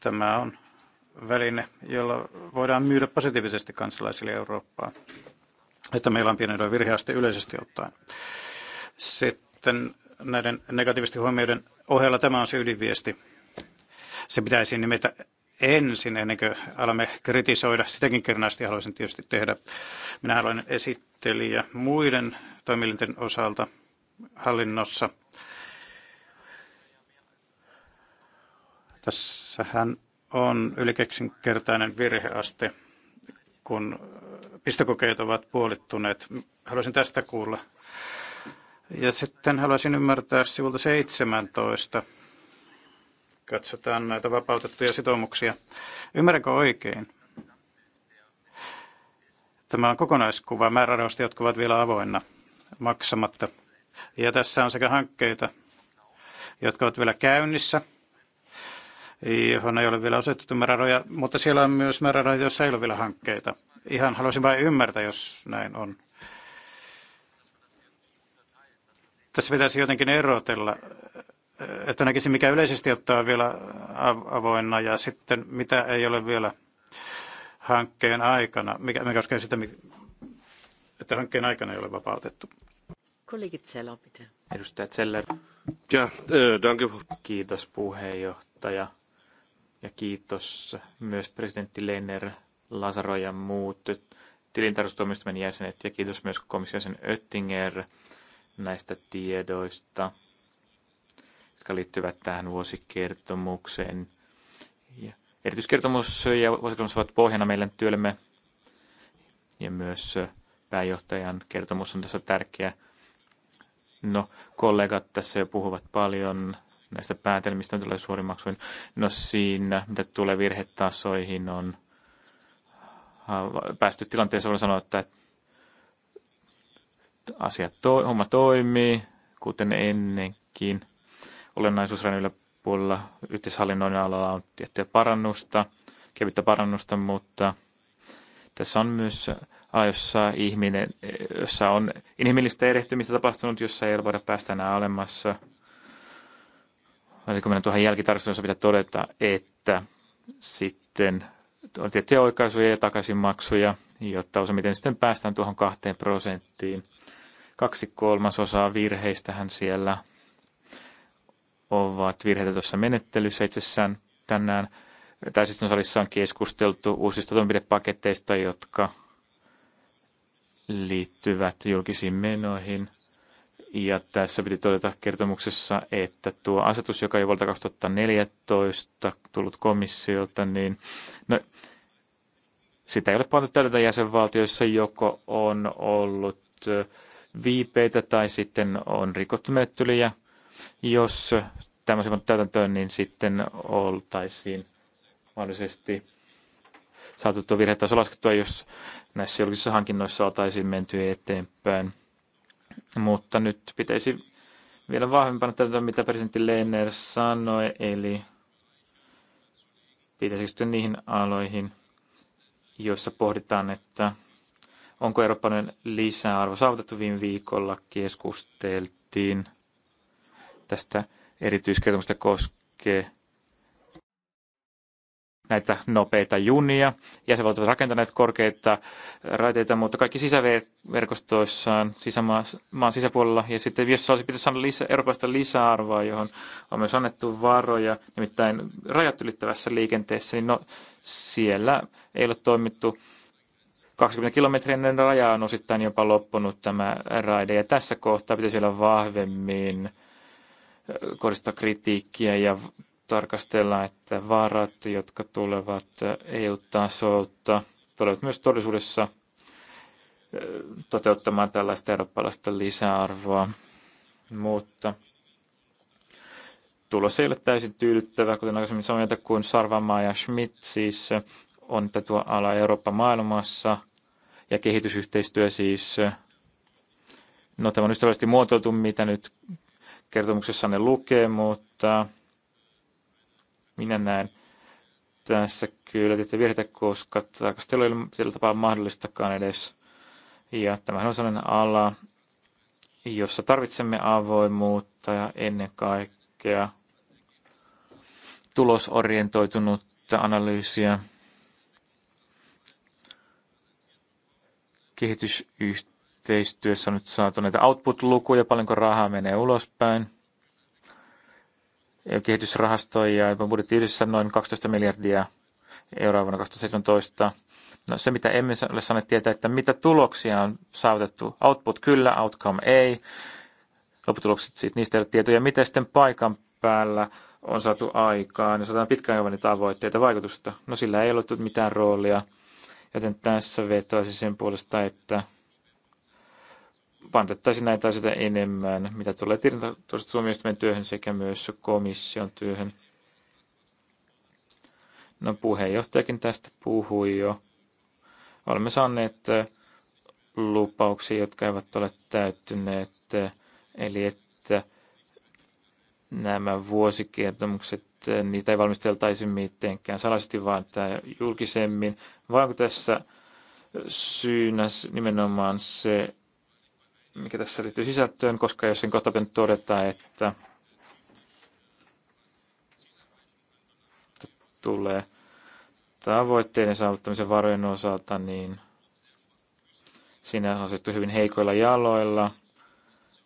tämä on väline, jolla voidaan myydä positiivisesti kansalaisille Eurooppaa että meillä on pienellä virheaste yleisesti ottaen. Sitten näiden negatiivisten huomioiden ohella tämä on se ydinviesti. Se pitäisi nimetä ensin, ennen kuin alamme kritisoida. Sitäkin kernaasti haluaisin tietysti tehdä. Minä olen esittelijä muiden toimielinten osalta hallinnossa. Tässähän on ylikeksinkertainen virheaste, kun pistokokeet ovat puolittuneet. Haluaisin tästä kuulla. Ja sitten haluaisin ymmärtää sivulta 17. Katsotaan näitä vapautettuja sitoumuksia. Ymmärränkö oikein? Tämä on kokonaiskuva määrärahoista, jotka ovat vielä avoinna maksamatta. Ja tässä on sekä hankkeita, jotka ovat vielä käynnissä – johon ei ole vielä osoitettu määrärahoja, mutta siellä on myös määrärahoja, joissa ei ole vielä hankkeita. Ihan haluaisin vain ymmärtää, jos näin on. Tässä pitäisi jotenkin erotella, että näkisi mikä yleisesti ottaa vielä avoinna ja sitten mitä ei ole vielä hankkeen aikana, mikä, mikä koskee sitä, että hankkeen aikana ei ole vapautettu. Kollegi Zeller, Edustaja Zeller. Ja, äh, danke. Kiitos puheenjohtaja. Ja kiitos myös presidentti Lenner, Lazaro ja muut tilintarkastustuomioistuimen jäsenet ja kiitos myös komission Öttinger näistä tiedoista, jotka liittyvät tähän vuosikertomukseen. Ja erityiskertomus ja vuosikertomus ovat pohjana meidän työllemme ja myös pääjohtajan kertomus on tässä tärkeä. No, kollegat tässä jo puhuvat paljon näistä päätelmistä on tulee suorimaksuihin. No siinä, mitä tulee virhetasoihin, on päästy tilanteeseen, voin sanoa, että asiat to, homma toimii, kuten ennenkin. Olennaisuusrajan yläpuolella yhteishallinnon alalla on tiettyä parannusta, kevyttä parannusta, mutta tässä on myös ala, jossa, ihminen, jossa on inhimillistä erehtymistä tapahtunut, jossa ei voida päästä enää alemmassa – mennään tuohon jälkitarkastelussa pitää todeta, että sitten on tiettyjä oikaisuja ja takaisinmaksuja, jotta useimmiten sitten päästään tuohon kahteen prosenttiin. Kaksi kolmasosaa virheistähän siellä ovat virheitä tuossa menettelyssä itsessään tänään. Täysistuntosalissa on keskusteltu uusista toimenpidepaketeista, jotka liittyvät julkisiin menoihin – ja tässä piti todeta kertomuksessa, että tuo asetus, joka ei vuodelta 2014 tullut komissiolta, niin no, sitä ei ole pantu täytä jäsenvaltioissa, joko on ollut viipeitä tai sitten on rikottu menettelyjä. Jos tämmöisen on täytäntöön, niin sitten oltaisiin mahdollisesti saatu tuo virhetaso jos näissä julkisissa hankinnoissa oltaisiin menty eteenpäin. Mutta nyt pitäisi vielä vahvempana tätä, mitä presidentti Lehner sanoi, eli pitäisi sitten niihin aloihin, joissa pohditaan, että onko eurooppalainen lisäarvo saavutettu viime viikolla, keskusteltiin tästä erityiskertomusta koskee näitä nopeita junia. ja Jäsenvaltiot ovat rakentaneet korkeita raiteita, mutta kaikki sisäverkostoissaan sisämaan sisäpuolella. Ja sitten jos olisi pitäisi saada lisä, eurooppalaista lisäarvoa, johon on myös annettu varoja, nimittäin rajat ylittävässä liikenteessä, niin no, siellä ei ole toimittu 20 kilometrin raja on osittain jopa loppunut tämä raide, ja tässä kohtaa pitäisi olla vahvemmin äh, kohdistaa kritiikkiä ja tarkastella, että varat, jotka tulevat EU-tasolta, tulevat myös todellisuudessa toteuttamaan tällaista eurooppalaista lisäarvoa, mutta tulos ei ole täysin tyydyttävä, kuten aikaisemmin sanoin, että kuin Sarvamaa ja Schmidt siis on, tätä ala Eurooppa maailmassa ja kehitysyhteistyö siis, no tämä on ystävällisesti muotoiltu, mitä nyt kertomuksessanne lukee, mutta minä näen tässä kyllä tietysti virheitä, koska tarkastelu ei ole sillä tapaa mahdollistakaan edes. Ja tämähän on sellainen ala, jossa tarvitsemme avoimuutta ja ennen kaikkea tulosorientoitunutta analyysiä. Kehitysyhteistyössä on nyt saatu näitä output-lukuja, paljonko rahaa menee ulospäin – kehitysrahastoja, ja budjetti yhdessä noin 12 miljardia euroa vuonna 2017. No se, mitä emme ole saaneet tietää, että mitä tuloksia on saavutettu. Output kyllä, outcome ei. Lopputulokset siitä, niistä ei ole tietoja. Miten sitten paikan päällä on saatu aikaan, jos otetaan pitkän ajan tavoitteita vaikutusta. No sillä ei ollut mitään roolia, joten tässä vetoaisin sen puolesta, että pantettaisiin näitä asioita enemmän, mitä tulee tilintarkastustuomioistuimen työhön sekä myös komission työhön. No puheenjohtajakin tästä puhui jo. Olemme saaneet äh, lupauksia, jotka eivät ole täyttyneet, äh, eli että nämä vuosikertomukset, äh, niitä ei valmisteltaisi mitenkään salaisesti, vaan tämä julkisemmin. Vai tässä syynä nimenomaan se, mikä tässä liittyy sisältöön, koska jos sen kohta todeta, että tulee tavoitteiden saavuttamisen varojen osalta, niin siinä on asettu hyvin heikoilla jaloilla.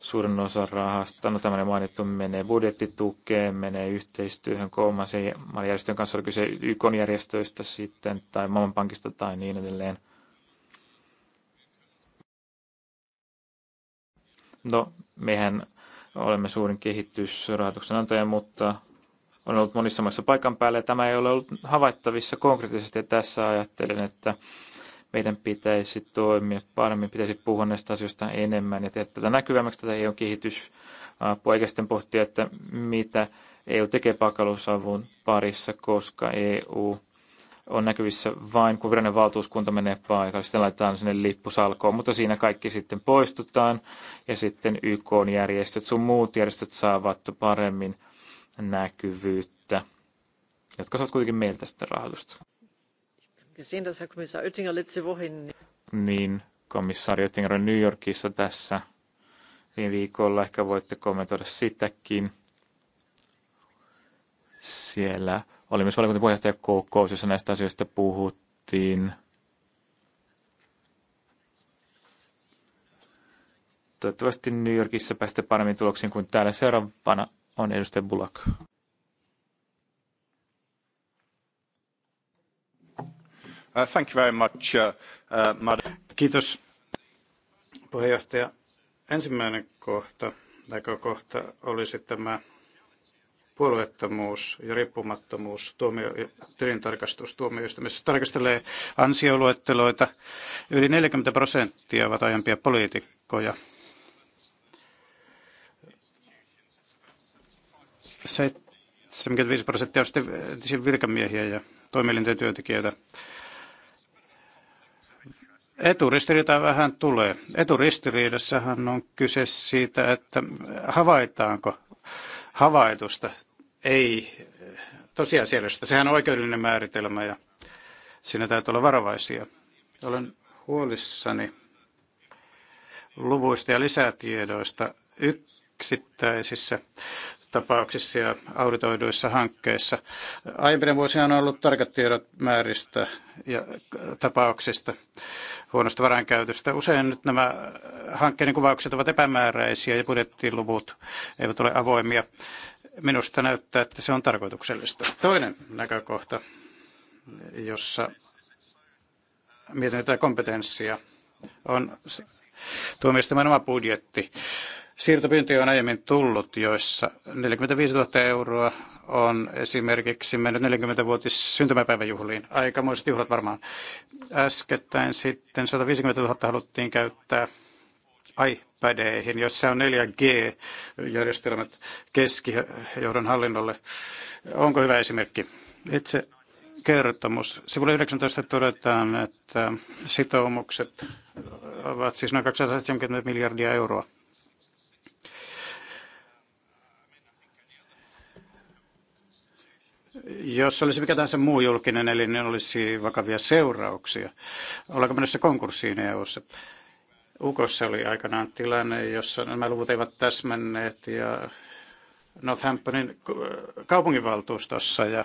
Suurin osa rahasta, no tämmöinen mainittu, menee budjettitukeen, menee yhteistyöhön kolmansien järjestön kanssa, oli kyse YK-järjestöistä sitten, tai Maailmanpankista tai niin edelleen – No, mehän olemme suurin kehitysrahoituksen antaja, mutta on ollut monissa maissa paikan päällä ja tämä ei ole ollut havaittavissa konkreettisesti. Tässä ajattelen, että meidän pitäisi toimia paremmin, pitäisi puhua näistä asioista enemmän ja tehdä tätä näkyvämmäksi tätä EUn kehitys eikä sitten pohtia, että mitä EU tekee pakalusavun parissa, koska EU on näkyvissä vain, kun virallinen valtuuskunta menee paikalle. Sitten laitetaan sinne lippusalkoon, mutta siinä kaikki sitten poistutaan ja sitten YK-järjestöt sun muut järjestöt saavat paremmin näkyvyyttä, jotka saavat kuitenkin meiltä sitä rahoitusta. Niin, komissaari Oettinger on New Yorkissa tässä viime viikolla. Ehkä voitte kommentoida sitäkin. Siellä oli myös valiokunnan kokous, jossa näistä asioista puhuttiin. Toivottavasti New Yorkissa päästä paremmin tuloksiin kuin täällä. Seuraavana on edustaja Bullock. Uh, thank you very much, uh, uh, Kiitos puheenjohtaja. Ensimmäinen kohta, näkökohta olisi tämä puolueettomuus ja riippumattomuus tuomio, tilintarkastus tarkastelee ansioluetteloita. Yli 40 prosenttia ovat aiempia poliitikkoja. 75 prosenttia on sitten virkamiehiä ja toimielinten työntekijöitä. Eturistiriitaa vähän tulee. Eturistiriidassahan on kyse siitä, että havaitaanko havaitusta, ei tosiasiallista. Sehän on oikeudellinen määritelmä ja siinä täytyy olla varovaisia. Olen huolissani luvuista ja lisätiedoista yksittäisissä tapauksissa ja auditoiduissa hankkeissa. Aiempina vuosina on ollut tarkat tiedot määristä ja tapauksista huonosta varainkäytöstä. Usein nyt nämä hankkeiden kuvaukset ovat epämääräisiä ja budjettiluvut eivät ole avoimia. Minusta näyttää, että se on tarkoituksellista. Toinen näkökohta, jossa mietitään kompetenssia, on tuomioistuimen oma budjetti. Siirtopyyntöjä on aiemmin tullut, joissa 45 000 euroa on esimerkiksi mennyt 40-vuotis syntymäpäiväjuhliin. Aikamoiset juhlat varmaan. Äskettäin sitten 150 000 haluttiin käyttää iPadeihin, jossa on 4G-järjestelmät keskijohdon hallinnolle. Onko hyvä esimerkki? Itse kertomus. Sivulla 19 todetaan, että sitoumukset ovat siis noin 270 miljardia euroa Jos olisi mikä tahansa muu julkinen elin, niin olisi vakavia seurauksia. Ollaanko menossa konkurssiin EU-ssa? Ukossa oli aikanaan tilanne, jossa nämä luvut eivät täsmänneet ja Northamptonin kaupunginvaltuustossa ja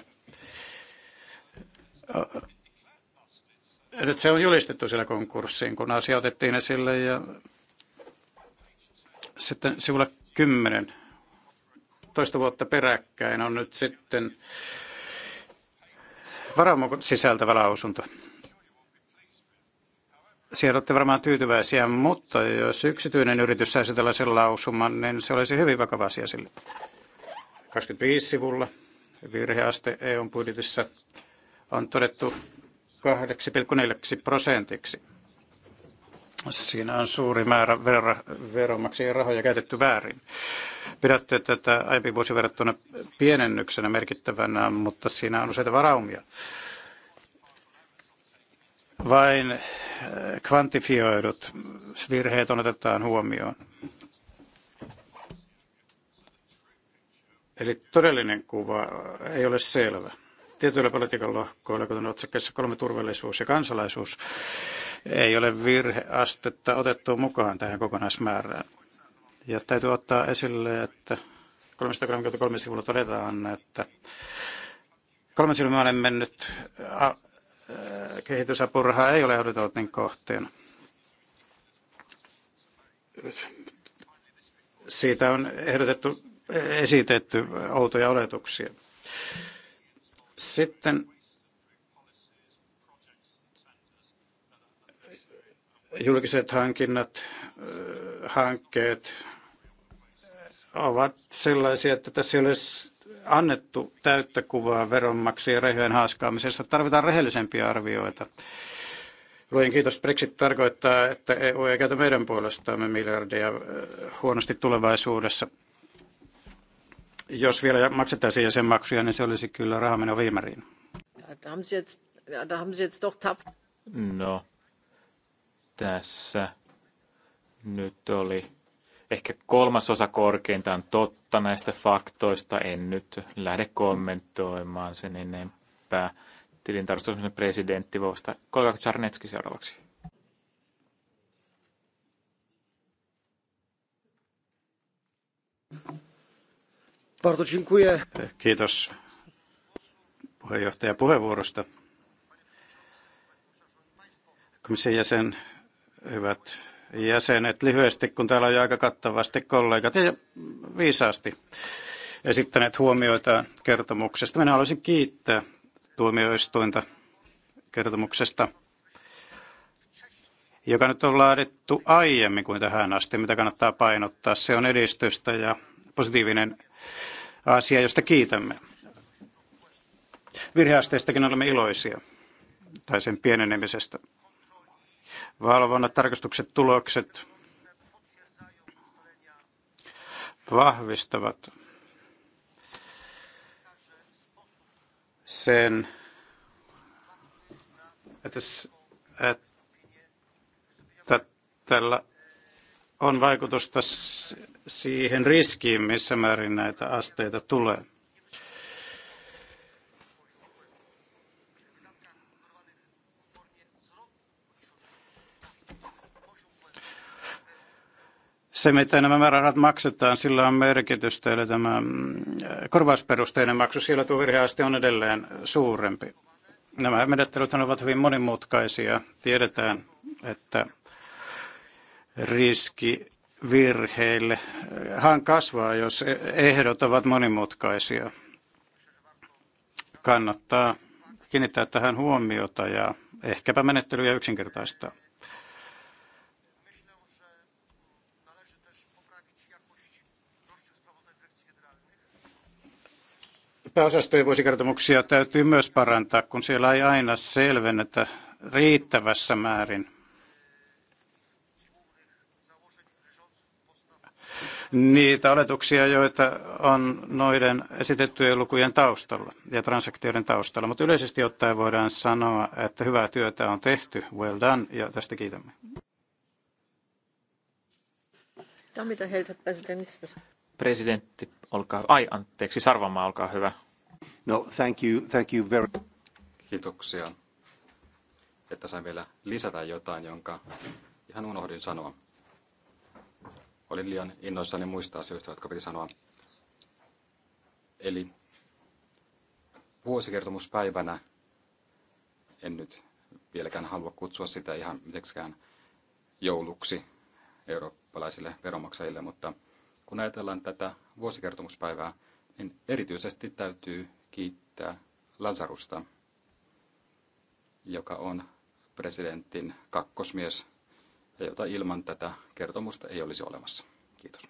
nyt se on julistettu siellä konkurssiin, kun asia otettiin esille ja sitten sivulla 10 toista vuotta peräkkäin on nyt sitten varaumon sisältävä lausunto. Siellä olette varmaan tyytyväisiä, mutta jos yksityinen yritys saisi tällaisen lausuman, niin se olisi hyvin vakava asia sille. 25 sivulla virheaste eu budjetissa on todettu 8,4 prosentiksi. Siinä on suuri määrä vero, veronmaksajien rahoja käytetty väärin. Pidätte tätä aiempi vuosi verrattuna pienennyksenä merkittävänä, mutta siinä on useita varaumia. Vain eh, kvantifioidut virheet on otetaan huomioon. Eli todellinen kuva ei ole selvä. Tietyillä politiikan lohkoilla, kuten otsakkeessa kolme turvallisuus ja kansalaisuus, ei ole virheastetta otettu mukaan tähän kokonaismäärään. Ja täytyy ottaa esille, että 333 sivulla todetaan, että kolmen silmäinen mennyt kehitysapuraha ei ole auditoinnin kohteena. Siitä on ehdotettu, esitetty outoja oletuksia. Sitten julkiset hankinnat, hankkeet ovat sellaisia, että tässä ei ole annettu täyttä kuvaa veronmaksajien rehojen haaskaamisesta. Tarvitaan rehellisempiä arvioita. Luin kiitos. Brexit tarkoittaa, että EU ei käytä meidän puolestamme miljardeja huonosti tulevaisuudessa. Jos vielä maksettaisiin jäsenmaksuja, niin se olisi kyllä rahameno viimäriin. No, tässä nyt oli ehkä kolmasosa korkeintaan totta näistä faktoista. En nyt lähde kommentoimaan sen enempää. Tilintarkastuksen presidentti Vosta. Kollega Czarnecki seuraavaksi. Kiitos puheenjohtaja puheenvuorosta. Komission jäsen Hyvät jäsenet, lyhyesti, kun täällä on jo aika kattavasti kollegat ja viisaasti esittäneet huomioita kertomuksesta. Minä haluaisin kiittää tuomioistuinta kertomuksesta, joka nyt on laadittu aiemmin kuin tähän asti, mitä kannattaa painottaa. Se on edistystä ja positiivinen asia, josta kiitämme. Virheasteistakin olemme iloisia, tai sen pienenemisestä valvonnat, tarkastukset, tulokset vahvistavat sen, että, että tällä on vaikutusta siihen riskiin, missä määrin näitä asteita tulee. se, miten nämä määrärahat maksetaan, sillä on merkitystä, eli tämä mm, korvausperusteinen maksu, siellä tuo virheaste on edelleen suurempi. Nämä menettelyt ovat hyvin monimutkaisia. Tiedetään, että riski virheille eh, hän kasvaa, jos e-, ehdot ovat monimutkaisia. Kannattaa kiinnittää tähän huomiota ja ehkäpä menettelyjä yksinkertaistaa. pääosastojen vuosikertomuksia täytyy myös parantaa, kun siellä ei aina selvennetä riittävässä määrin niitä oletuksia, joita on noiden esitettyjen lukujen taustalla ja transaktioiden taustalla. Mutta yleisesti ottaen voidaan sanoa, että hyvää työtä on tehty. Well done ja tästä kiitämme. Presidentti olkaa, ai anteeksi, Sarvamaa, olkaa hyvä. No, thank you, thank you very... Kiitoksia, että sain vielä lisätä jotain, jonka ihan unohdin sanoa. Olin liian innoissani muista asioista, jotka piti sanoa. Eli vuosikertomuspäivänä en nyt vieläkään halua kutsua sitä ihan mitenkään jouluksi eurooppalaisille veronmaksajille, mutta – kun ajatellaan tätä vuosikertomuspäivää, niin erityisesti täytyy kiittää Lazarusta, joka on presidentin kakkosmies ja jota ilman tätä kertomusta ei olisi olemassa. Kiitos.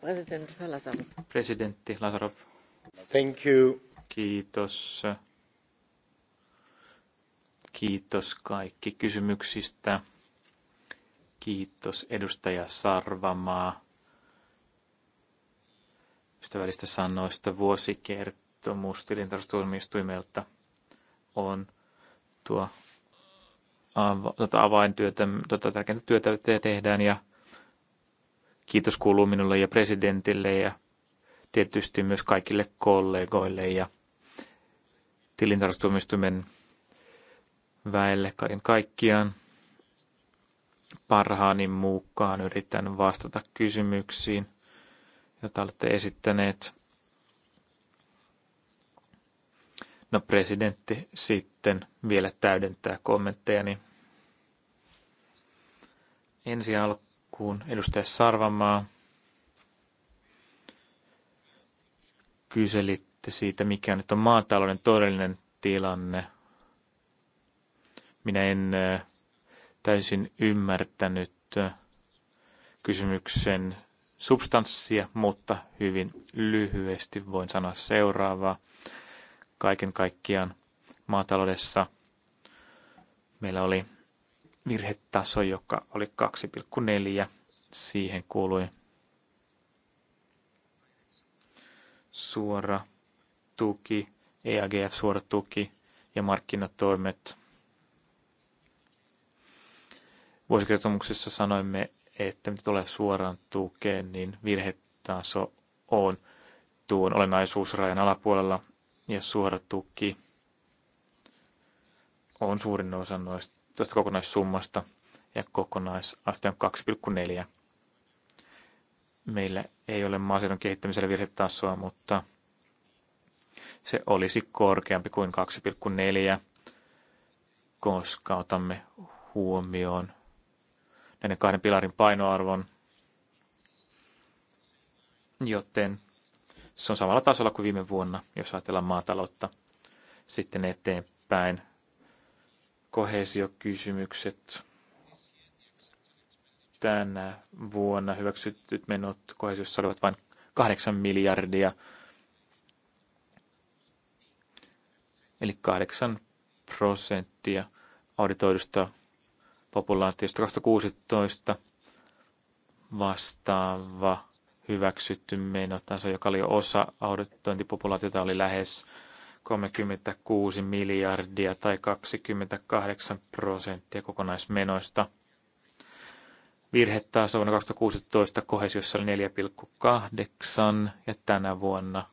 Presidentti Lazarov. Presidentti Lazarov. Thank you. Kiitos. Kiitos kaikki kysymyksistä. Kiitos edustaja Sarvamaa ystävällistä sanoista vuosikertomus tilintarkastustuomioistuimelta on tuo tuota avaintyötä, tuota tärkeintä työtä tehdään ja kiitos kuuluu minulle ja presidentille ja tietysti myös kaikille kollegoille ja tilintarkastustuomioistuimen väelle kaiken kaikkiaan parhaani mukaan yritän vastata kysymyksiin, joita olette esittäneet. No presidentti sitten vielä täydentää kommenttejani. Ensi alkuun edustaja Sarvamaa. Kyselitte siitä, mikä nyt on maatalouden todellinen tilanne. Minä en äh, täysin ymmärtänyt kysymyksen substanssia, mutta hyvin lyhyesti voin sanoa seuraavaa. Kaiken kaikkiaan maataloudessa meillä oli virhetaso, joka oli 2,4. Siihen kuului suora tuki, EAGF suora tuki ja markkinatoimet Vuosikertomuksessa sanoimme, että mitä tulee suoraan tukeen, niin virhetaso on tuon olennaisuusrajan alapuolella ja suora tuki on suurin osa noista tästä kokonaissummasta ja kokonaisaste on 2,4. Meillä ei ole maaseudun kehittämisellä virhetasoa, mutta se olisi korkeampi kuin 2,4, koska otamme huomioon näiden kahden pilarin painoarvon, joten se on samalla tasolla kuin viime vuonna, jos ajatellaan maataloutta. Sitten eteenpäin kohesiokysymykset. Tänä vuonna hyväksytyt menot kohesiossa olivat vain 8 miljardia, eli 8 prosenttia auditoidusta populaatiosta 2016 vastaava hyväksytty menotaso, joka oli osa auditointipopulaatiota, oli lähes 36 miljardia tai 28 prosenttia kokonaismenoista. Virhetaso vuonna 2016 kohesiossa oli 4,8 ja tänä vuonna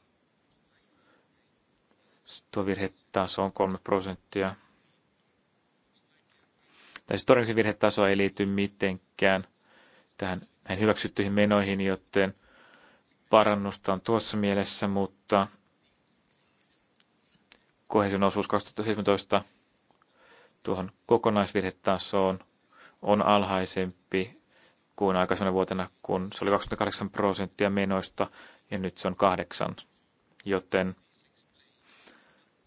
tuo virhetaso on 3 prosenttia tai siis todennäköisen virhetaso ei liity mitenkään tähän näihin hyväksyttyihin menoihin, joten parannusta on tuossa mielessä, mutta kohesion osuus 2017 tuohon kokonaisvirhetasoon on alhaisempi kuin aikaisemmin vuotena, kun se oli 28 prosenttia menoista ja nyt se on kahdeksan. Joten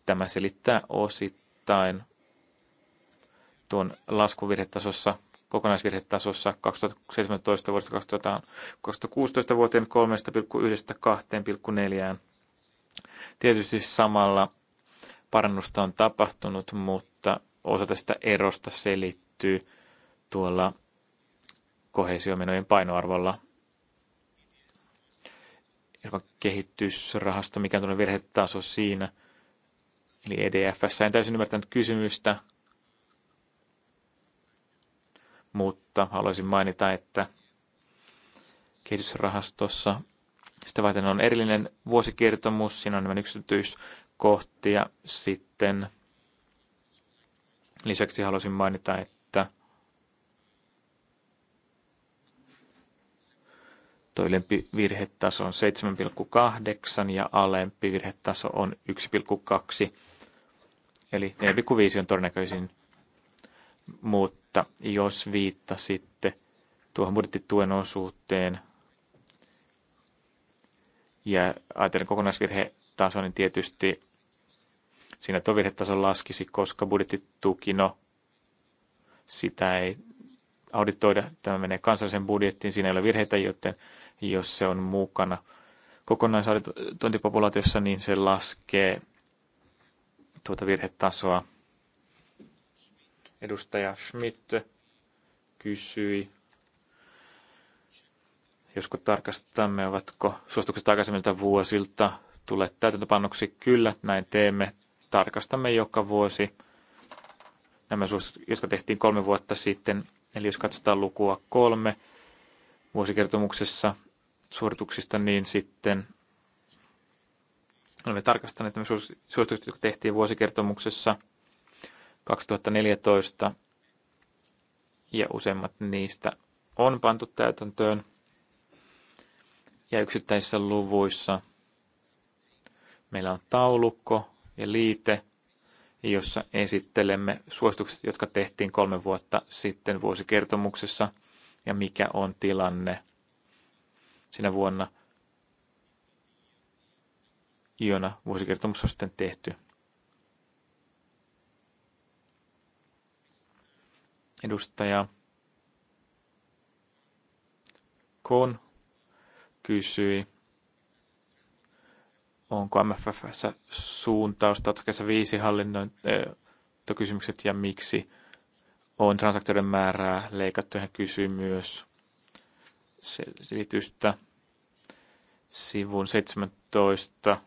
tämä selittää osittain tuon laskuvirhetasossa, kokonaisvirhetasossa 2017 vuodesta 2016 vuoteen 3,1-2,4. Tietysti samalla parannusta on tapahtunut, mutta osa tästä erosta selittyy tuolla kohesiomenojen painoarvolla. Euroopan kehitysrahasto, mikä on virhetaso siinä, eli EDFssä. En täysin ymmärtänyt kysymystä mutta haluaisin mainita, että kehitysrahastossa sitä varten on erillinen vuosikertomus, siinä on nämä yksityiskohtia. Sitten lisäksi haluaisin mainita, että tuo ylempi virhetaso on 7,8 ja alempi virhetaso on 1,2. Eli 4,5 on todennäköisin mutta jos viittasitte tuohon budjettituen osuuteen ja ajatellen kokonaisvirhetaso, niin tietysti siinä tuo virhetaso laskisi, koska budjettituki, no, sitä ei auditoida. Tämä menee kansalliseen budjettiin, siinä ei ole virheitä, joten jos se on mukana kokonaisauditointipopulaatiossa, niin se laskee tuota virhetasoa – Edustaja Schmidt kysyi, josko tarkastamme, ovatko suositukset aikaisemmilta vuosilta tulleet täytäntöpannoksi. Kyllä, näin teemme. Tarkastamme joka vuosi nämä suositukset, jotka tehtiin kolme vuotta sitten. Eli jos katsotaan lukua kolme vuosikertomuksessa suorituksista, niin sitten olemme tarkastaneet nämä suositukset, jotka tehtiin vuosikertomuksessa – 2014 ja useimmat niistä on pantu täytäntöön. Ja yksittäisissä luvuissa meillä on taulukko ja liite, jossa esittelemme suositukset, jotka tehtiin kolme vuotta sitten vuosikertomuksessa ja mikä on tilanne sinä vuonna, jona vuosikertomus on sitten tehty. edustaja Kon kysyi, onko MFFssä suuntausta otsakkeessa viisi hallinnointikysymykset eh, ja miksi on transaktioiden määrää leikattu. Hän kysyi myös selitystä sivun 17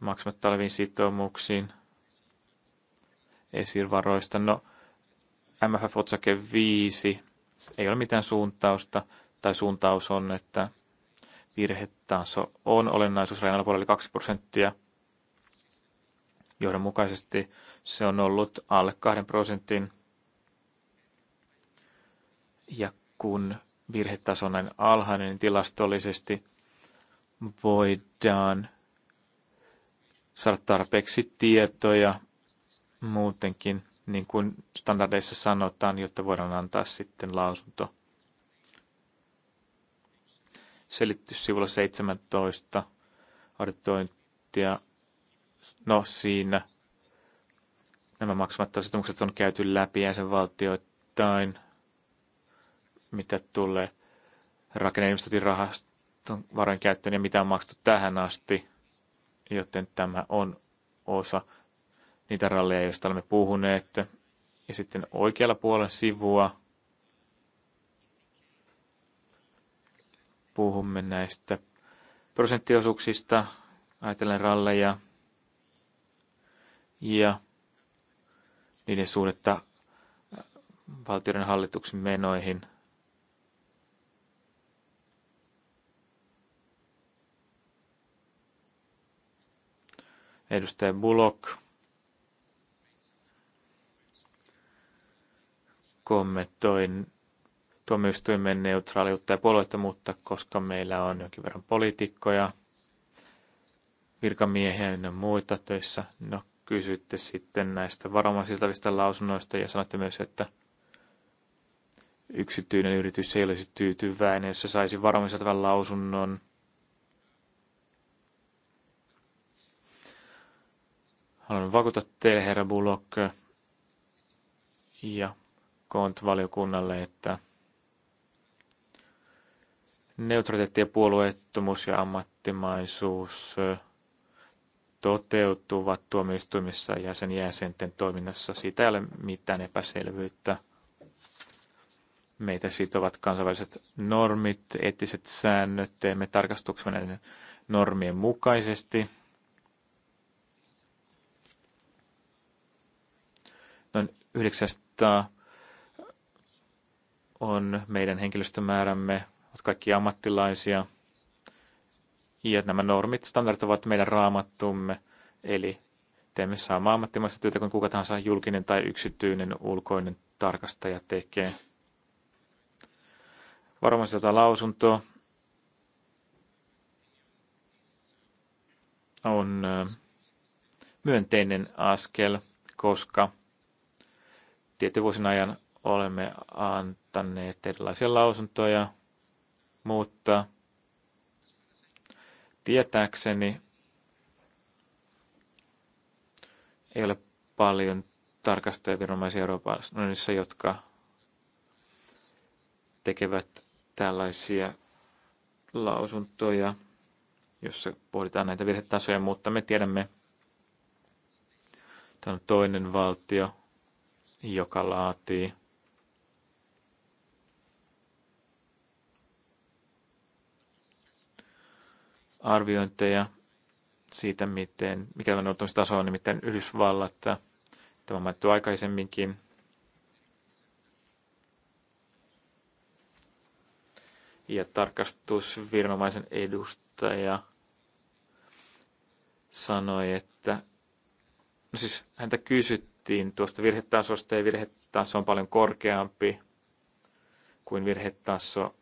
maksamatta oleviin sitoumuksiin – esirvaroista. No, MFF-otsake 5 ei ole mitään suuntausta, tai suuntaus on, että virhetaso on rajan alapuolella 2 prosenttia. Johdonmukaisesti se on ollut alle 2 prosentin. Ja kun virhetaso on näin alhainen, niin tilastollisesti voidaan saada tarpeeksi tietoja muutenkin, niin kuin standardeissa sanotaan, jotta voidaan antaa sitten lausunto. Selitys sivulla 17, auditointia, no siinä nämä maksamattomat sitoumukset on käyty läpi jäsenvaltioittain, mitä tulee rahaston varojen käyttöön ja mitä on maksettu tähän asti, joten tämä on osa niitä ralleja, joista olemme puhuneet. Ja sitten oikealla puolen sivua puhumme näistä prosenttiosuuksista, ajatellen ralleja ja niiden suhdetta valtioiden hallituksen menoihin – edustaja Bullock kommentoin tuomioistuimen neutraaliutta ja puolueettomuutta, koska meillä on jonkin verran poliitikkoja, virkamiehiä ja muita töissä. No, kysytte sitten näistä varomaisiltavista lausunnoista ja sanotte myös, että yksityinen yritys ei olisi tyytyväinen, jos se saisi varomaisiltavan lausunnon. Haluan vakuuttaa teille, herra Bullock, ja kontvaliokunnalle, että neutraliteetti ja puolueettomuus ja ammattimaisuus toteutuvat tuomioistuimissa ja sen jäsenten toiminnassa. Siitä ei ole mitään epäselvyyttä. Meitä sitovat kansainväliset normit, eettiset säännöt, teemme tarkastuksen näiden normien mukaisesti. Noin 900 on meidän henkilöstömäärämme, ovat kaikki ammattilaisia. Ja nämä normit, standardit ovat meidän raamattumme, eli teemme samaa ammattimaista työtä kuin kuka tahansa julkinen tai yksityinen ulkoinen tarkastaja tekee. Varmasti jotain lausuntoa on myönteinen askel, koska tietyn vuosien ajan olemme antaneet ottaneet erilaisia lausuntoja, mutta tietääkseni ei ole paljon tarkastajaviranomaisia Euroopan unionissa, jotka tekevät tällaisia lausuntoja, jossa pohditaan näitä virhetasoja, mutta me tiedämme, että on toinen valtio, joka laatii arviointeja siitä, miten, mikä on tasoa, on, nimittäin Yhdysvallat, tämä on mainittu aikaisemminkin, ja tarkastusviranomaisen edustaja sanoi, että no siis häntä kysyttiin tuosta virhetasosta ja virhetaso on paljon korkeampi kuin virhetaso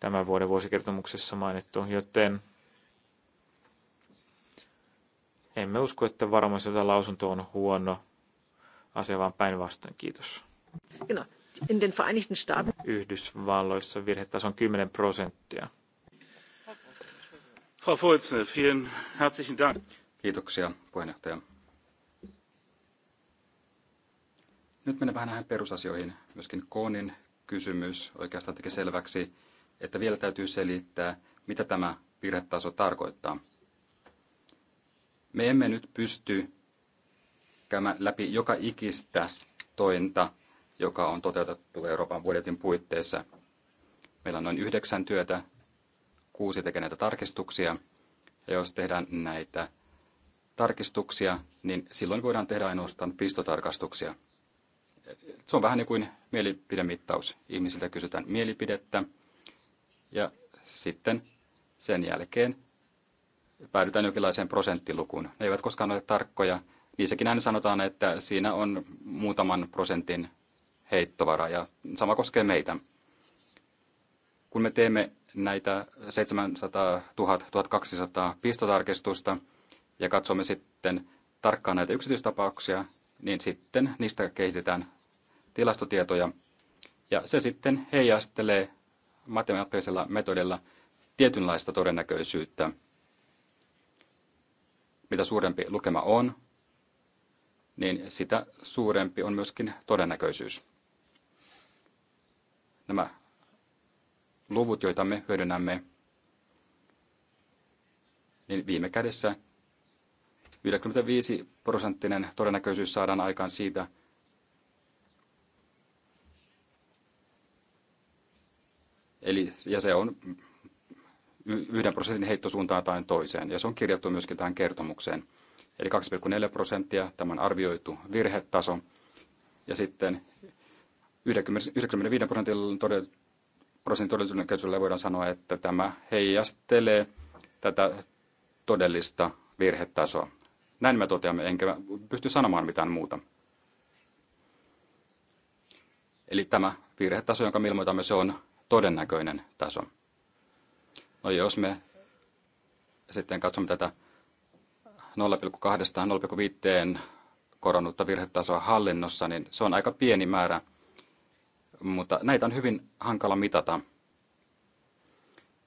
tämän vuoden vuosikertomuksessa mainittu, joten emme usko, että varmaiselta lausunto on huono asia, vaan päinvastoin. Kiitos. In den Vereinigten Staaten. Yhdysvalloissa virhetaso on 10 prosenttia. Frau Volzne, vielen herzlichen Dank. Kiitoksia, puheenjohtaja. Nyt menen vähän näihin perusasioihin. Myöskin Koonin kysymys oikeastaan teki selväksi, että vielä täytyy selittää, mitä tämä virhetaso tarkoittaa. Me emme nyt pysty käymään läpi joka ikistä tointa, joka on toteutettu Euroopan budjetin puitteissa. Meillä on noin yhdeksän työtä, kuusi tekee näitä tarkistuksia, ja jos tehdään näitä tarkistuksia, niin silloin voidaan tehdä ainoastaan pistotarkastuksia. Se on vähän niin kuin mielipidemittaus. Ihmisiltä kysytään mielipidettä, ja sitten sen jälkeen päädytään jonkinlaiseen prosenttilukuun. Ne eivät koskaan ole tarkkoja. Niissäkin aina sanotaan, että siinä on muutaman prosentin heittovara ja sama koskee meitä. Kun me teemme näitä 700 000, 1200 pistotarkistusta ja katsomme sitten tarkkaan näitä yksityistapauksia, niin sitten niistä kehitetään tilastotietoja ja se sitten heijastelee matemaattisella metodilla tietynlaista todennäköisyyttä. Mitä suurempi lukema on, niin sitä suurempi on myöskin todennäköisyys. Nämä luvut, joita me hyödynnämme, niin viime kädessä 95 prosenttinen todennäköisyys saadaan aikaan siitä, Eli, ja se on yhden prosentin heittosuuntaan tai toiseen, ja se on kirjattu myöskin tähän kertomukseen. Eli 2,4 prosenttia, tämän arvioitu virhetaso, ja sitten 95 prosentin todellisuudenkäytöllä voidaan sanoa, että tämä heijastelee tätä todellista virhetasoa. Näin me toteamme, enkä pysty sanomaan mitään muuta. Eli tämä virhetaso, jonka me ilmoitamme, se on todennäköinen taso. No jos me sitten katsomme tätä 0,2-0,5 koronnutta virhetasoa hallinnossa, niin se on aika pieni määrä, mutta näitä on hyvin hankala mitata.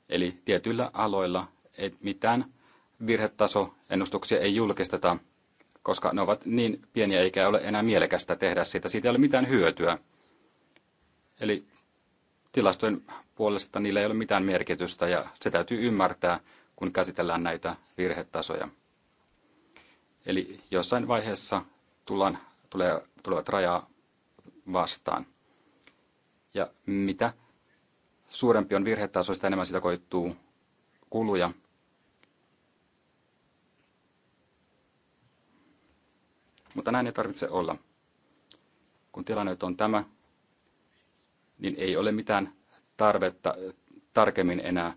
Eli tietyillä aloilla ei mitään virhetasoennustuksia ei julkisteta, koska ne ovat niin pieniä eikä ole enää mielekästä tehdä sitä. Siitä ei ole mitään hyötyä. Eli tilastojen puolesta niillä ei ole mitään merkitystä ja se täytyy ymmärtää, kun käsitellään näitä virhetasoja. Eli jossain vaiheessa tullaan, tulee, tulevat rajaa vastaan. Ja mitä suurempi on virhetaso, sitä enemmän sitä koittuu kuluja. Mutta näin ei tarvitse olla. Kun tilanne on tämä, niin ei ole mitään tarvetta tarkemmin enää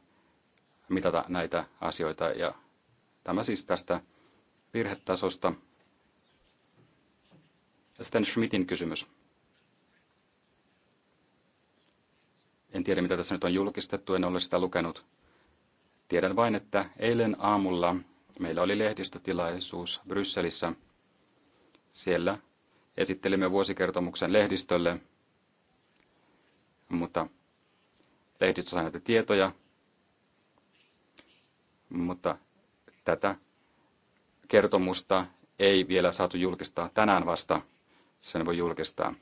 mitata näitä asioita. Ja tämä siis tästä virhetasosta. Sitten Schmidtin kysymys. En tiedä, mitä tässä nyt on julkistettu, en ole sitä lukenut. Tiedän vain, että eilen aamulla meillä oli lehdistötilaisuus Brysselissä. Siellä esittelimme vuosikertomuksen lehdistölle – mutta lehdistö saa näitä tietoja, mutta tätä kertomusta ei vielä saatu julkistaa. Tänään vasta sen voi julkistaa.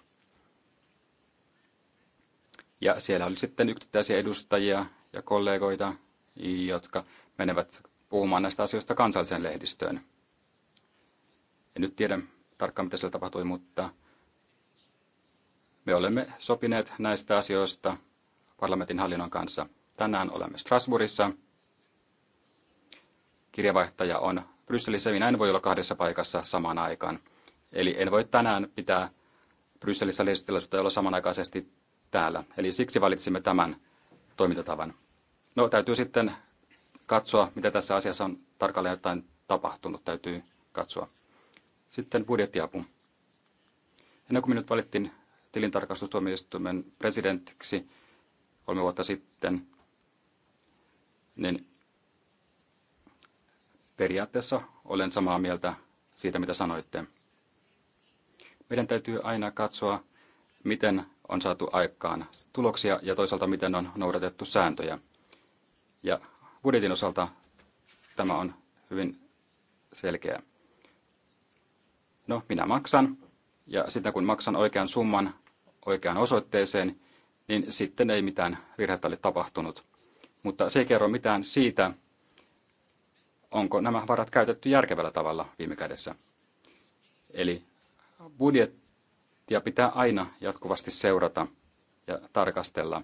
Ja siellä oli sitten yksittäisiä edustajia ja kollegoita, jotka menevät puhumaan näistä asioista kansalliseen lehdistöön. En nyt tiedä tarkkaan, mitä siellä tapahtui, mutta me olemme sopineet näistä asioista parlamentin hallinnon kanssa. Tänään olemme Strasbourgissa. Kirjavaihtaja on Brysselissä. Minä en voi olla kahdessa paikassa samaan aikaan. Eli en voi tänään pitää Brysselissä lehdistötilaisuutta olla samanaikaisesti täällä. Eli siksi valitsimme tämän toimintatavan. No täytyy sitten katsoa, mitä tässä asiassa on tarkalleen jotain tapahtunut. Täytyy katsoa. Sitten budjettiapu. Ennen kuin minut valittiin tilintarkastustuomioistuimen presidentiksi kolme vuotta sitten, niin periaatteessa olen samaa mieltä siitä, mitä sanoitte. Meidän täytyy aina katsoa, miten on saatu aikaan tuloksia ja toisaalta miten on noudatettu sääntöjä. Ja budjetin osalta tämä on hyvin selkeä. No, minä maksan ja sitten kun maksan oikean summan, oikeaan osoitteeseen, niin sitten ei mitään virhettä ole tapahtunut. Mutta se ei kerro mitään siitä, onko nämä varat käytetty järkevällä tavalla viime kädessä. Eli budjettia pitää aina jatkuvasti seurata ja tarkastella.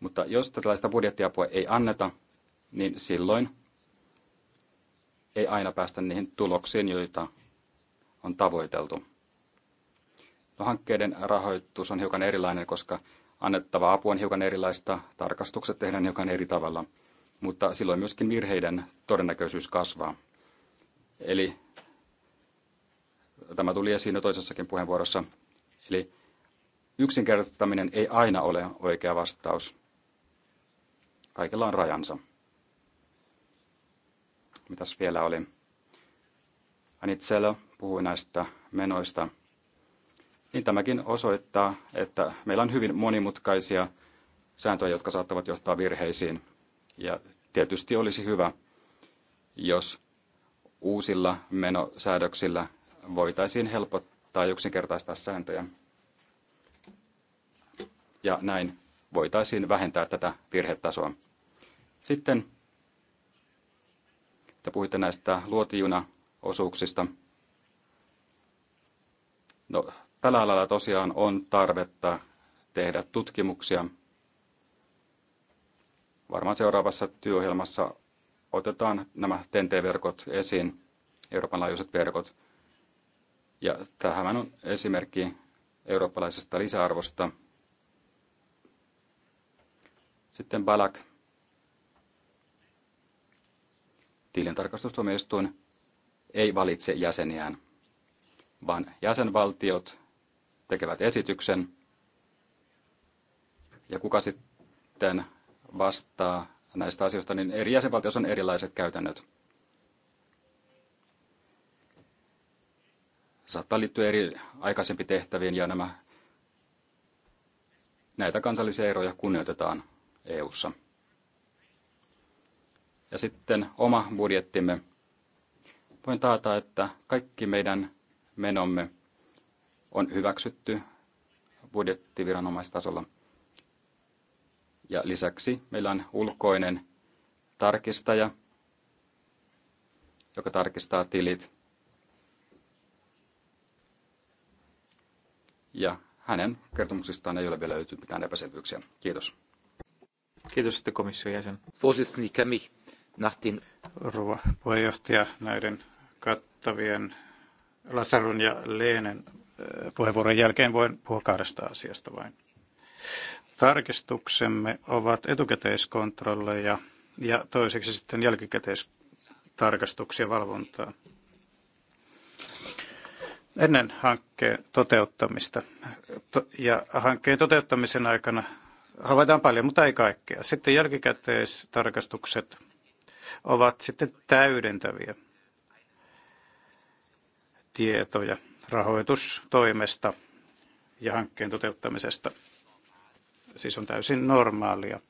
Mutta jos tällaista budjettiapua ei anneta, niin silloin ei aina päästä niihin tuloksiin, joita on tavoiteltu. No, hankkeiden rahoitus on hiukan erilainen, koska annettava apu on hiukan erilaista, tarkastukset tehdään hiukan eri tavalla, mutta silloin myöskin virheiden todennäköisyys kasvaa. Eli tämä tuli esiin jo toisessakin puheenvuorossa. Eli yksinkertaistaminen ei aina ole oikea vastaus. Kaikella on rajansa. Mitäs vielä oli? Anitselo puhui näistä menoista – niin tämäkin osoittaa, että meillä on hyvin monimutkaisia sääntöjä, jotka saattavat johtaa virheisiin. Ja tietysti olisi hyvä, jos uusilla menosäädöksillä voitaisiin helpottaa ja yksinkertaistaa sääntöjä. Ja näin voitaisiin vähentää tätä virhetasoa. Sitten te puhuitte näistä luotijuna osuuksista. No, Tällä alalla tosiaan on tarvetta tehdä tutkimuksia. Varmaan seuraavassa työohjelmassa otetaan nämä TNT-verkot esiin, Euroopan laajuiset verkot. Ja tähän on esimerkki eurooppalaisesta lisäarvosta. Sitten Balak, tilintarkastustuomioistuin, ei valitse jäseniään, vaan jäsenvaltiot tekevät esityksen ja kuka sitten vastaa näistä asioista, niin eri jäsenvaltioissa on erilaiset käytännöt. Saattaa liittyä eri aikaisempi tehtäviin ja nämä, näitä kansallisia eroja kunnioitetaan EU:ssa. Ja sitten oma budjettimme. Voin taata, että kaikki meidän menomme – on hyväksytty budjettiviranomaistasolla. Ja lisäksi meillä on ulkoinen tarkistaja, joka tarkistaa tilit. Ja hänen kertomuksistaan ei ole vielä löytynyt mitään epäselvyyksiä. Kiitos. Kiitos sitten komission jäsen. Kämi Nahtin. Rouva puheenjohtaja näiden kattavien Lasarun ja Leenen puheenvuoron jälkeen voin puhua kahdesta asiasta vain. Tarkistuksemme ovat etukäteiskontrolleja ja toiseksi sitten jälkikäteistarkastuksia valvontaa. Ennen hankkeen toteuttamista ja hankkeen toteuttamisen aikana havaitaan paljon, mutta ei kaikkea. Sitten jälkikäteistarkastukset ovat sitten täydentäviä tietoja – rahoitustoimesta ja hankkeen toteuttamisesta. Siis on täysin normaalia,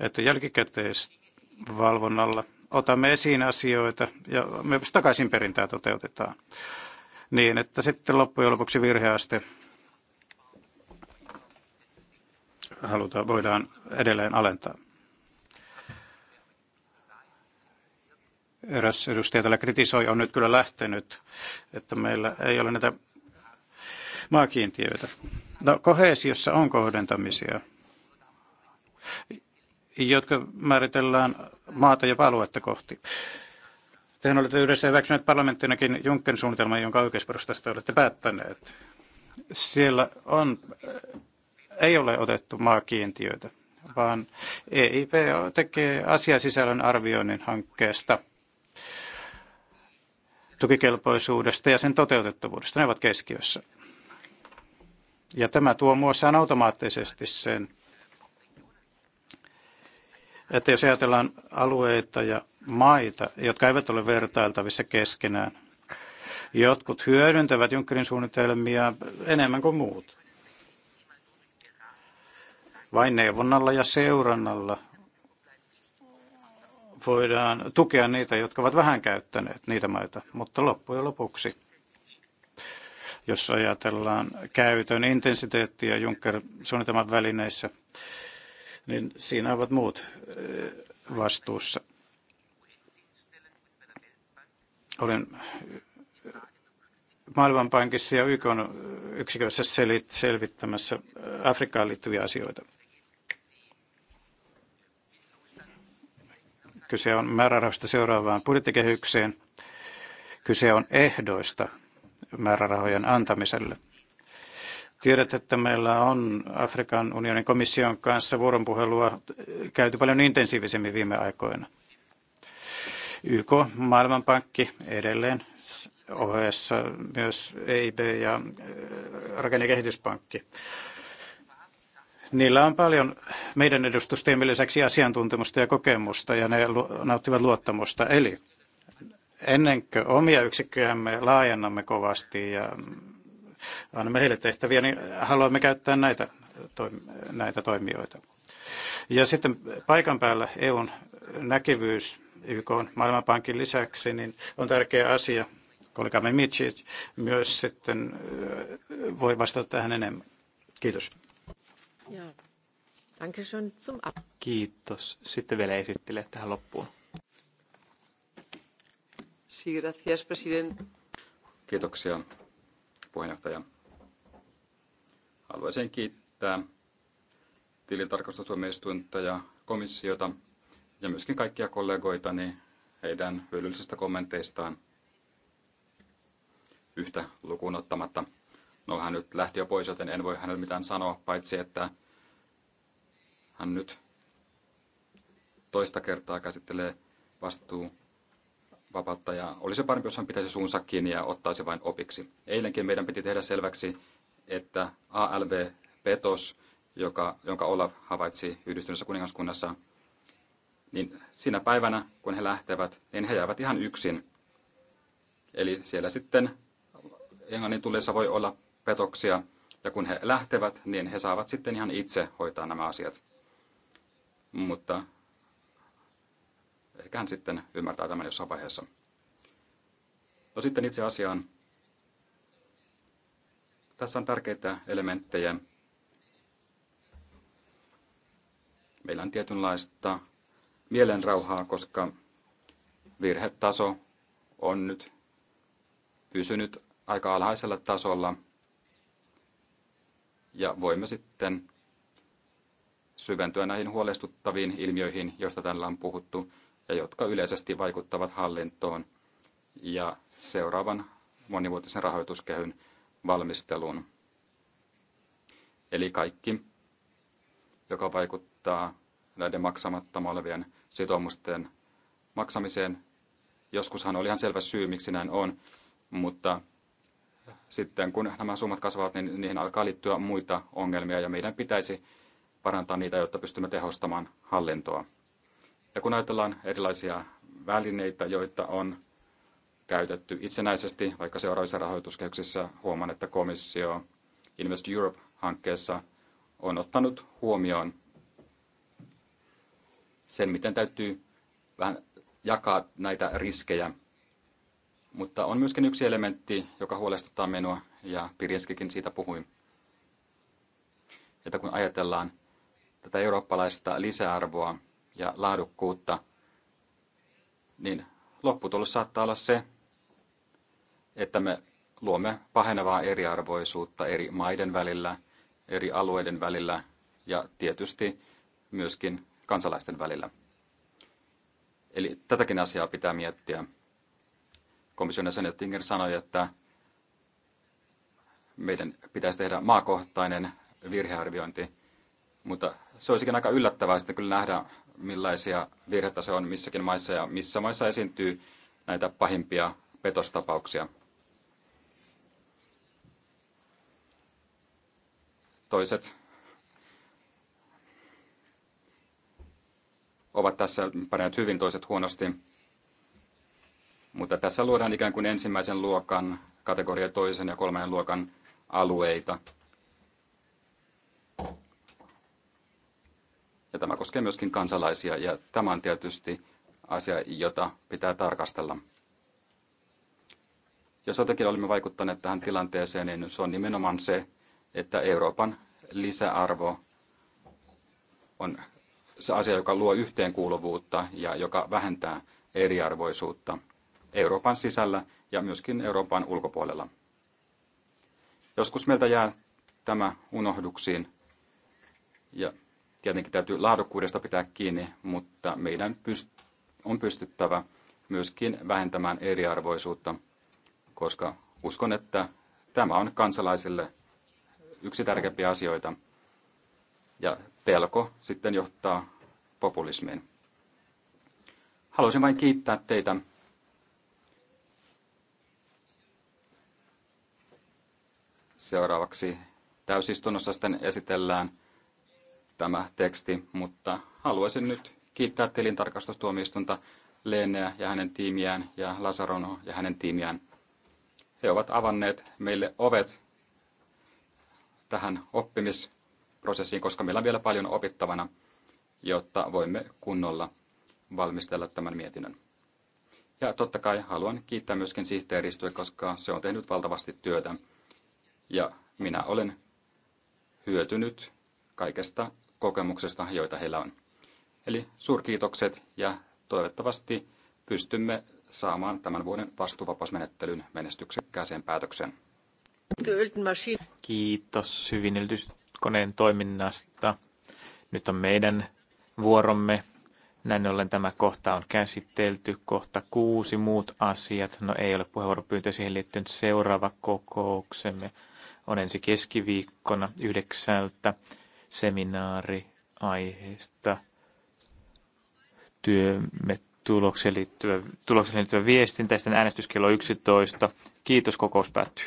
että jälkikäteisvalvonnalla otamme esiin asioita ja myös takaisinperintää toteutetaan niin, että sitten loppujen lopuksi virheaste halutaan, voidaan edelleen alentaa. eräs edustaja täällä kritisoi, on nyt kyllä lähtenyt, että meillä ei ole näitä maakiintiöitä. No, kohesiossa on kohdentamisia, jotka määritellään maata ja aluetta kohti. Tehän olette yhdessä hyväksyneet parlamenttinakin Junkken suunnitelman, jonka oikeusperustasta olette päättäneet. Siellä on, ei ole otettu maakiintiöitä, vaan EIP tekee asiasisällön arvioinnin hankkeesta – tukikelpoisuudesta ja sen toteutettavuudesta. Ne ovat keskiössä. Ja tämä tuo muassaan automaattisesti sen, että jos ajatellaan alueita ja maita, jotka eivät ole vertailtavissa keskenään, jotkut hyödyntävät Junckerin suunnitelmia enemmän kuin muut. Vain neuvonnalla ja seurannalla voidaan tukea niitä, jotka ovat vähän käyttäneet niitä maita. Mutta loppujen lopuksi, jos ajatellaan käytön intensiteettiä Juncker-suunnitelman välineissä, niin siinä ovat muut eh, vastuussa. Olen Maailmanpankissa ja YK yksikössä selvittämässä eh, Afrikkaan liittyviä asioita. Kyse on määrärahoista seuraavaan budjettikehykseen. Kyse on ehdoista määrärahojen antamiselle. Tiedät, että meillä on Afrikan unionin komission kanssa vuoropuhelua käyty paljon intensiivisemmin viime aikoina. YK, Maailmanpankki edelleen, ohessa myös EIB ja äh, Rakenne- ja kehityspankki Niillä on paljon meidän edustustiemme lisäksi asiantuntemusta ja kokemusta ja ne nauttivat luottamusta. Eli ennen kuin omia yksikköjämme laajennamme kovasti ja mm, annamme heille tehtäviä, niin haluamme käyttää näitä, näitä toimijoita. Ja sitten paikan päällä EUn näkyvyys YK on Maailmanpankin lisäksi niin on tärkeä asia. Kollegamme Michi myös sitten voi vastata tähän enemmän. Kiitos. Kiitos. Sitten vielä esittele tähän loppuun. Sí, gracias, president. Kiitoksia, puheenjohtaja. Haluaisin kiittää tilintarkastustuomioistuinta ja komissiota ja myöskin kaikkia kollegoitani heidän hyödyllisistä kommenteistaan yhtä lukuun ottamatta. No hän nyt lähti jo pois, joten en voi hänelle mitään sanoa, paitsi että hän nyt toista kertaa käsittelee vastuu vapautta ja olisi parempi, jos hän pitäisi suunsa kiinni ja ottaisi vain opiksi. Eilenkin meidän piti tehdä selväksi, että ALV-petos, joka, jonka Olaf havaitsi yhdistyneessä kuningaskunnassa, niin sinä päivänä, kun he lähtevät, niin he jäävät ihan yksin. Eli siellä sitten Englannin tulleessa voi olla petoksia, ja kun he lähtevät, niin he saavat sitten ihan itse hoitaa nämä asiat. Mutta ehkä hän sitten ymmärtää tämän jossain vaiheessa. No sitten itse asiaan. Tässä on tärkeitä elementtejä. Meillä on tietynlaista mielenrauhaa, koska virhetaso on nyt pysynyt aika alhaisella tasolla ja voimme sitten syventyä näihin huolestuttaviin ilmiöihin, joista tällä on puhuttu ja jotka yleisesti vaikuttavat hallintoon ja seuraavan monivuotisen rahoituskehyn valmisteluun. Eli kaikki, joka vaikuttaa näiden maksamatta olevien sitoumusten maksamiseen. Joskushan oli ihan selvä syy, miksi näin on, mutta sitten kun nämä summat kasvavat, niin niihin alkaa liittyä muita ongelmia ja meidän pitäisi parantaa niitä, jotta pystymme tehostamaan hallintoa. Ja kun ajatellaan erilaisia välineitä, joita on käytetty itsenäisesti, vaikka seuraavissa rahoituskehyksissä huomaan, että komissio Invest Europe-hankkeessa on ottanut huomioon sen, miten täytyy vähän jakaa näitä riskejä mutta on myöskin yksi elementti, joka huolestuttaa minua, ja Pirjeskikin siitä puhui. Että kun ajatellaan tätä eurooppalaista lisäarvoa ja laadukkuutta, niin lopputulos saattaa olla se, että me luomme pahenevaa eriarvoisuutta eri maiden välillä, eri alueiden välillä ja tietysti myöskin kansalaisten välillä. Eli tätäkin asiaa pitää miettiä komission jäsen Oettinger sanoi, että meidän pitäisi tehdä maakohtainen virhearviointi, mutta se olisikin aika yllättävää sitten kyllä nähdä, millaisia virheitä se on missäkin maissa ja missä maissa esiintyy näitä pahimpia petostapauksia. Toiset ovat tässä pärjänneet hyvin, toiset huonosti. Mutta tässä luodaan ikään kuin ensimmäisen luokan, kategoria toisen ja kolmannen luokan alueita. Ja tämä koskee myöskin kansalaisia ja tämä on tietysti asia, jota pitää tarkastella. Jos jotenkin olemme vaikuttaneet tähän tilanteeseen, niin se on nimenomaan se, että Euroopan lisäarvo on se asia, joka luo yhteenkuuluvuutta ja joka vähentää eriarvoisuutta. Euroopan sisällä ja myöskin Euroopan ulkopuolella. Joskus meiltä jää tämä unohduksiin ja tietenkin täytyy laadukkuudesta pitää kiinni, mutta meidän on pystyttävä myöskin vähentämään eriarvoisuutta, koska uskon, että tämä on kansalaisille yksi tärkeimpiä asioita. Ja pelko sitten johtaa populismiin. Haluaisin vain kiittää teitä Seuraavaksi täysistunnossa sitten esitellään tämä teksti, mutta haluaisin nyt kiittää tilintarkastustuomioistunta Leeneä ja hänen tiimiään ja Lasarono ja hänen tiimiään. He ovat avanneet meille ovet tähän oppimisprosessiin, koska meillä on vielä paljon opittavana, jotta voimme kunnolla valmistella tämän mietinnön. Ja totta kai haluan kiittää myöskin sihteeristöä, koska se on tehnyt valtavasti työtä ja minä olen hyötynyt kaikesta kokemuksesta, joita heillä on. Eli suurkiitokset ja toivottavasti pystymme saamaan tämän vuoden vastuuvapausmenettelyn menestyksekkääseen päätöksen. Kiitos hyvin koneen toiminnasta. Nyt on meidän vuoromme. Näin ollen tämä kohta on käsitelty. Kohta kuusi muut asiat. No ei ole puheenvuoropyyntö siihen liittynyt seuraava kokouksemme on ensi keskiviikkona yhdeksältä seminaari aiheesta työmme tulokseen liittyvä, tulokseen liittyvä viestintä sitten äänestys kello 11. Kiitos, kokous päättyy.